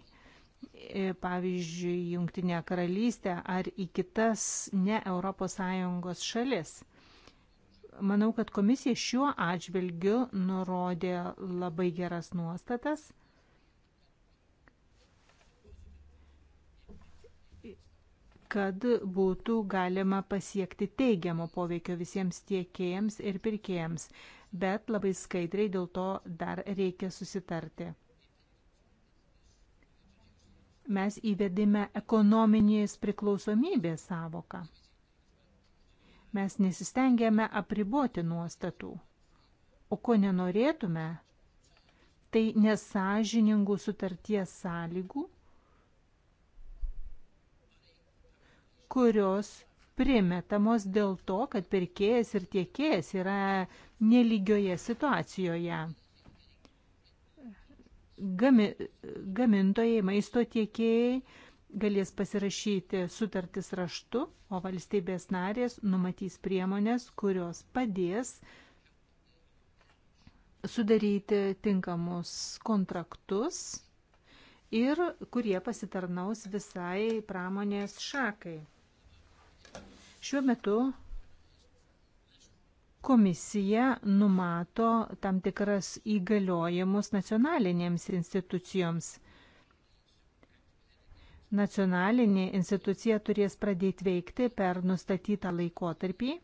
E, pavyzdžiui, Jungtinę karalystę ar į kitas ne ES šalis. Manau, kad komisija šiuo atžvilgiu nurodė labai geras nuostatas. kad būtų galima pasiekti teigiamo poveikio visiems tiekėjams ir pirkėjams, bet labai skaidriai dėl to dar reikia susitarti mes įvedėme ekonominės priklausomybės savoką. Mes nesistengėme apriboti nuostatų, o ko nenorėtume, tai nesažiningų sutarties sąlygų, kurios primetamos dėl to, kad pirkėjas ir tiekėjas yra nelygioje situacijoje gami, gamintojai, maisto tiekėjai galės pasirašyti sutartis raštu, o valstybės narės numatys priemonės, kurios padės sudaryti tinkamus kontraktus ir kurie pasitarnaus visai pramonės šakai. Šiuo metu Komisija numato tam tikras įgaliojimus nacionalinėms institucijoms. Nacionalinė institucija turės pradėti veikti per nustatytą laikotarpį,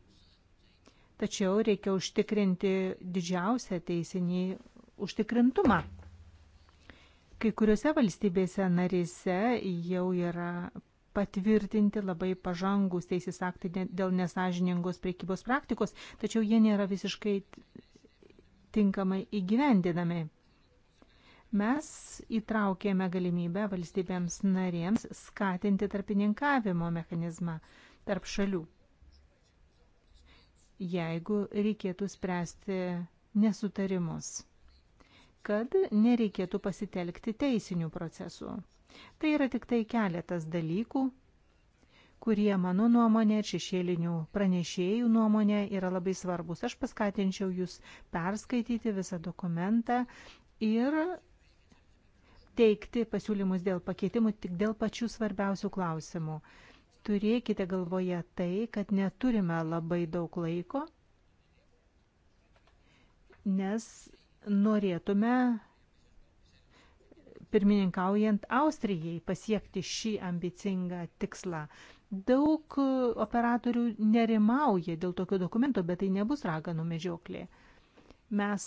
tačiau reikia užtikrinti didžiausią teisinį užtikrintumą. Kai kuriuose valstybėse narise jau yra patvirtinti labai pažangus teisės aktai dėl nesažiningos priekybos praktikos, tačiau jie nėra visiškai tinkamai įgyvendinami. Mes įtraukėme galimybę valstybėms narėms skatinti tarpininkavimo mechanizmą tarp šalių, jeigu reikėtų spręsti nesutarimus, kad nereikėtų pasitelkti teisinių procesų. Tai yra tik tai keletas dalykų, kurie mano nuomonė ir šešėlinių pranešėjų nuomonė yra labai svarbus. Aš paskatinčiau jūs perskaityti visą dokumentą ir teikti pasiūlymus dėl pakeitimų tik dėl pačių svarbiausių klausimų. Turėkite galvoje tai, kad neturime labai daug laiko, nes norėtume pirmininkaujant Austrijai pasiekti šį ambicingą tikslą. Daug operatorių nerimauja dėl tokio dokumento, bet tai nebus raganų medžioklė. Mes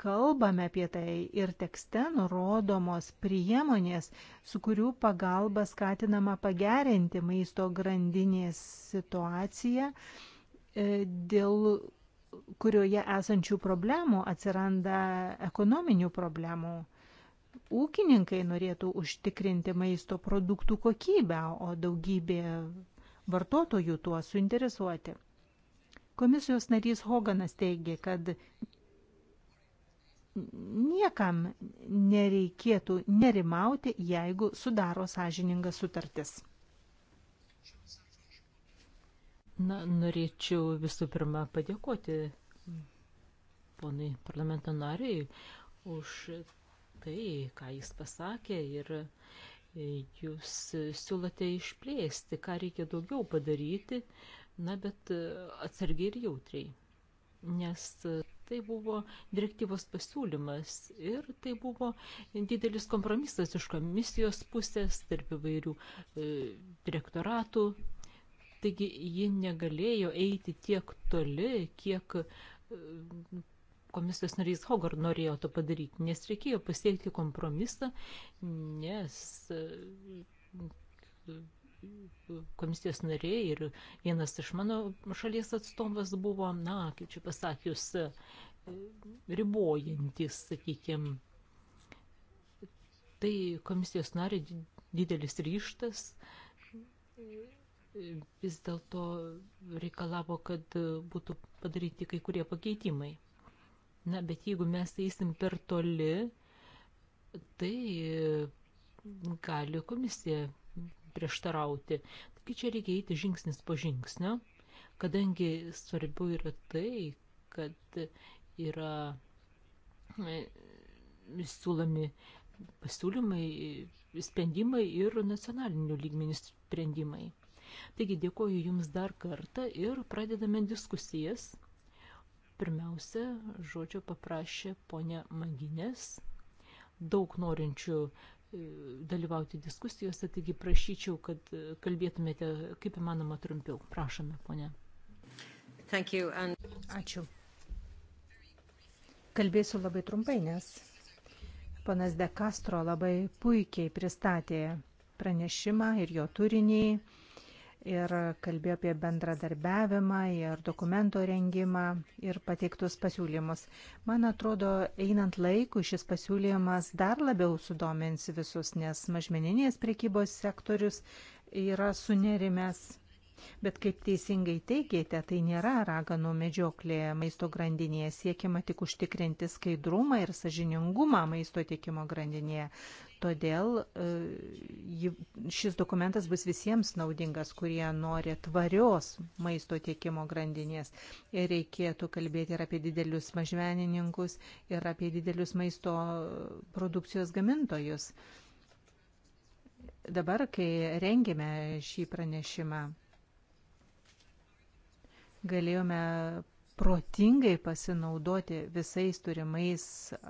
kalbame apie tai ir tekste nurodomos priemonės, su kurių pagalba skatinama pagerinti maisto grandinės situaciją, e, dėl kurioje esančių problemų atsiranda ekonominių problemų ūkininkai norėtų užtikrinti maisto produktų kokybę, o daugybė vartotojų tuo suinteresuoti. Komisijos narys Hoganas teigia, kad niekam nereikėtų nerimauti, jeigu sudaro sąžiningas sutartis. Na, norėčiau visų pirma padėkoti ponui parlamento nariui už tai, ką jis pasakė ir e, jūs siūlote išplėsti, ką reikia daugiau padaryti, na, bet e, atsargiai ir jautriai. Nes e, tai buvo direktyvos pasiūlymas ir tai buvo didelis kompromisas iš komisijos pusės tarp įvairių e, direktoratų. Taigi ji negalėjo eiti tiek toli, kiek komisijos narys Hogar norėjo to padaryti, nes reikėjo pasiekti kompromisą, nes e, komisijos nariai ir vienas iš mano šalies atstovas buvo, na, kaip čia pasakius, e, ribojantis, sakykime. Tai komisijos nariai didelis ryštas e, vis dėlto reikalavo, kad būtų padaryti kai kurie pakeitimai. Na, bet jeigu mes eisim per toli, tai e, gali komisija prieštarauti. Taigi čia reikia eiti žingsnis po žingsnio, kadangi svarbu yra tai, kad yra e, siūlomi pasiūlymai, sprendimai ir nacionalinių lygmenių sprendimai. Taigi dėkoju Jums dar kartą ir pradedame diskusijas. Pirmiausia, žodžio paprašė ponia Maginės, daug norinčių e, dalyvauti diskusijose, taigi prašyčiau, kad e, kalbėtumėte kaip įmanoma trumpiau. Prašome, ponia. And... Ačiū. Kalbėsiu labai trumpai, nes panas De Castro labai puikiai pristatė pranešimą ir jo turinį ir kalbėjo apie bendradarbiavimą ir dokumento rengimą ir pateiktus pasiūlymus. Man atrodo, einant laikui šis pasiūlymas dar labiau sudomins visus, nes mažmeninės prekybos sektorius yra sunerimęs. Bet kaip teisingai teigėte, tai nėra raganų medžioklė maisto grandinėje, siekiama tik užtikrinti skaidrumą ir sažiningumą maisto tiekimo grandinėje. Todėl e, šis dokumentas bus visiems naudingas, kurie nori tvarios maisto tiekimo grandinės. Ir reikėtų kalbėti ir apie didelius mažmenininkus, ir apie didelius maisto produkcijos gamintojus. Dabar, kai rengėme šį pranešimą, galėjome protingai pasinaudoti visais turimais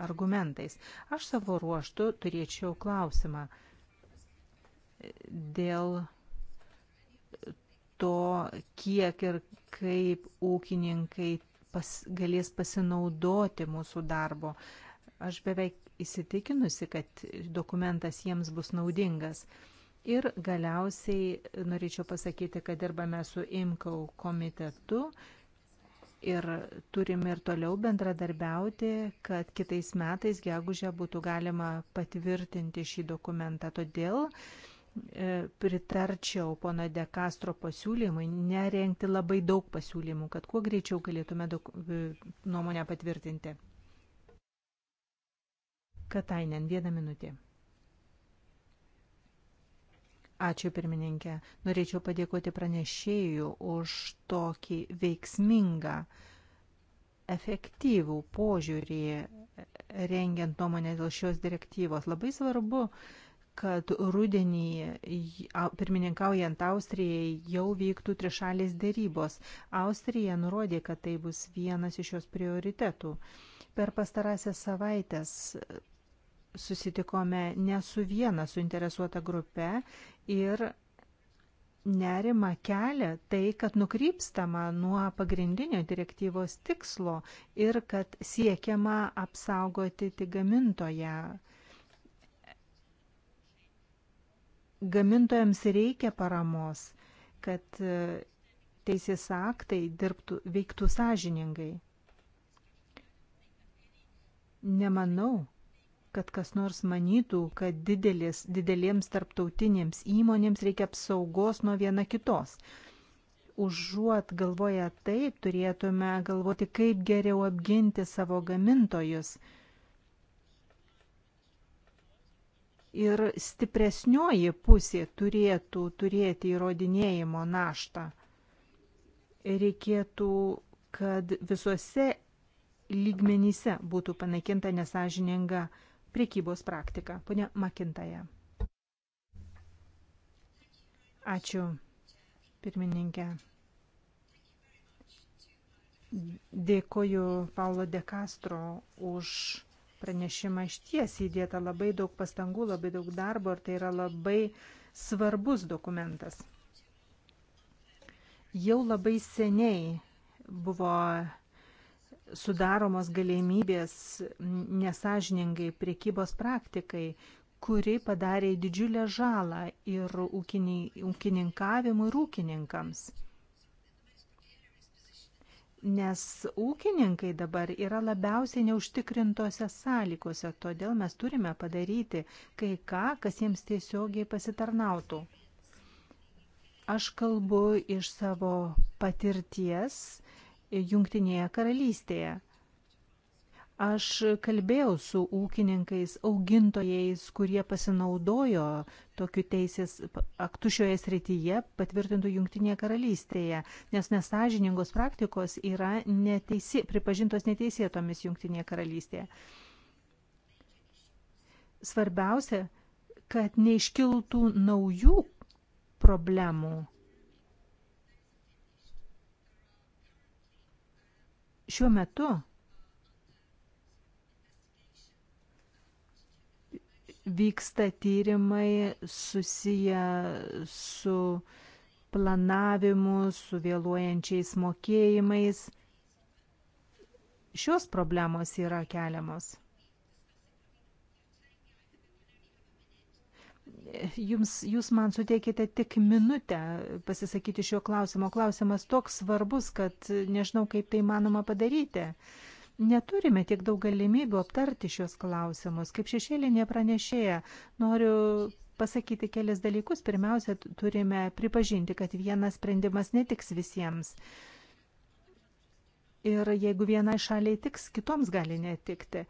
argumentais. Aš savo ruoštų turėčiau klausimą dėl to, kiek ir kaip ūkininkai pas, galės pasinaudoti mūsų darbo. Aš beveik įsitikinusi, kad dokumentas jiems bus naudingas. Ir galiausiai norėčiau pasakyti, kad dirbame su IMKAU komitetu ir turim ir toliau bendradarbiauti, kad kitais metais gegužę būtų galima patvirtinti šį dokumentą. Todėl e, pritarčiau pono De Castro pasiūlymui nerenkti labai daug pasiūlymų, kad kuo greičiau galėtume daug, e, nuomonę patvirtinti. Katainen, vieną minutę. Ačiū pirmininkė. Norėčiau padėkoti pranešėjų už tokį veiksmingą, efektyvų požiūrį rengiant nuomonę dėl šios direktyvos. Labai svarbu, kad rudenį pirmininkaujant Austrijai jau vyktų trišalės dėrybos. Austrija nurodė, kad tai bus vienas iš jos prioritetų. Per pastarąsias savaitės susitikome ne su viena suinteresuota grupe ir nerima kelia tai, kad nukrypstama nuo pagrindinio direktyvos tikslo ir kad siekiama apsaugoti tik gamintoje. Gamintojams reikia paramos, kad e, teisės aktai dirbtų, veiktų sąžiningai. Nemanau, kad kas nors manytų, kad didelis, didelėms tarptautinėms įmonėms reikia apsaugos nuo viena kitos. Užuot galvoję taip, turėtume galvoti, kaip geriau apginti savo gamintojus. Ir stipresnioji pusė turėtų turėti įrodinėjimo naštą. Reikėtų, kad visuose lygmenyse būtų panaikinta nesažininga priekybos praktiką. Pone Makintaja. Ačiū, pirmininkė. Dėkoju Paulo De Castro už pranešimą išties įdėta labai daug pastangų, labai daug darbo ir tai yra labai svarbus dokumentas. Jau labai seniai buvo sudaromos galimybės nesažiningai priekybos praktikai, kuri padarė didžiulę žalą ir ūkininkavimui ir ūkininkams. Nes ūkininkai dabar yra labiausiai neužtikrintose sąlygose, todėl mes turime padaryti kai ką, kas jiems tiesiogiai pasitarnautų. Aš kalbu iš savo patirties Jungtinėje karalystėje. Aš kalbėjau su ūkininkais, augintojais, kurie pasinaudojo tokiu teisės aktu šioje srityje patvirtintų Junktinėje karalystėje, nes nesažiningos praktikos yra neteisi, pripažintos neteisėtomis Junktinėje karalystėje. Svarbiausia, kad neiškiltų naujų problemų Šiuo metu vyksta tyrimai susiję su planavimu, su vėluojančiais mokėjimais. Šios problemos yra keliamos. jums, jūs man suteikite tik minutę pasisakyti šio klausimo. Klausimas toks svarbus, kad nežinau, kaip tai manoma padaryti. Neturime tiek daug galimybių aptarti šios klausimus. Kaip šešėlinė pranešėja, noriu pasakyti kelias dalykus. Pirmiausia, turime pripažinti, kad vienas sprendimas netiks visiems. Ir jeigu vienai šaliai tiks, kitoms gali netikti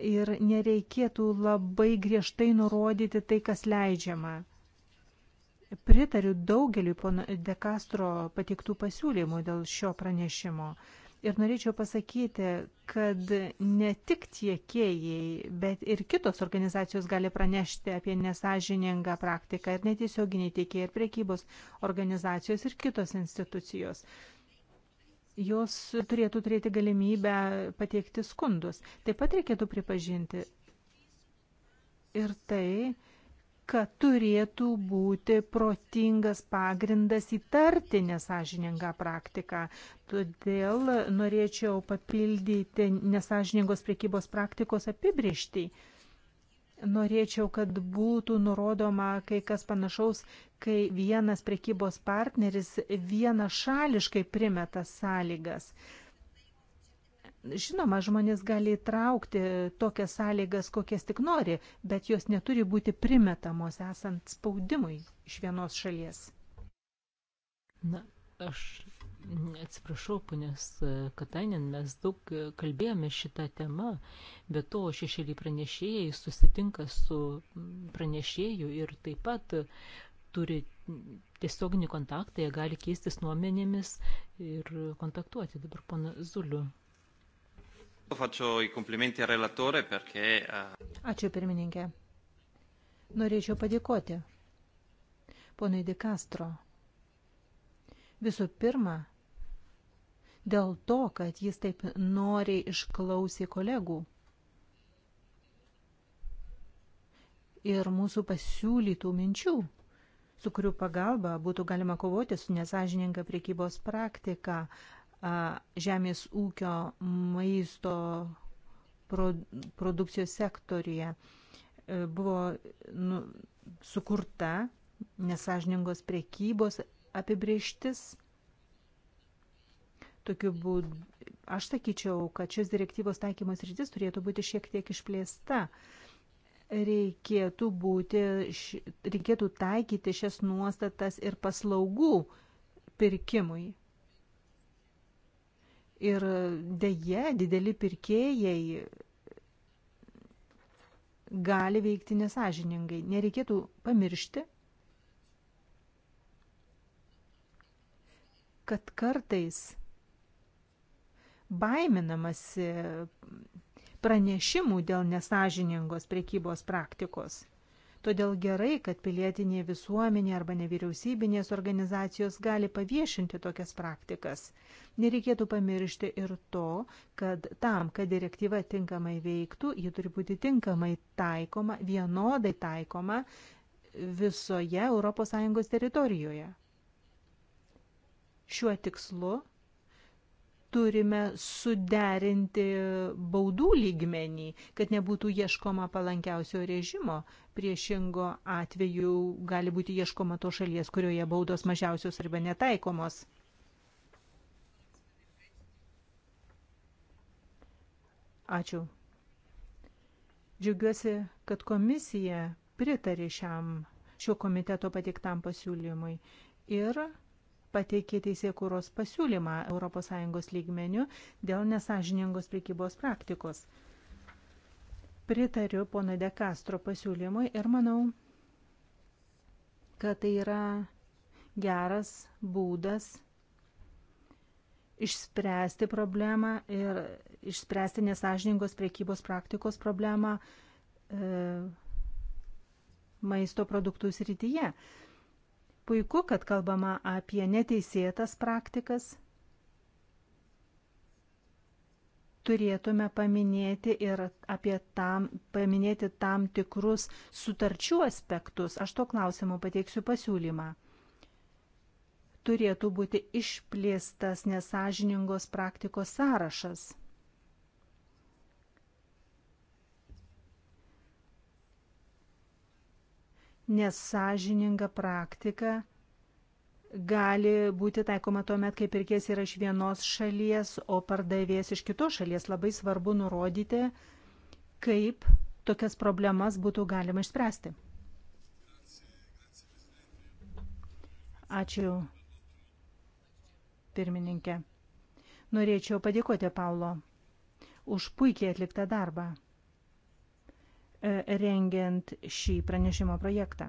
ir nereikėtų labai griežtai nurodyti tai, kas leidžiama. Pritariu daugeliu pono De Castro patiktų pasiūlymų dėl šio pranešimo. Ir norėčiau pasakyti, kad ne tik tiekėjai, bet ir kitos organizacijos gali pranešti apie nesažiningą praktiką ir netiesioginiai tiekėjai ir priekybos organizacijos ir kitos institucijos jos turėtų turėti galimybę pateikti skundus. Taip pat reikėtų pripažinti ir tai, kad turėtų būti protingas pagrindas įtarti nesažiningą praktiką. Todėl norėčiau papildyti nesažiningos priekybos praktikos apibriešti. Norėčiau, kad būtų nurodoma kai kas panašaus, kai vienas prekybos partneris vienašališkai primeta sąlygas. Žinoma, žmonės gali įtraukti tokias sąlygas, kokias tik nori, bet jos neturi būti primetamos esant spaudimui iš vienos šalies. Na, aš Atsiprašau, ponės e, Katainen, mes daug e, kalbėjome šitą temą, bet to šešėlį pranešėjai susitinka su pranešėju ir taip pat turi tiesioginį kontaktą, jie gali keistis nuomenėmis ir kontaktuoti. Dabar pana Zuliu. Eh, Ačiū pirmininkė. Norėčiau padėkoti ponui Di Castro. Visų pirma, dėl to, kad jis taip noriai išklausė kolegų. Ir mūsų pasiūlytų minčių, su kurių pagalba būtų galima kovoti su nesažininga priekybos praktika, žemės ūkio maisto produkcijos sektorija. E, buvo nu, sukurta nesažiningos priekybos apibrieštis Tokiu būdu, aš sakyčiau, kad šios direktyvos taikymas rytis turėtų būti šiek tiek išplėsta. Reikėtų, būti, reikėtų taikyti šias nuostatas ir paslaugų pirkimui. Ir dėje dideli pirkėjai gali veikti nesažiningai. Nereikėtų pamiršti, kad kartais baiminamasi pranešimų dėl nesažiningos prekybos praktikos. Todėl gerai, kad pilietinė visuomenė arba nevyriausybinės organizacijos gali paviešinti tokias praktikas. Nereikėtų pamiršti ir to, kad tam, kad direktyva tinkamai veiktų, ji turi būti tinkamai taikoma, vienodai taikoma visoje ES teritorijoje. Šiuo tikslu turime suderinti baudų lygmenį, kad nebūtų ieškoma palankiausio režimo. Priešingo atveju gali būti ieškoma to šalies, kurioje baudos mažiausios arba netaikomos. Ačiū. Džiaugiuosi, kad komisija pritarė šiam šio komiteto patiktam pasiūlymui ir pateikė teisėkūros pasiūlymą ES lygmenių dėl nesažiningos prekybos praktikos. Pritariu pono De Castro pasiūlymui ir manau, kad tai yra geras būdas išspręsti problemą ir išspręsti nesažiningos prekybos praktikos problemą e, maisto produktų srityje. E, Puiku, kad kalbama apie neteisėtas praktikas. Turėtume paminėti ir apie tam, paminėti tam tikrus sutarčių aspektus. Aš to klausimu pateiksiu pasiūlymą turėtų būti išplėstas nesažiningos praktikos sąrašas. nesažininga praktika gali būti taikoma tuo met, kai pirkės yra iš vienos šalies, o pardavėjas iš kitos šalies. Labai svarbu nurodyti, kaip tokias problemas būtų galima išspręsti. Ačiū, pirmininkė. Norėčiau padėkoti Paulo už puikiai atliktą darbą. E, rengiant šį pranešimo projektą.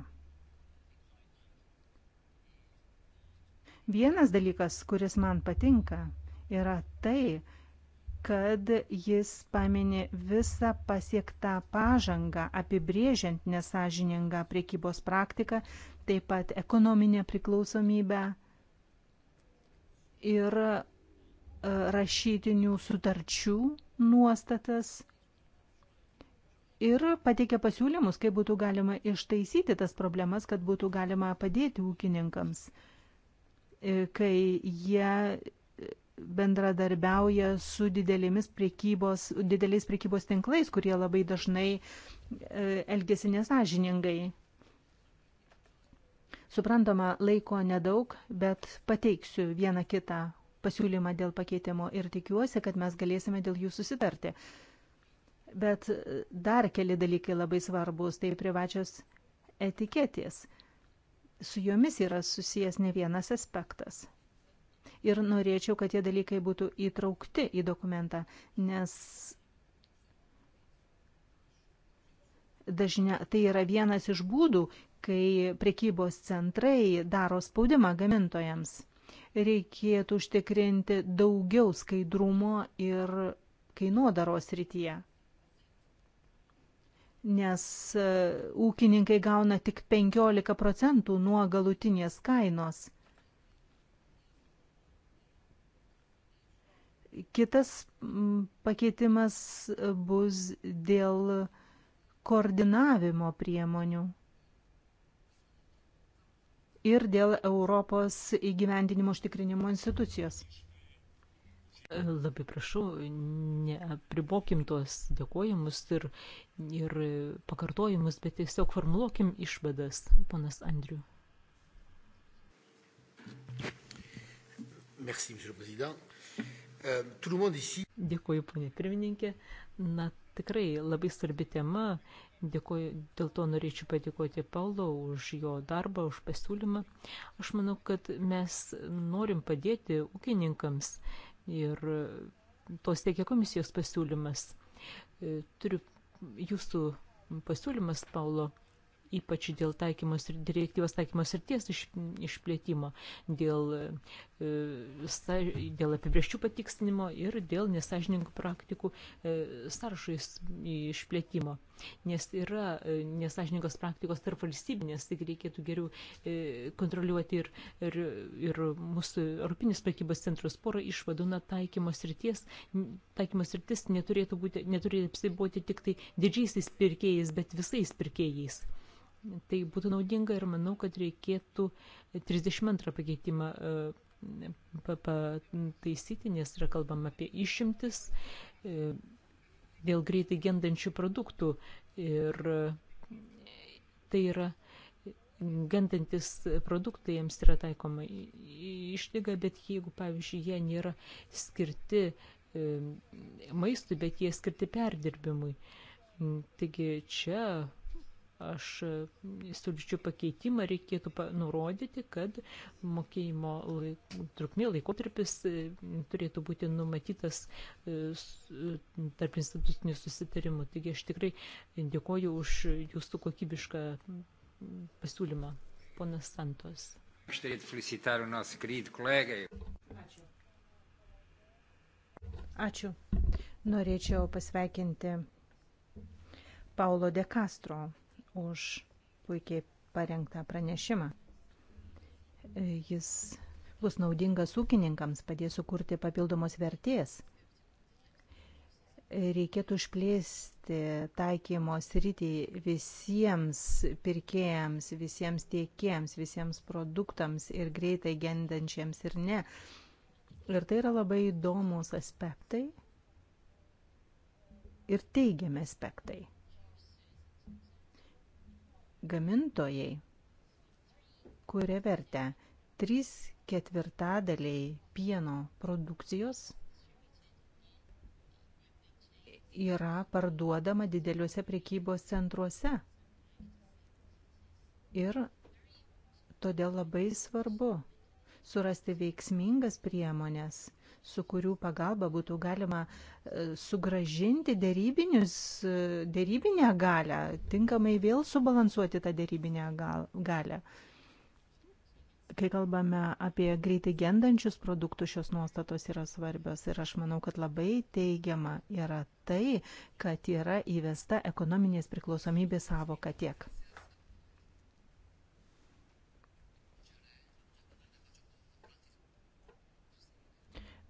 Vienas dalykas, kuris man patinka, yra tai, kad jis paminė visą pasiektą pažangą, apibrėžiant nesažiningą priekybos praktiką, taip pat ekonominę priklausomybę ir e, rašytinių sutarčių nuostatas ir pateikė pasiūlymus, kaip būtų galima ištaisyti tas problemas, kad būtų galima padėti ūkininkams, e, kai jie bendradarbiauja su didelėmis prekybos, dideliais prekybos tinklais, kurie labai dažnai e, elgesi nesažiningai. Suprantama, laiko nedaug, bet pateiksiu vieną kitą pasiūlymą dėl pakeitimo ir tikiuosi, kad mes galėsime dėl jų susitarti. Bet e, dar keli dalykai labai svarbus, tai privačios etiketės. Su jomis yra susijęs ne vienas aspektas. Ir norėčiau, kad tie dalykai būtų įtraukti į dokumentą, nes dažnia, tai yra vienas iš būdų, kai prekybos centrai daro spaudimą gamintojams. Reikėtų užtikrinti daugiau skaidrumo ir kainodaros rytyje nes e, ūkininkai gauna tik 15 procentų nuo galutinės kainos. Kitas pakeitimas bus dėl koordinavimo priemonių ir dėl Europos įgyvendinimo užtikrinimo institucijos. Labai prašau, neapribokim tuos dėkojimus ir, ir pakartojimus, bet tiesiog formuluokim išvadas, ponas Andriu. Merci, monsieur le président. Euh, Dėkuoju, ponė pirmininkė. Na, tikrai labai svarbi tema. Dėkuoju, dėl to norėčiau padėkoti Paulo už jo darbą, už pasiūlymą. Aš manau, kad mes norim padėti ūkininkams ir e, tos teikia komisijos pasiūlymas. E, turiu jūsų pasiūlymas, Paulo, ypač dėl taikymos, direktyvos taikymos ir ties iš, išplėtimo, dėl, e, dėl apibrieščių patikstinimo ir dėl nesažininkų praktikų e, sąrašų išplėtimo. Nes yra e, nesažininkos praktikos tarp valstybinės, taigi reikėtų geriau kontroliuoti ir, ir, ir mūsų Europinis prekybos centras porą išvadų, na, taikymos ryties, taikymos rytis neturėtų, būti, neturėtų apsiboti tik tai didžiaisiais pirkėjais, bet visais pirkėjais. Tai būtų naudinga ir manau, kad reikėtų 32 pakeitimą e, pataisyti, nes yra kalbama apie išimtis e, dėl greitai gendančių produktų ir e, tai yra gendantis produktai jiems yra taikoma išlyga, bet jeigu, pavyzdžiui, jie nėra skirti maistui, bet jie skirti perdirbimui. Taigi čia aš e, sulčių pakeitimą reikėtų nurodyti, kad mokėjimo laik, trukmė laikotarpis e, turėtų būti numatytas e, tarp institucinių susitarimų. Taigi aš tikrai dėkoju už jūsų kokybišką pasiūlymą, ponas Santos. Ačiū. Ačiū. Norėčiau pasveikinti Paulo de Castro už puikiai parengtą pranešimą. Jis bus naudingas ūkininkams, padės sukurti papildomos vertės. Reikėtų išplėsti taikymo sritį visiems pirkėjams, visiems tiekėjams, visiems produktams ir greitai gendančiams ir ne. Ir tai yra labai įdomus aspektai ir teigiami aspektai gamintojai kuria vertę. 3 ketvirtadaliai pieno produkcijos yra parduodama dideliuose prekybos centruose. Ir todėl labai svarbu surasti veiksmingas priemonės – su kurių pagalba būtų galima e, sugražinti dėrybinę e, galę, tinkamai vėl subalansuoti tą dėrybinę galę. Kai kalbame apie greitai gendančius produktus, šios nuostatos yra svarbios ir aš manau, kad labai teigiama yra tai, kad yra įvesta ekonominės priklausomybės savoka tiek.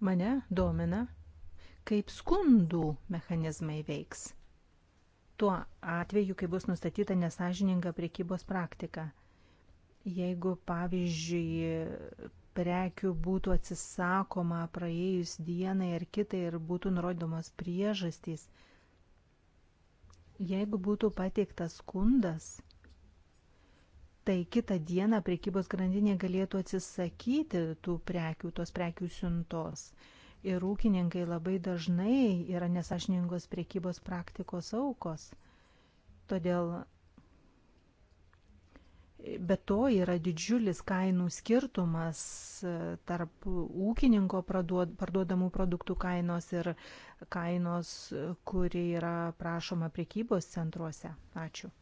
Mane domina, kaip skundų mechanizmai veiks. Tuo atveju, kai bus nustatyta nesažininga priekybos praktika. Jeigu, pavyzdžiui, prekių būtų atsisakoma praėjus dienai ar kitai ir būtų nurodomos priežastys, jeigu būtų pateiktas skundas, tai kitą dieną priekybos grandinė galėtų atsisakyti tų prekių, tos prekių siuntos. Ir ūkininkai labai dažnai yra nesažiningos priekybos praktikos aukos. Todėl Be to yra didžiulis kainų skirtumas e, tarp ūkininko parduodamų produktų kainos ir kainos, e, kuri yra prašoma prekybos centruose. Ačiū.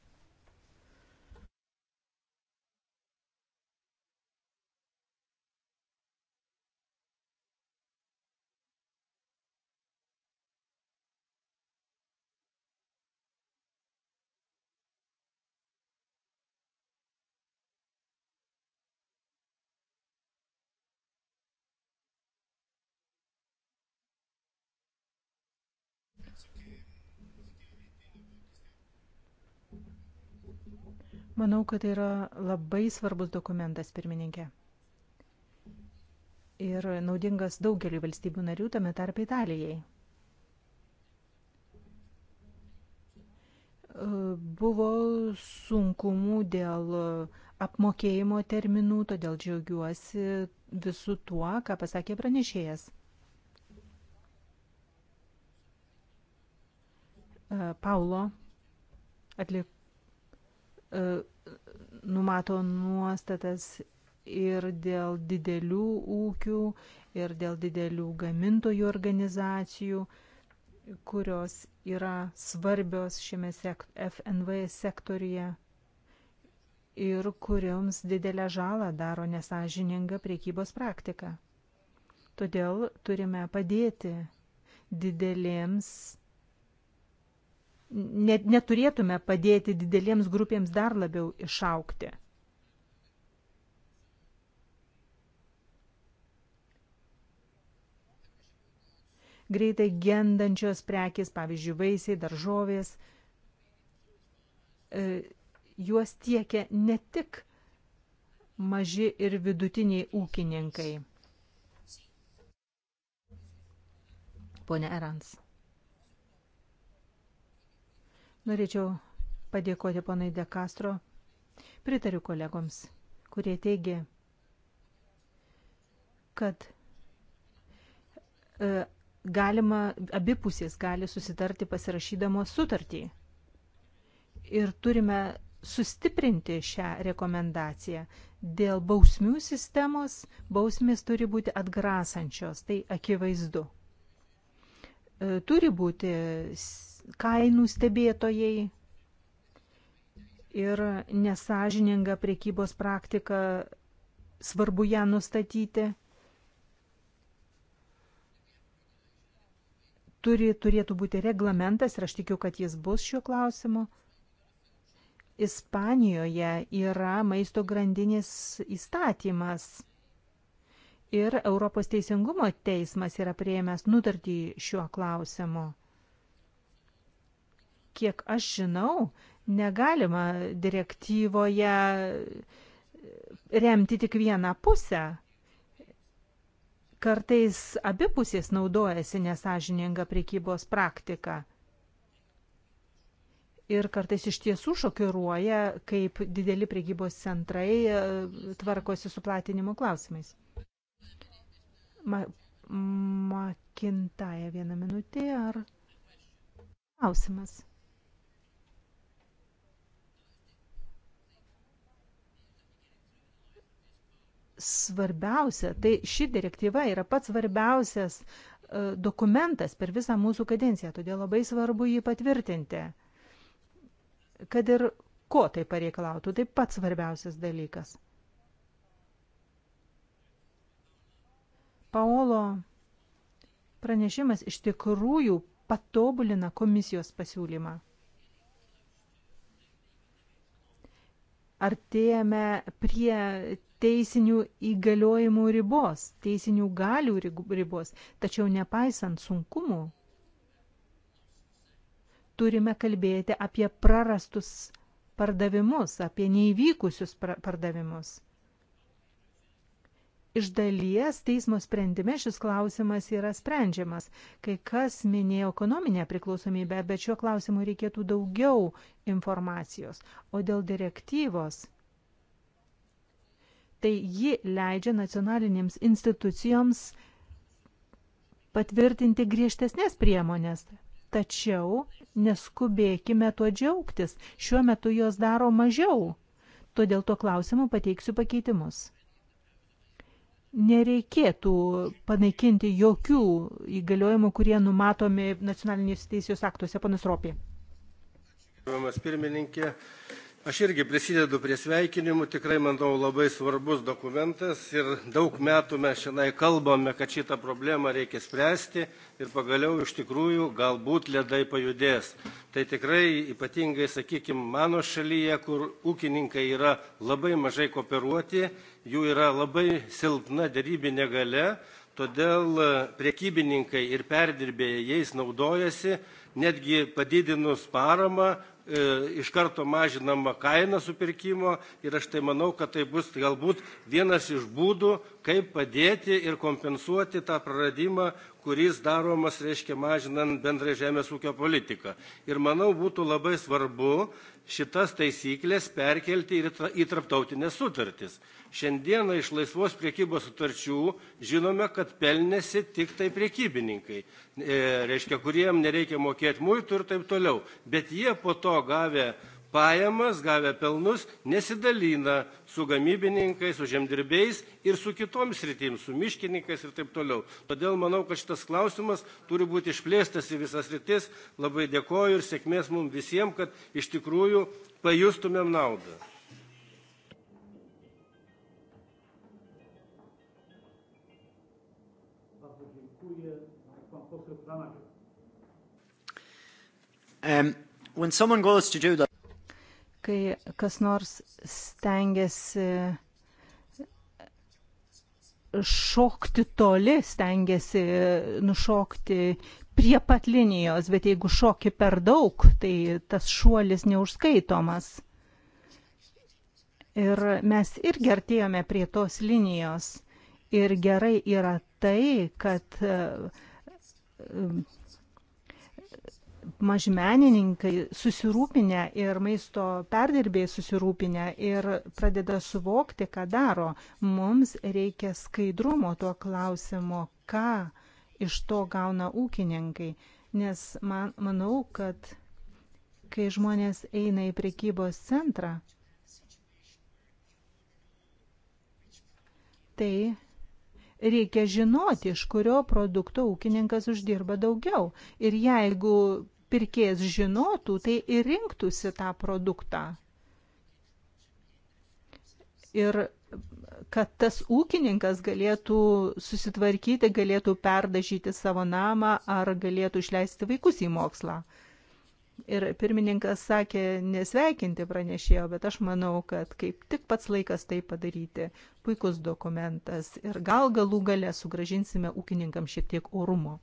Manau, kad tai yra labai svarbus dokumentas, pirmininkė. Ir naudingas daugeliu valstybių narių, tame tarp Italijai. E, buvo sunkumų dėl apmokėjimo terminų, todėl džiaugiuosi visu tuo, ką pasakė pranešėjas. E, Paulo atliko E, numato nuostatas ir dėl didelių ūkių, ir dėl didelių gamintojų organizacijų, kurios yra svarbios šiame sekt FNV sektorija ir kurioms didelę žalą daro nesažininga priekybos praktika. Todėl turime padėti didelėms net, neturėtume padėti didelėms grupėms dar labiau išaukti. Greitai gendančios prekės, pavyzdžiui, vaisiai, daržovės, e, juos tiekia ne tik maži ir vidutiniai ūkininkai. Pone Erans. Norėčiau padėkoti ponai De Castro. Pritariu kolegoms, kurie teigia, kad e, galima, abipusės gali susitarti pasirašydamos sutartį. Ir turime sustiprinti šią rekomendaciją. Dėl bausmių sistemos bausmės turi būti atgrasančios, tai akivaizdu. E, turi būti kainų stebėtojai ir nesažininga priekybos praktika, svarbu ją nustatyti. Turi, turėtų būti reglamentas ir aš tikiu, kad jis bus šiuo klausimu. Ispanijoje yra maisto grandinės įstatymas ir Europos teisingumo teismas yra prieėmęs nutartį šiuo klausimu kiek aš žinau, negalima direktyvoje e, remti tik vieną pusę. Kartais abi pusės naudojasi nesažininga priekybos praktika. Ir kartais iš tiesų šokiruoja, kaip dideli priekybos centrai e, tvarkosi su platinimo klausimais. Ma Makintaja vieną minutę ar klausimas? svarbiausia, tai ši direktyva yra pats svarbiausias e, dokumentas per visą mūsų kadenciją, todėl labai svarbu jį patvirtinti. Kad ir ko tai pareikalautų, tai pats svarbiausias dalykas. Paolo pranešimas iš tikrųjų patobulina komisijos pasiūlymą. Artėjame prie teisinių įgaliojimų ribos, teisinių galių ribos, tačiau nepaisant sunkumų, turime kalbėti apie prarastus pardavimus, apie neįvykusius pardavimus. Iš dalies teismo sprendime šis klausimas yra sprendžiamas. Kai kas minėjo ekonominę priklausomybę, bet šiuo klausimu reikėtų daugiau informacijos. O dėl direktyvos tai ji leidžia nacionalinėms institucijoms patvirtinti griežtesnės priemonės. Tačiau neskubėkime tuo džiaugtis, šiuo metu jos daro mažiau, todėl tuo klausimu pateiksiu pakeitimus. Nereikėtų panaikinti jokių įgaliojimų, kurie numatomi nacionalinės teisės aktuose, panas Ropė. Pirmininkė, Aš irgi prisidedu prie sveikinimų, tikrai, manau, labai svarbus dokumentas ir daug metų mes šiandien kalbame, kad šitą problemą reikia spręsti ir pagaliau iš tikrųjų galbūt ledai pajudės. Tai tikrai ypatingai, sakykime, mano šalyje, kur ūkininkai yra labai mažai kooperuoti, jų yra labai silpna dėrybinė gale, todėl e, priekybininkai ir perdirbėjai jais naudojasi netgi padidinus paramą E, iš karto mažinama kaina supirkimo ir aš tai manau, kad tai bus galbūt vienas iš būdų, kaip padėti ir kompensuoti tą praradimą, kuris daromas, reiškia, mažinant bendrą žemės ūkio politiką. Ir manau, būtų labai svarbu, šitas taisyklės perkelti ir į traptautinės sutartis. Šiandieną iš laisvos priekybos sutarčių žinome, kad pelnėsi tik tai priekybininkai, e, reiškia, kuriem nereikia mokėti muitų ir taip toliau. Bet jie po to gavę pajamas gavę pelnus nesidalina su gamybininkais su žemdirbiais ir su kitom sritim su miškininkais ir taip toliau todėl manau kad šitas klausimas turi būti išplėstas į visas sritis labai dėkoju ir sėkmės mum visiem kad iš tikrųjų pajustumėm naudą Um, when someone goes to do that kai kas nors stengiasi šokti toli, stengiasi nušokti prie pat linijos, bet jeigu šoki per daug, tai tas šuolis neužskaitomas. Ir mes irgi artėjome prie tos linijos. Ir gerai yra tai, kad mažmenininkai susirūpinę ir maisto perdirbėjai susirūpinę ir pradeda suvokti, ką daro. Mums reikia skaidrumo tuo klausimu, ką iš to gauna ūkininkai. Nes man, manau, kad kai žmonės eina į prekybos centrą, tai reikia žinoti, iš kurio produkto ūkininkas uždirba daugiau. Ir jeigu pirkėjas žinotų, tai ir rinktųsi tą produktą. Ir kad tas ūkininkas galėtų susitvarkyti, galėtų perdažyti savo namą ar galėtų išleisti vaikus į mokslą. Ir pirmininkas sakė nesveikinti pranešėjo, bet aš manau, kad kaip tik pats laikas tai padaryti. Puikus dokumentas ir gal galų gale sugražinsime ūkininkam šiek tiek orumo.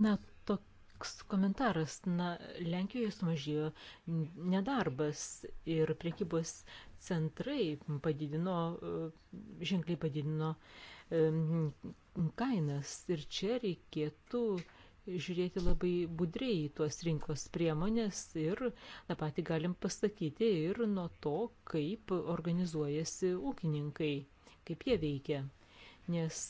Na, toks komentaras. Na, Lenkijoje sumažėjo nedarbas ir priekybos centrai padidino, e, ženkliai padidino e, kainas. Ir čia reikėtų žiūrėti labai budriai tuos rinkos priemonės ir tą patį galim pasakyti ir nuo to, kaip organizuojasi ūkininkai, kaip jie veikia. Nes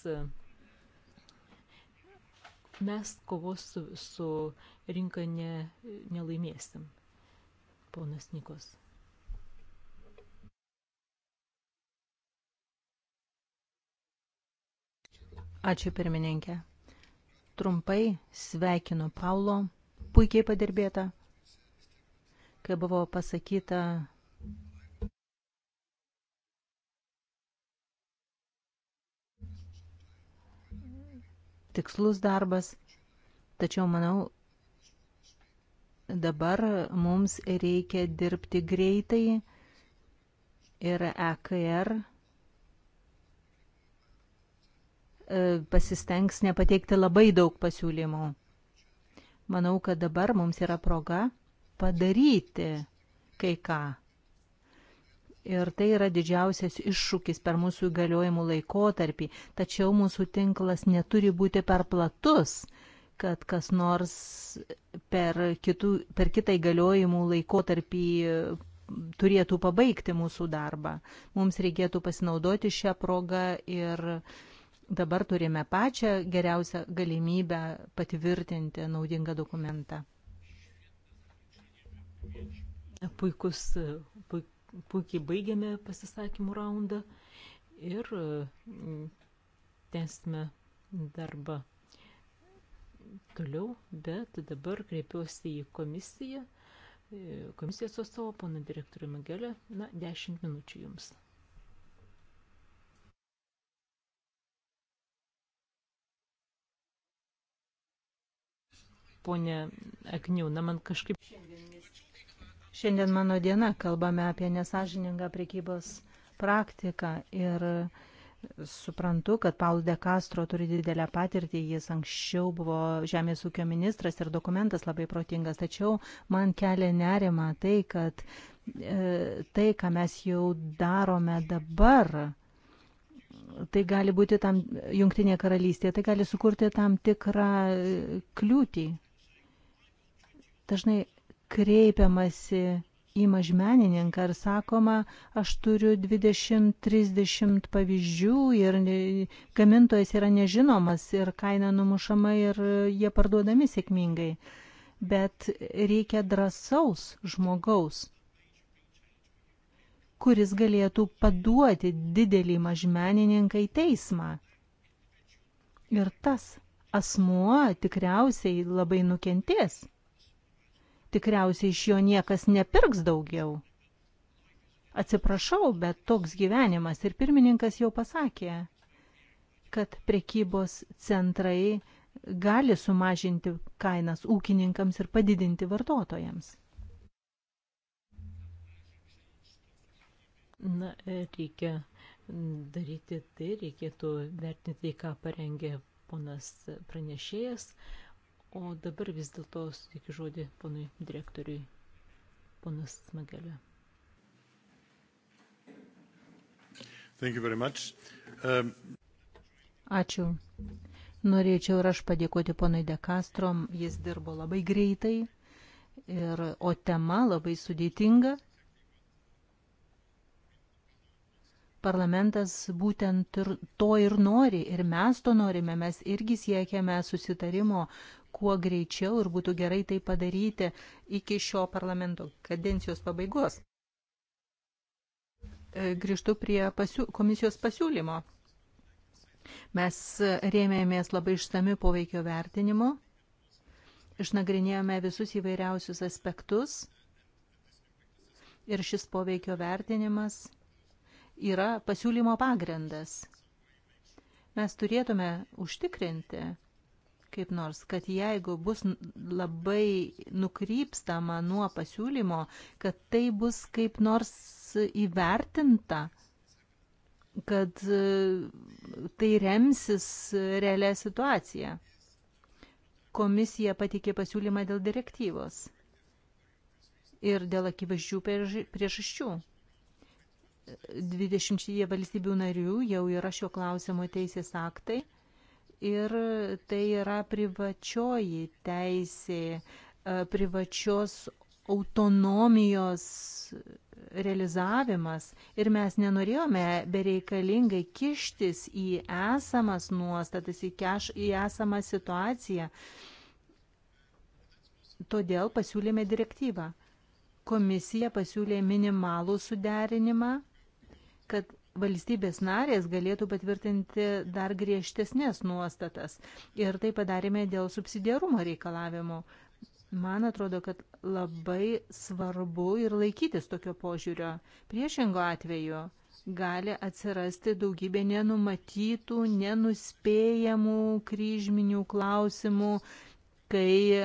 mes kovos su, su rinka ne, nelaimėsim. Ponas Nikos. Ačiū pirmininkė. Trumpai sveikinu Paulo, puikiai padirbėta. Kai buvo pasakyta tikslus darbas, tačiau manau, dabar mums reikia dirbti greitai ir EKR e, pasistengs nepateikti labai daug pasiūlymų. Manau, kad dabar mums yra proga padaryti kai ką. Ir tai yra didžiausias iššūkis per mūsų įgaliojimų laikotarpį. Tačiau mūsų tinklas neturi būti per platus, kad kas nors per, kitų, per kitą įgaliojimų laikotarpį turėtų pabaigti mūsų darbą. Mums reikėtų pasinaudoti šią progą ir dabar turime pačią geriausią galimybę patvirtinti naudingą dokumentą. Puikus, puik, puikiai baigėme pasisakymų raundą ir mm, tęsime darbą toliau, bet dabar kreipiuosi į komisiją, e, komisijos atstovą, poną direktorių Magelę, na, 10 minučių jums. Pone Agniu, na man kažkaip šiandien Šiandien mano diena kalbame apie nesažiningą prekybos praktiką ir suprantu, kad Paul de Castro turi didelę patirtį, jis anksčiau buvo žemės ūkio ministras ir dokumentas labai protingas, tačiau man kelia nerima tai, kad e, tai, ką mes jau darome dabar, tai gali būti tam jungtinė karalystė, tai gali sukurti tam tikrą e, kliūtį. Dažnai kreipiamasi į mažmenininką ir sakoma, aš turiu 20-30 pavyzdžių ir gamintojas yra nežinomas ir kaina numušama ir jie parduodami sėkmingai. Bet reikia drąsaus žmogaus, kuris galėtų paduoti didelį mažmenininką į teismą. Ir tas asmuo tikriausiai labai nukentės tikriausiai iš jo niekas nepirks daugiau. Atsiprašau, bet toks gyvenimas ir pirmininkas jau pasakė, kad prekybos centrai gali sumažinti kainas ūkininkams ir padidinti vartotojams. Na, e, reikia daryti tai, reikėtų vertinti tai, ką parengė ponas pranešėjas, O dabar vis dėlto sutikiu žodį ponui direktoriui, ponas Smagelė. Um... Ačiū. Norėčiau ir aš padėkoti ponui Dekastrom, jis dirbo labai greitai, ir, o tema labai sudėtinga. Parlamentas būtent ir, to ir nori, ir mes to norime, mes irgi siekiame susitarimo, kuo greičiau ir būtų gerai tai padaryti iki šio parlamento kadencijos pabaigos. E, grįžtu prie pasiū komisijos pasiūlymo. Mes rėmėmės labai ištami poveikio vertinimu, išnagrinėjome visus įvairiausius aspektus ir šis poveikio vertinimas yra pasiūlymo pagrindas. Mes turėtume užtikrinti, kaip nors, kad jeigu bus labai nukrypstama nuo pasiūlymo, kad tai bus kaip nors įvertinta, kad e, tai remsis realią situaciją. Komisija patikė pasiūlymą dėl direktyvos ir dėl akivaizdžių priežasčių. 20 valstybių narių jau yra šio klausimo teisės aktai ir tai yra privačioji teisė, e, privačios autonomijos realizavimas ir mes nenorėjome bereikalingai kištis į esamas nuostatas, į, keš, į esamą situaciją. Todėl pasiūlėme direktyvą. Komisija pasiūlė minimalų suderinimą, kad valstybės narės galėtų patvirtinti dar griežtesnės nuostatas. Ir tai padarėme dėl subsidiarumo reikalavimo. Man atrodo, kad labai svarbu ir laikytis tokio požiūrio. Priešingo atveju gali atsirasti daugybė nenumatytų, nenuspėjamų kryžminių klausimų, kai e,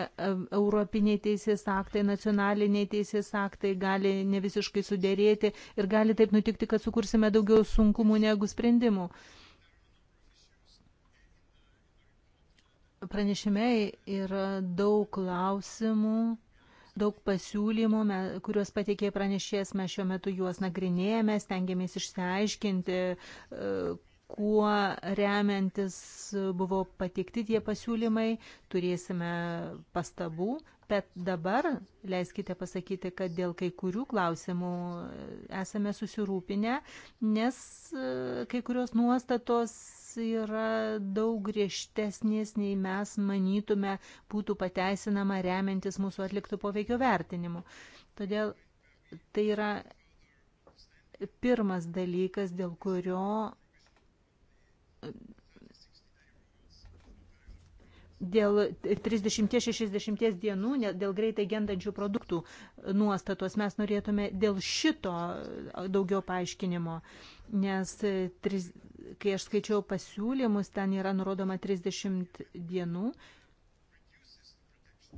europiniai teisės aktai, nacionaliniai teisės aktai gali ne visiškai sudėrėti ir gali taip nutikti, kad sukursime daugiau sunkumų negu sprendimų. Pranešime yra daug klausimų, daug pasiūlymų, kuriuos pateikė pranešės, mes šiuo metu juos nagrinėjame, stengiamės išsiaiškinti, e, kuo remiantis buvo pateikti tie pasiūlymai, turėsime pastabų, bet dabar leiskite pasakyti, kad dėl kai kurių klausimų esame susirūpinę, nes e, kai kurios nuostatos yra daug griežtesnės, nei mes manytume būtų pateisinama remiantis mūsų atliktų poveikio vertinimu. Todėl tai yra pirmas dalykas, dėl kurio dėl 30-60 dienų, dėl greitai gendančių produktų nuostatos mes norėtume dėl šito daugiau paaiškinimo, nes kai aš skaičiau pasiūlymus, ten yra nurodoma 30 dienų.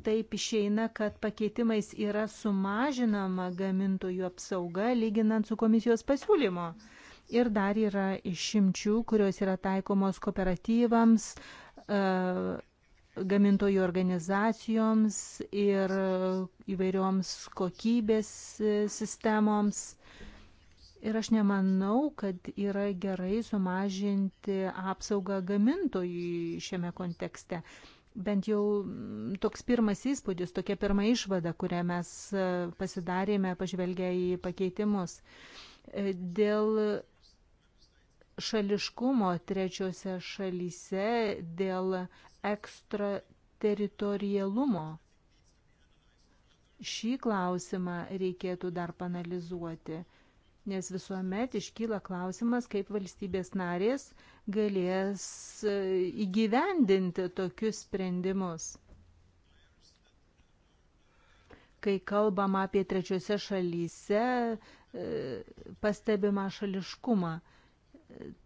Taip išeina, kad pakeitimais yra sumažinama gamintojų apsauga lyginant su komisijos pasiūlymo. Mhm Ir dar yra išimčių, kurios yra taikomos kooperatyvams, e, gamintojų organizacijoms ir įvairioms kokybės e, sistemoms. Ir aš nemanau, kad yra gerai sumažinti apsaugą gamintojui šiame kontekste. Bent jau toks pirmas įspūdis, tokia pirma išvada, kurią mes e, pasidarėme pažvelgę į pakeitimus. Dėl šališkumo trečiose šalyse, dėl ekstrateritorialumo. Šį klausimą reikėtų dar panalizuoti, nes visuomet iškyla klausimas, kaip valstybės narės galės e, įgyvendinti tokius sprendimus kai kalbam apie trečiose šalyse, e, pastebimą šališkumą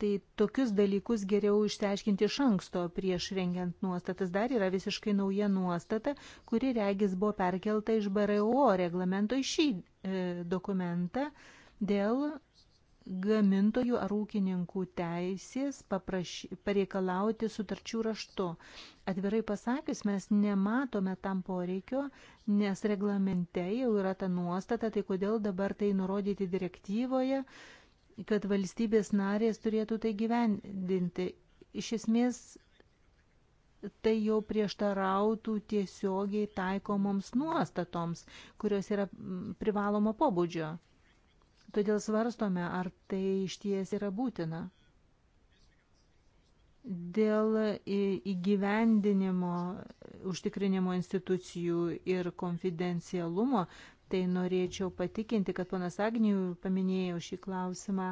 tai tokius dalykus geriau išsiaiškinti iš anksto prieš rengiant nuostatas. Dar yra visiškai nauja nuostata, kuri regis buvo perkelta iš BRO reglamento į šį e, dokumentą dėl gamintojų ar ūkininkų teisės paprašy, pareikalauti sutarčių raštu. Atvirai pasakius, mes nematome tam poreikio, nes reglamente jau yra ta nuostata, tai kodėl dabar tai nurodyti direktyvoje, uh, kad valstybės narės turėtų tai gyvendinti. Iš esmės, tai jau prieštarautų tiesiogiai taikomoms nuostatoms, kurios yra privalomo pobūdžio. Todėl svarstome, ar tai iš ties yra būtina. Dėl įgyvendinimo, užtikrinimo institucijų ir konfidencialumo tai norėčiau patikinti, kad ponas Agnijų paminėjo šį klausimą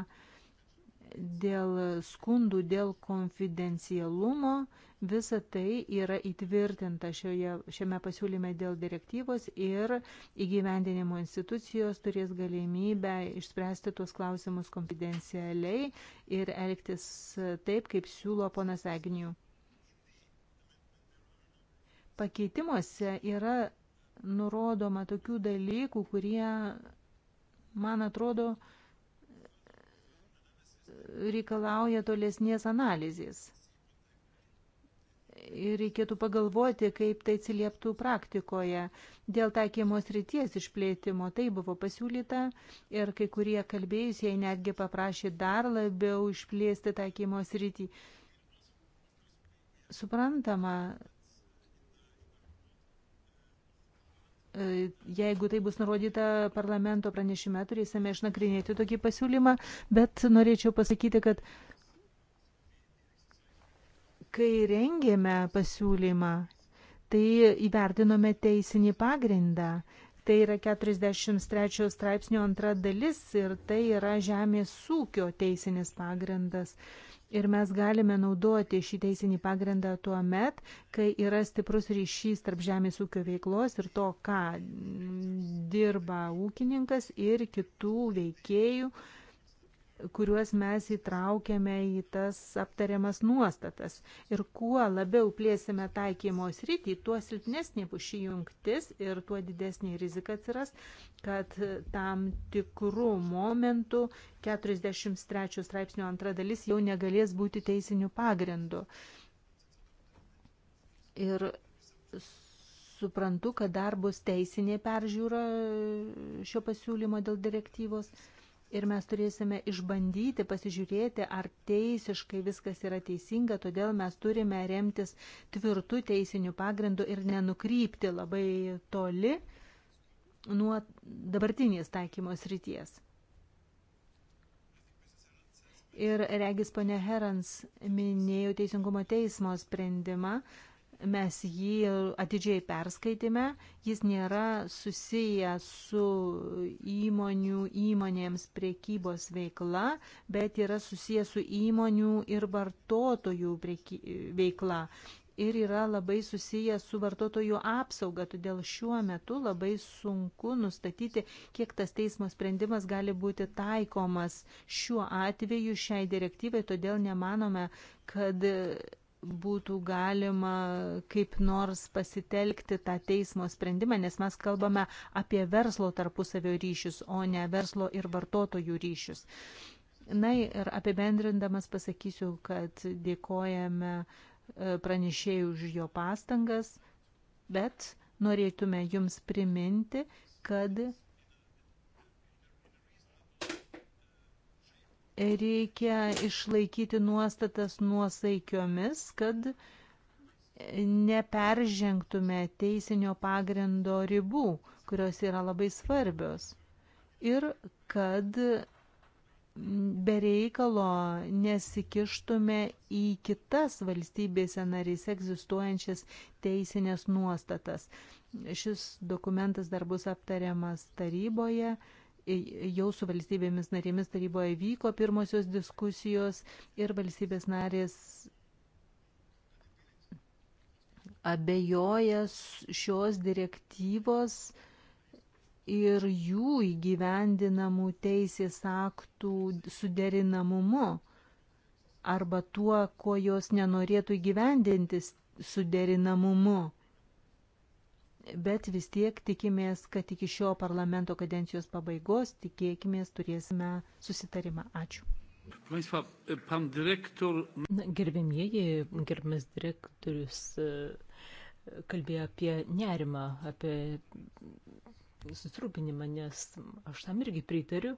dėl skundų, dėl konfidencialumo. Visa tai yra įtvirtinta šioje, šiame pasiūlyme dėl direktyvos ir įgyvendinimo institucijos turės galimybę išspręsti tuos klausimus konfidencialiai ir elgtis taip, kaip siūlo ponas Agnių. Pakeitimuose yra nurodoma tokių dalykų, kurie, man atrodo, reikalauja tolesnės analizės. Ir reikėtų pagalvoti, kaip tai atsilieptų praktikoje. Dėl taikymo srities išplėtimo tai buvo pasiūlyta ir kai kurie kalbėjusieji netgi paprašė dar labiau išplėsti taikymo srity. Suprantama, E, jeigu tai bus nurodyta parlamento pranešime, turėsime išnagrinėti tokį pasiūlymą, bet norėčiau pasakyti, kad kai rengėme pasiūlymą, tai įvertinome teisinį pagrindą. Tai yra 43 straipsnio antra dalis ir tai yra žemės ūkio teisinis pagrindas. Uh, Ir mes galime naudoti šį teisinį pagrindą tuo met, kai yra stiprus ryšys tarp žemės ūkio veiklos ir to, ką dirba ūkininkas ir kitų veikėjų, uh, kuriuos mes įtraukėme į tas aptariamas nuostatas. Ir kuo labiau plėsime taikymo sritį, tuo silpnesnė bus ši jungtis ir tuo didesnė rizika atsiras, kad tam tikrų momentų 43 straipsnio antra dalis jau negalės būti teisinių pagrindų. Ir suprantu, kad dar bus teisinė peržiūra šio pasiūlymo dėl direktyvos ir mes turėsime išbandyti, pasižiūrėti, ar teisiškai viskas yra teisinga, todėl mes turime remtis tvirtų teisinių pagrindų ir nenukrypti labai toli nuo dabartinės taikymos ryties. Ir regis ponė Herans minėjo teisingumo teismo sprendimą, Mes jį atidžiai perskaitėme, jis nėra susijęs su įmonių, įmonėms priekybos veikla, bet yra susijęs su įmonių ir vartotojų prieky, veikla ir yra labai susijęs su vartotojų apsauga, todėl šiuo metu labai sunku nustatyti, kiek tas teismo sprendimas gali būti taikomas šiuo atveju šiai direktyvai, todėl nemanome, kad būtų galima kaip nors pasitelkti tą teismo sprendimą, nes mes kalbame apie verslo tarpusavio ryšius, o ne verslo ir vartotojų ryšius. Na ir apibendrindamas pasakysiu, kad dėkojame e, pranešėjai už jo pastangas, bet norėtume jums priminti, kad reikia išlaikyti nuostatas nuosaikiomis, kad neperžengtume teisinio pagrindo ribų, kurios yra labai svarbios. Ir kad bereikalo nesikištume į kitas valstybėse narys egzistuojančias teisinės nuostatas. Šis dokumentas dar bus aptariamas taryboje jau su valstybėmis narėmis taryboje vyko pirmosios diskusijos ir valstybės narės abejoja šios direktyvos ir jų įgyvendinamų teisės aktų suderinamumu arba tuo, ko jos nenorėtų įgyvendintis suderinamumu bet vis tiek tikimės, kad iki šio parlamento kadencijos pabaigos tikėkimės turėsime susitarimą. Ačiū. Gerbėmieji, gerbimas direktorius e, kalbėjo apie nerimą, apie susirūpinimą, nes aš tam irgi pritariu.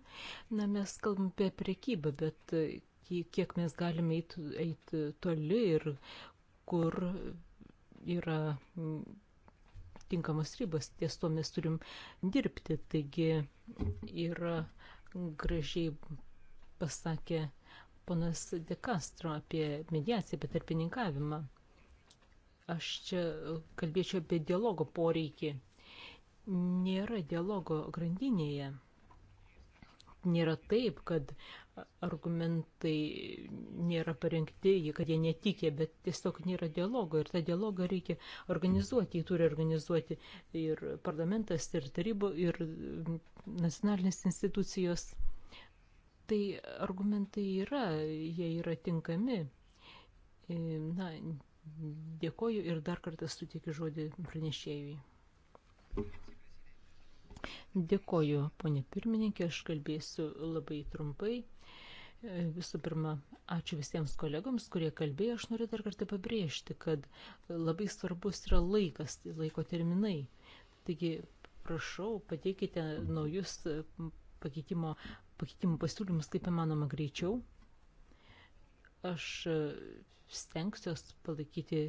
Na, mes kalbam apie priekybą, bet e, kiek mes galime eiti eit toli ir kur yra tinkamos ribos, ties to mes turim dirbti. Taigi yra gražiai pasakė ponas De Castro apie mediaciją, apie tarpininkavimą. Aš čia kalbėčiau apie dialogo poreikį. Nėra dialogo grandinėje nėra taip, kad argumentai nėra parengti, kad jie netikė, bet tiesiog nėra dialogo ir tą dialogą reikia organizuoti, jį turi organizuoti ir parlamentas, ir tarybo, ir nacionalinės institucijos. Tai argumentai yra, jie yra tinkami. E, na, dėkoju ir dar kartą sutikiu žodį pranešėjui. Dėkoju, ponė pirmininkė, aš kalbėsiu labai trumpai. E, visų pirma, ačiū visiems kolegoms, kurie kalbėjo. Aš noriu dar kartą pabrėžti, kad labai svarbus yra laikas, laiko terminai. Taigi, prašau, pateikite naujus e, pakeitimo, pakeitimo pasiūlymus kaip įmanoma greičiau. Aš e, stengsiuos palaikyti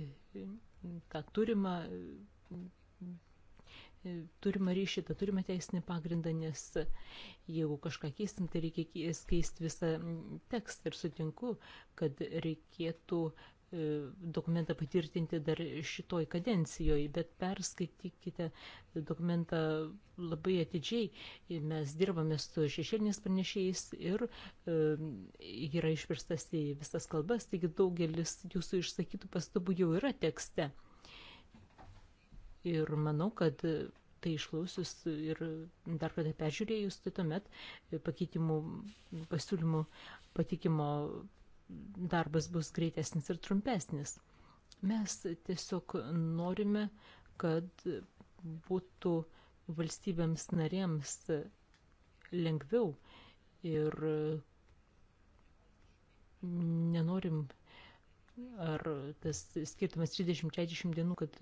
tą turimą turime ryšį, tą turime teisinį pagrindą, nes jeigu kažką keistim, tai reikia keisti visą tekstą ir sutinku, kad reikėtų e, dokumentą patvirtinti dar šitoj kadencijoje, bet perskaitykite dokumentą labai atidžiai. Mes dirbame su šešėliniais pranešėjais ir e, yra išverstas į visas kalbas, taigi daugelis jūsų išsakytų pastabų jau yra tekste. Ir manau, kad tai išklausius ir dar kada peržiūrėjus, tai tuomet pakeitimų pasiūlymų patikimo darbas bus greitesnis ir trumpesnis. Mes tiesiog norime, kad būtų valstybėms narėms lengviau ir nenorim ar tas skirtumas 30-40 dienų, kad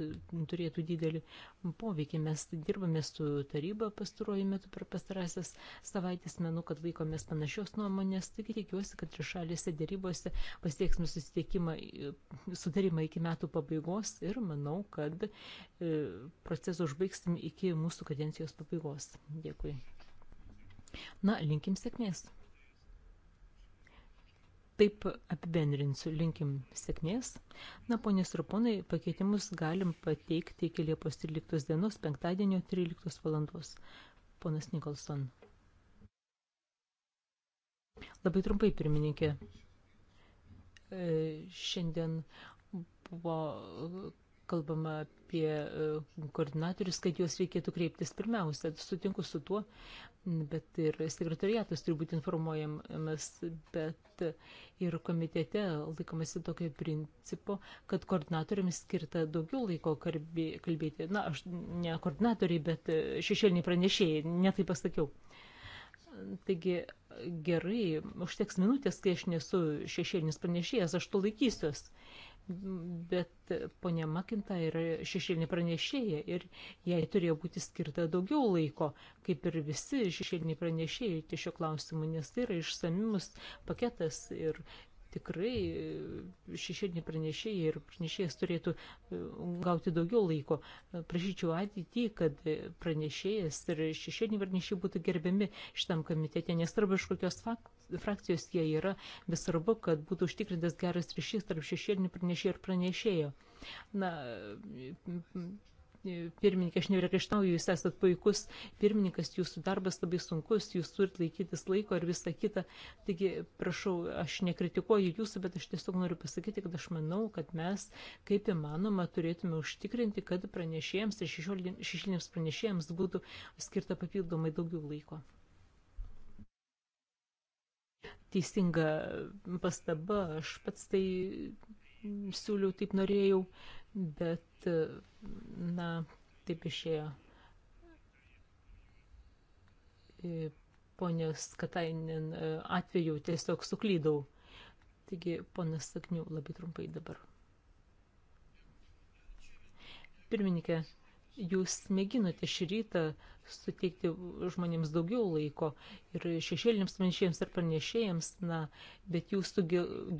turėtų didelį poveikį. Mes dirbame su taryba pastaruoju metu per pastarąsias savaitės, manau, kad laikomės panašios nuomonės, taigi tikiuosi, kad trišalėse dėrybose pasieksime susitikimą, sudarimą iki metų pabaigos ir manau, kad e, procesą užbaigsim iki mūsų kadencijos pabaigos. Dėkui. Na, linkim sėkmės. Taip apibendrinsiu, linkim sėkmės. Na, ponės ir ponai, pakeitimus galim pateikti iki Liepos 13 dienos, penktadienio 13 valandos. Ponas Nikolson. Labai trumpai, pirmininkė. E, šiandien buvo kalbama apie e, koordinatorius, kad juos reikėtų kreiptis pirmiausia. Sutinku su tuo, bet ir sekretariatas turi būti informuojamas, bet ir komitete laikomasi tokio principo, kad koordinatoriams skirta daugiau laiko kalbėti. Na, aš ne koordinatoriai, bet šešėliniai pranešėjai, netai pasakiau. Taigi gerai, užteks minutės, kai aš nesu šešėlinis pranešėjas, aš to laikysiuos bet ponia Makinta yra šešėlinė pranešėja ir jai turėjo būti skirta daugiau laiko, kaip ir visi šešėliniai pranešėjai ties šio klausimu, nes tai yra išsamimus paketas ir tikrai šešėliniai pranešėjai ir pranešėjas turėtų e, gauti daugiau laiko. Prašyčiau ateitį, kad pranešėjas ir šešėliniai pranešėjai būtų gerbiami šitam komitete, nesvarbu iš kokios fakt frakcijos jie yra, vis svarbu, kad būtų užtikrintas geras ryšys tarp šešėlinių pranešėjų ir pranešėjo. Na, pirmininkė, aš nereikištauju, jūs esat puikus pirmininkas, jūsų darbas labai sunkus, jūs turite laikytis laiko ir visą kitą. Taigi, prašau, aš nekritikuoju jūsų, bet aš tiesiog noriu pasakyti, kad aš manau, kad mes, kaip įmanoma, turėtume užtikrinti, kad pranešėjams ir šešėlinėms pranešėjams būtų skirta papildomai daugiau laiko. Teisinga pastaba, aš pats tai siūliau, taip norėjau, bet, na, taip išėjo. E, ponios Katainin e, atveju tiesiog suklydau. Taigi, ponas Saknių, labai trumpai dabar. Pirmininkė, Jūs mėginote šį rytą suteikti žmonėms daugiau laiko ir šešėliniams pranešėjams ir pranešėjams, na, bet jūsų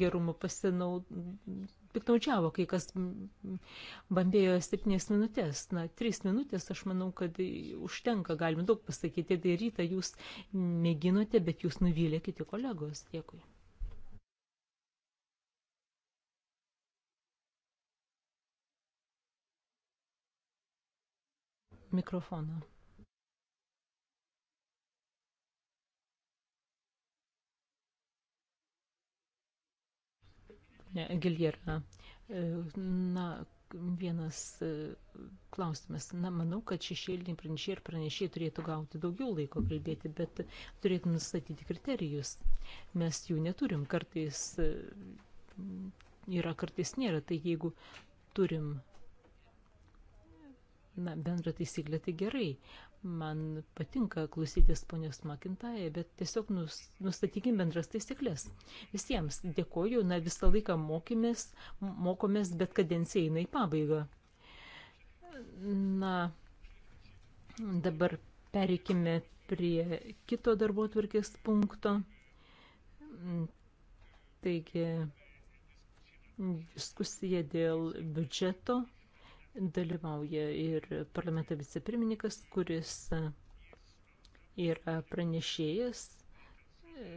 gerumu pasinaud... piknaudžiavo, kai kas bambėjo septynės minutės. Na, trys minutės, aš manau, kad užtenka, galime daug pasakyti. Tai rytą jūs mėginote, bet jūs nuvylė kiti kolegos. Dėkui. mikrofoną. Ne, Giljerna. Na, vienas e, klausimas. Na, manau, kad šešėliniai pranešėjai ir pranešėjai turėtų gauti daugiau laiko kalbėti, bet turėtų nustatyti kriterijus. Mes jų neturim. Kartais e, yra, kartais nėra. Tai jeigu turim na, bendrą taisyklę, tai gerai. Man patinka klausytis ponios Makintaje, bet tiesiog nus, nustatykim bendras taisyklės. Visiems dėkoju, na visą laiką mokymės, mokomės, bet kadencija eina į pabaigą. Na, dabar pereikime prie kito darbo tvarkės punkto. Taigi, diskusija dėl biudžeto dalyvauja ir parlamento vicepirmininkas, kuris e, yra pranešėjas, e,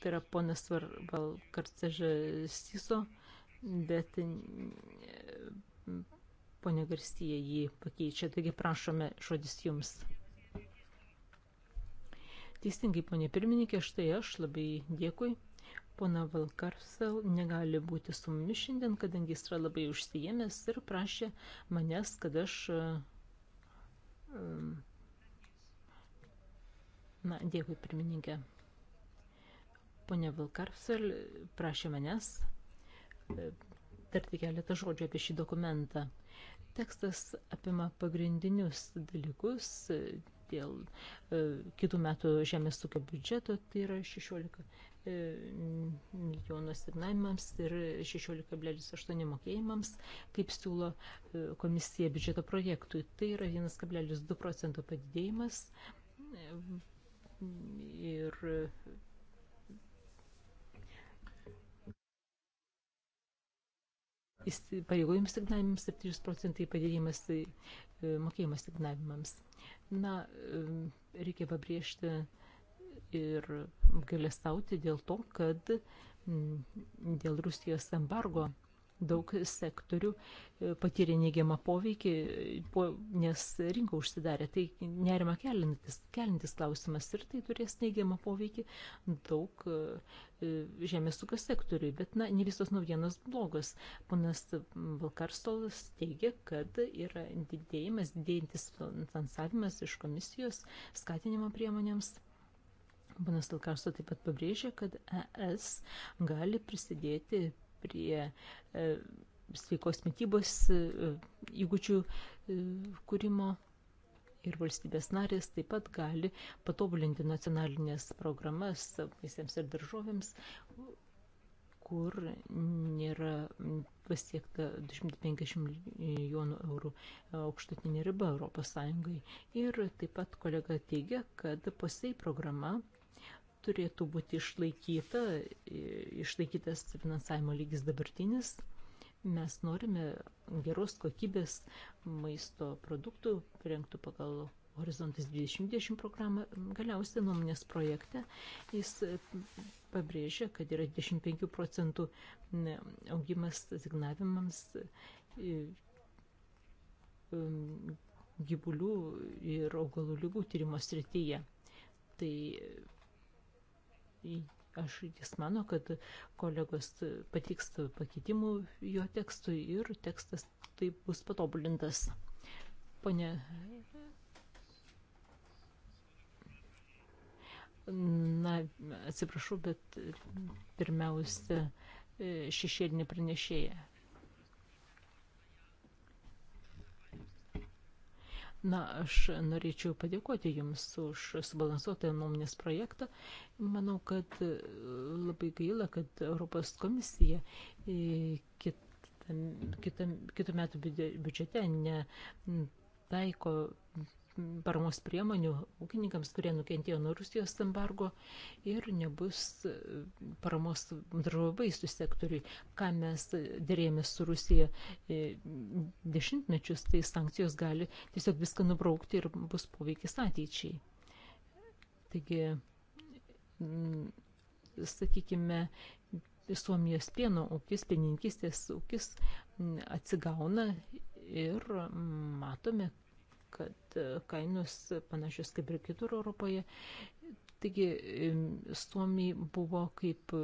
tai yra ponas Valkarceža Siso, bet e, ponė Garstija jį pakeičia, taigi prašome žodis jums. Teisingai, ponė pirmininkė, štai aš labai dėkui. Pona Valkarsel negali būti su mumis šiandien, kadangi jis yra labai užsijėmęs ir prašė manęs, kad aš. E, na, dėkui, pirmininkė. Pone Valkarsel prašė manęs e, tarti keletą žodžių apie šį dokumentą. Tekstas apima pagrindinius dalykus e, dėl kitų metų žemės ūkio biudžeto, tai yra 16 milijonos signavimams ir 16,8 mokėjimams, kaip siūlo e, komisija biudžeto projektui. Tai yra 1,2 procento padidėjimas ir įsipareigojimų signavimams 7 procentai padėjimas e, mokėjimo signavimams. Na, e, reikia pabrėžti, ir galėsauti dėl to, kad mm, dėl Rusijos embargo daug sektorių e, patyrė neigiamą poveikį, po, nes rinka užsidarė. Tai nerima kelintis, kelintis klausimas ir tai turės neigiamą poveikį daug e, žemės ūkio sektoriui. Bet, na, ne visos naujienos blogos. Ponas Valkarstolas teigia, kad yra didėjimas, didėjantis finansavimas iš komisijos skatinimo priemonėms Panas Talkarso taip pat pabrėžė, kad ES gali prisidėti prie e, sveikos mytybos e, įgūdžių e, kūrimo ir valstybės narės taip pat gali patobulinti nacionalinės programas vaisiams ir daržovėms, kur nėra pasiekta 250 milijonų eurų aukštutinė riba Europos Sąjungai. Ir taip pat kolega teigia, kad posei programa turėtų būti išlaikyta, išlaikytas finansavimo lygis dabartinis. Mes norime geros kokybės maisto produktų, parengtų pagal Horizontas 2020 programą. Galiausiai nuomonės projekte jis pabrėžia, kad yra 25 procentų augimas asignavimams um, gyvulių ir augalų lygų tyrimo srityje. Tai Tai aš jis mano, kad kolegos patiks pakeitimų jo tekstui ir tekstas taip bus patobulintas. Pone. Na, atsiprašau, bet pirmiausia šešėlinį pranešėją. Na, aš norėčiau padėkoti Jums už subalansuotą nuomonės projektą. Manau, kad e, labai gaila, kad Europos komisija e, kitam, kitam, kitų metų biudžete netaiko paramos priemonių ūkininkams, kurie nukentėjo nuo Rusijos embargo ir nebus e, paramos daržovių vaisių sektoriui. Ką mes dėrėjomės su Rusija e, dešimtmečius, tai sankcijos gali tiesiog viską nubraukti ir bus poveikis ateičiai. Taigi, sakykime, Suomijos pieno ūkis, pieninkistės ūkis atsigauna ir matome, kad e, kainos panašios kaip ir kitur Europoje. Taigi Suomija buvo kaip e,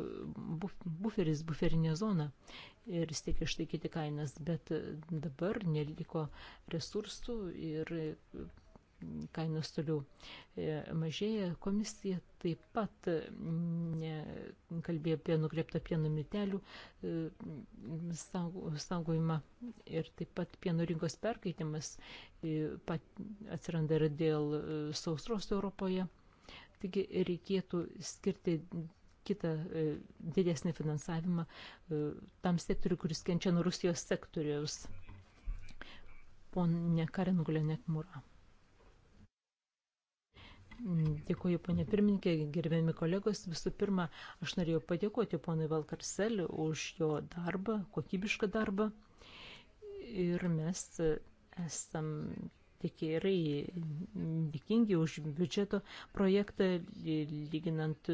buferis, buferinė zona ir siekia išlaikyti kainas, bet e, dabar neliko resursų ir kainos toliau e, mažėja. Komisija taip pat mm, kalbėjo apie nugreptą pieno mitelių e, saugojimą ir taip pat pieno rinkos perkaitimas e, atsiranda ir dėl sausros Europoje. Taigi reikėtų skirti kitą didesnį finansavimą tam sektoriu, kuris kenčia nuo Rusijos sektoriaus. Pone Karin Gulenek Mūra. Mm, dėkuoju, ponė pirmininkė, gerbiami kolegos. Visų pirma, aš norėjau padėkoti ponui Valkarseliu už jo darbą, kokybišką darbą. Ir mes esam tikrai dėkingi už biudžeto projektą, lyginant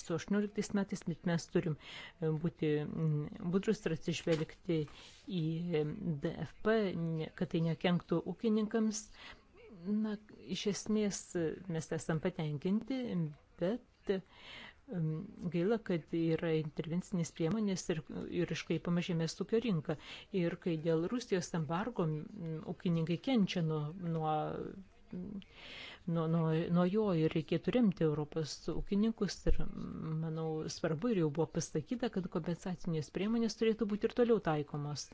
su 18 metais, bet mes turim būti budrus ir atsižvelgti į DFP, kad tai nekenktų ūkininkams, Na, iš esmės mes esam patenkinti, bet gaila, kad yra intervencinės priemonės ir, ir iškaipama žemės ūkio rinka. Ir kai dėl Rusijos embargo ūkininkai kenčia nuo, nuo, nuo, nuo, nuo jo ir reikėtų remti Europos ūkininkus. Ir manau, svarbu ir jau buvo pasakyta, kad kompensacinės priemonės turėtų būti ir toliau taikomos.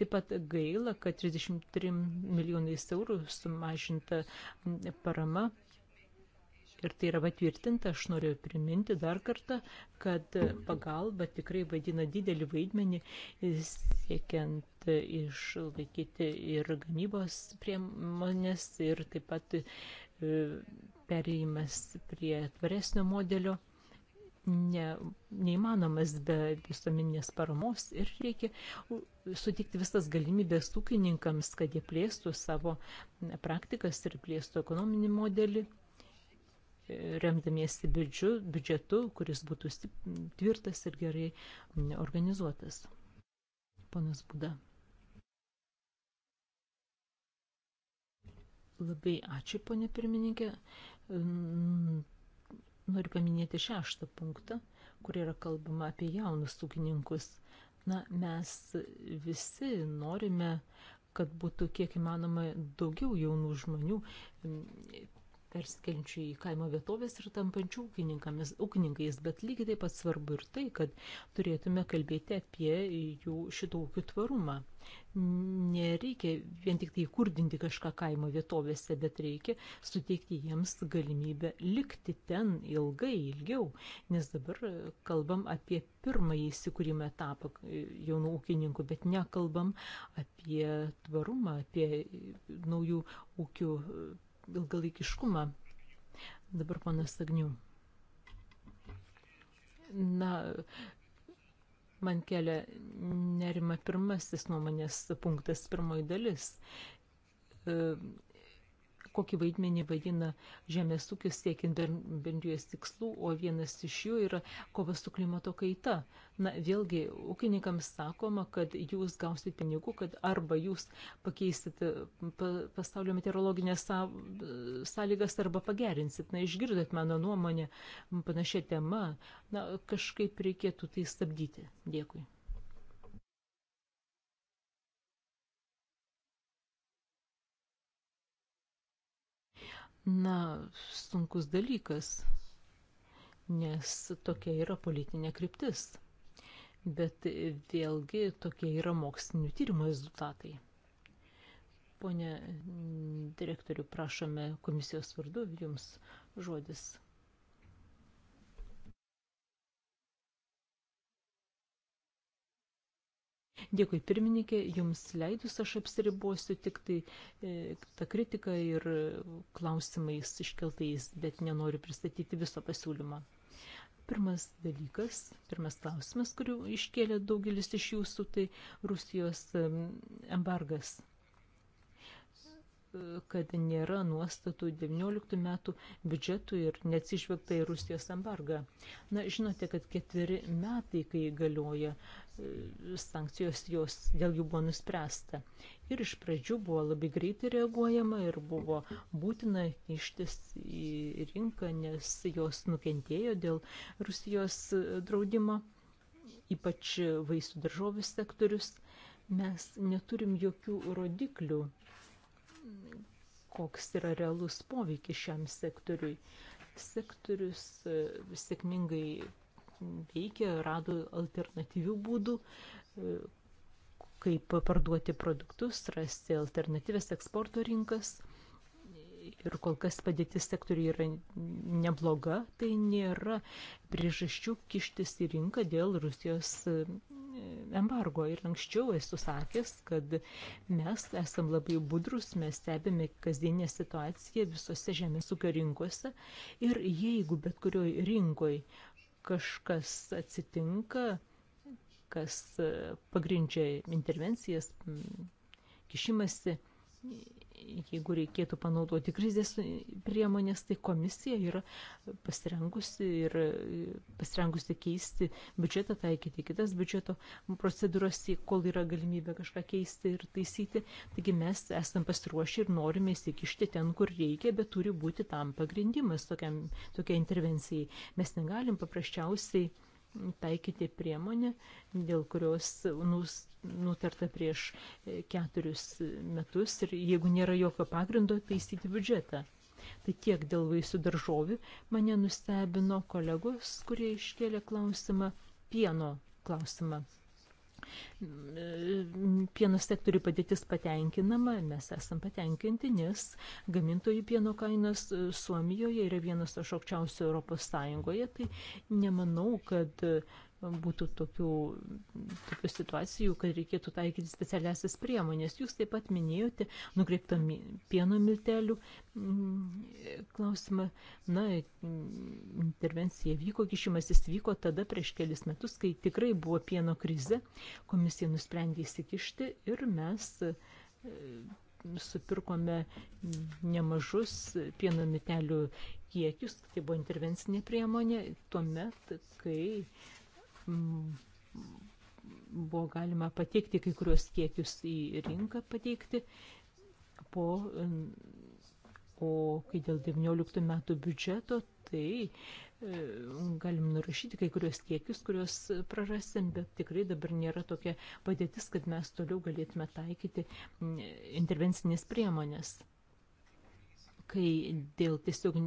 Taip pat gaila, kad 33 milijonais eurų sumažinta parama ir tai yra patvirtinta, aš noriu priminti dar kartą, kad pagalba tikrai vaidina didelį vaidmenį siekiant išlaikyti ir gamybos priemonės ir taip pat e, perėjimas prie tvaresnio modelio ne, neįmanomas be visuomeninės paramos ir reikia sutikti visas galimybės ūkininkams, kad jie plėstų savo praktikas ir plėstų ekonominį modelį, e, remdamiesi biudžiu, biudžetu, kuris būtų tvirtas ir gerai organizuotas. Ponas Būda. Labai ačiū, ponė pirmininkė. Noriu paminėti šeštą punktą, kur yra kalbama apie jaunus ūkininkus. Na, mes visi norime, kad būtų kiek įmanoma daugiau jaunų žmonių perskeliančių į kaimo vietovės ir tampančių ūkininkais, bet lygiai taip pat svarbu ir tai, kad turėtume kalbėti apie jų šitų ūkių tvarumą. Nereikia vien tik tai įkurdinti kažką kaimo vietovėse, bet reikia suteikti jiems galimybę likti ten ilgai, ilgiau, nes dabar kalbam apie pirmąjį įsikūrimą etapą jaunų ūkininkų, bet nekalbam apie tvarumą, apie naujų ūkių ilgalaikiškumą. Dabar ponas Agnių. Na, man kelia nerima pirmasis nuomonės punktas, pirmoji dalis. E, kokį vaidmenį vaidina žemės ūkis siekiant bendrijos tikslų, o vienas iš jų yra kova su klimato kaita. Na, vėlgi, ūkininkams sakoma, kad jūs gausite pinigų, kad arba jūs pakeisite pasaulio meteorologinės sąlygas arba pagerinsit. Na, išgirdot mano nuomonę panašia tema, na, kažkaip reikėtų tai stabdyti. Dėkui. na, sunkus dalykas, nes tokia yra politinė kryptis. Bet vėlgi tokie yra mokslinių tyrimų rezultatai. Pone direktoriu, prašome komisijos vardu jums žodis. Dėkui pirmininkė, jums leidus aš apsiribosiu tik tai e, tą kritiką ir klausimais iškeltais, bet nenoriu pristatyti viso pasiūlymą. Pirmas dalykas, pirmas klausimas, kuriuo iškėlė daugelis iš jūsų, tai Rusijos embargas kad nėra nuostatų 19 metų biudžetų ir neatsižvelgta į Rusijos embargą. Na, žinote, kad ketveri metai, kai galioja e, sankcijos, jos dėl jų buvo nuspręsta. Ir iš pradžių buvo labai greitai reaguojama ir buvo būtina kištis į rinką, nes jos nukentėjo dėl Rusijos e, draudimo, ypač vaisių daržovių sektorius. Mes neturim jokių rodiklių koks yra realus poveikis šiam sektoriui. Sektorius e, sėkmingai veikia, rado alternatyvių būdų, e, kaip parduoti produktus, rasti alternatyvės eksporto rinkas. Ir kol kas padėtis sektoriui yra nebloga, tai nėra priežasčių kištis į rinką dėl Rusijos e, embargo. Ir anksčiau esu sakęs, kad mes esam labai budrus, mes stebime kasdienę situaciją visose žemės ūkio rinkose ir jeigu bet kurioj rinkoj kažkas atsitinka, kas pagrindžia intervencijas, kišimasi, jeigu reikėtų panaudoti krizės priemonės, tai komisija yra pasirengusi ir pasirengusi keisti biudžetą, taikyti kitas biudžeto procedūras, kol yra galimybė kažką keisti ir taisyti. Taigi mes esam pasiruošę ir norime įsikišti ten, kur reikia, bet turi būti tam pagrindimas tokiam, tokia intervencijai. Mes negalim paprasčiausiai taikyti priemonę, dėl kurios nutarta prieš e, keturius metus ir jeigu nėra jokio pagrindo, taisyti biudžetą. Tai tiek dėl vaisių daržovių mane nustebino kolegos, kurie iškėlė klausimą, pieno klausimą pieno sektorių padėtis patenkinama, mes esam patenkinti, nes gamintojų pieno kainos e, Suomijoje yra vienas iš aukščiausių Europos Sąjungoje, tai nemanau, kad būtų tokių, tokių situacijų, kad reikėtų taikyti specialiasias priemonės. Jūs taip pat minėjote nukreiptą pieno miltelių mm, klausimą. Na, intervencija vyko, kišimasis vyko tada prieš kelis metus, kai tikrai buvo pieno krize. Komisija nusprendė įsikišti ir mes e, supirkome nemažus pieno mitelių kiekius, tai buvo intervencinė priemonė, tuomet, kai uh, buvo galima pateikti kai kurios kiekius į rinką pateikti. Po, o kai dėl 19 metų biudžeto, tai e, galim nurašyti kai kurios kiekius, kuriuos prarasim, bet tikrai dabar nėra tokia padėtis, kad mes toliau galėtume taikyti intervencinės priemonės. Kai dėl tiesiog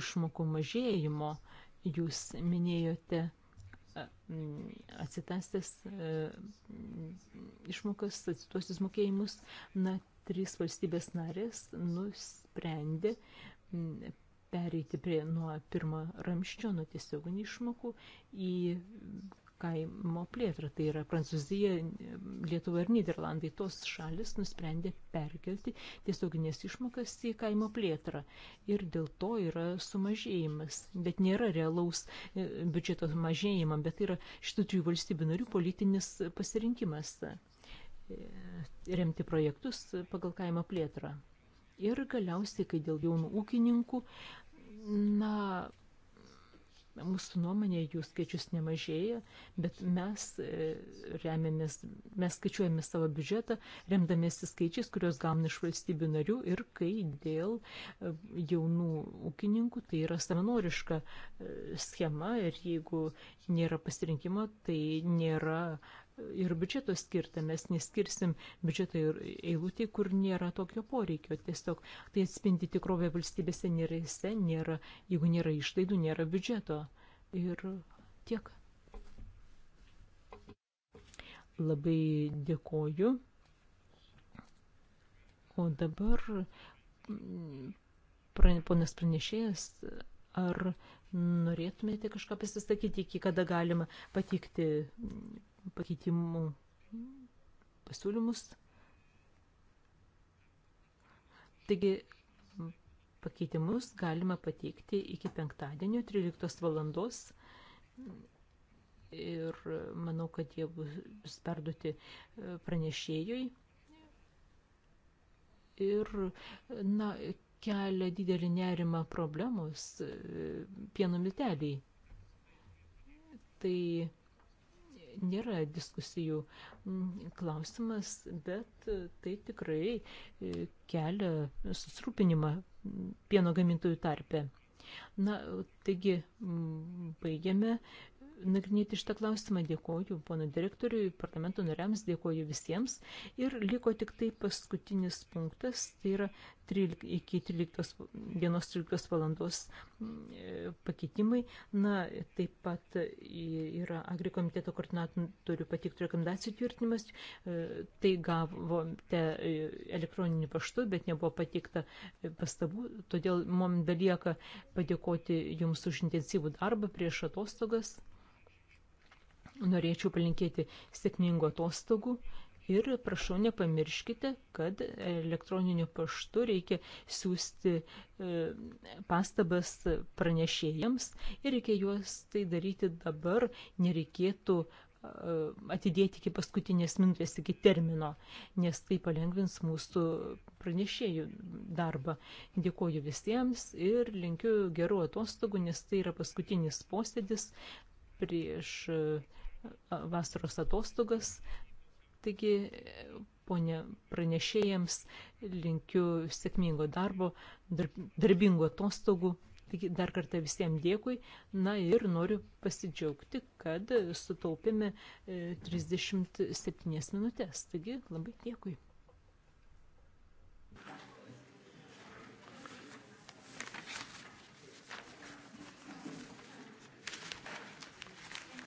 išmokų mažėjimo jūs minėjote atsitastęs išmokas, atsituosius mokėjimus, na, trys valstybės narės nusprendė pereiti prie nuo pirmo ramščio, nuo tiesioginių išmokų į kaimo plėtrą. Tai yra Prancūzija, Lietuva ir Niderlandai. Tos šalis nusprendė perkelti tiesioginės išmokas į kaimo plėtrą. Ir dėl to yra sumažėjimas. Bet nėra realaus e, biudžeto mažėjimo, bet yra šitų trijų valstybių narių politinis pasirinkimas e, remti projektus pagal kaimo plėtrą. Ir galiausiai, kai dėl jaunų ūkininkų, na, Mūsų nuomonė, jų skaičius nemažėja, bet mes e, remiamės, mes skaičiuojame savo biudžetą, remdamėsi skaičiais, kuriuos gauname iš valstybių narių ir kai dėl e, jaunų ūkininkų tai yra savanoriška e, schema ir jeigu nėra pasirinkimo, tai nėra ir biudžeto skirta, mes neskirsim biudžeto ir eilutė, kur nėra tokio poreikio. Tiesiog tai atspindi tikrovę valstybėse nėra įse, nėra, jeigu nėra išlaidų, nėra biudžeto. Ir tiek. Labai dėkoju. O dabar ponas pranešėjas, ar norėtumėte kažką pasisakyti, iki kada galima pateikti pakeitimų pasiūlymus. Taigi pakeitimus galima pateikti iki penktadienio 13 valandos ir manau, kad jie bus perduoti e, pranešėjui. Ir, na, kelia didelį nerimą problemos e, pieno milteliai. Tai nėra diskusijų mm, klausimas, bet tai tikrai e, kelia susirūpinimą mm, pieno gamintojų tarpe. Na, taigi, mm, baigiame nagrinėti šitą klausimą. Dėkoju pono direktoriui, parlamento nariams, dėkoju visiems. Ir liko tik tai paskutinis punktas, tai yra 13, iki 13, dienos 13 valandos mm, pakeitimai. Na, taip pat yra agrikomiteto koordinatorių patiktų rekomendacijų tvirtinimas. E, tai gavote e, elektroniniu paštu, bet nebuvo patikta pastabų. Todėl mum belieka padėkoti Jums už intensyvų darbą prieš atostogas. Norėčiau palinkėti sėkmingų atostogų ir prašau nepamirškite, kad elektroniniu paštu reikia siūsti e, pastabas pranešėjams ir reikia juos tai daryti dabar, nereikėtų e, atidėti iki paskutinės minutės, iki termino, nes tai palengvins mūsų pranešėjų darbą. Dėkuoju visiems ir linkiu gerų atostogų, nes tai yra paskutinis posėdis prieš uh, vasaros atostogas. Taigi, ponė pranešėjams, linkiu sėkmingo darbo, darbingo atostogų. Taigi, dar kartą visiems dėkui. Na ir noriu pasidžiaugti, kad sutaupėme 37 e, minutės. Taigi, labai dėkui.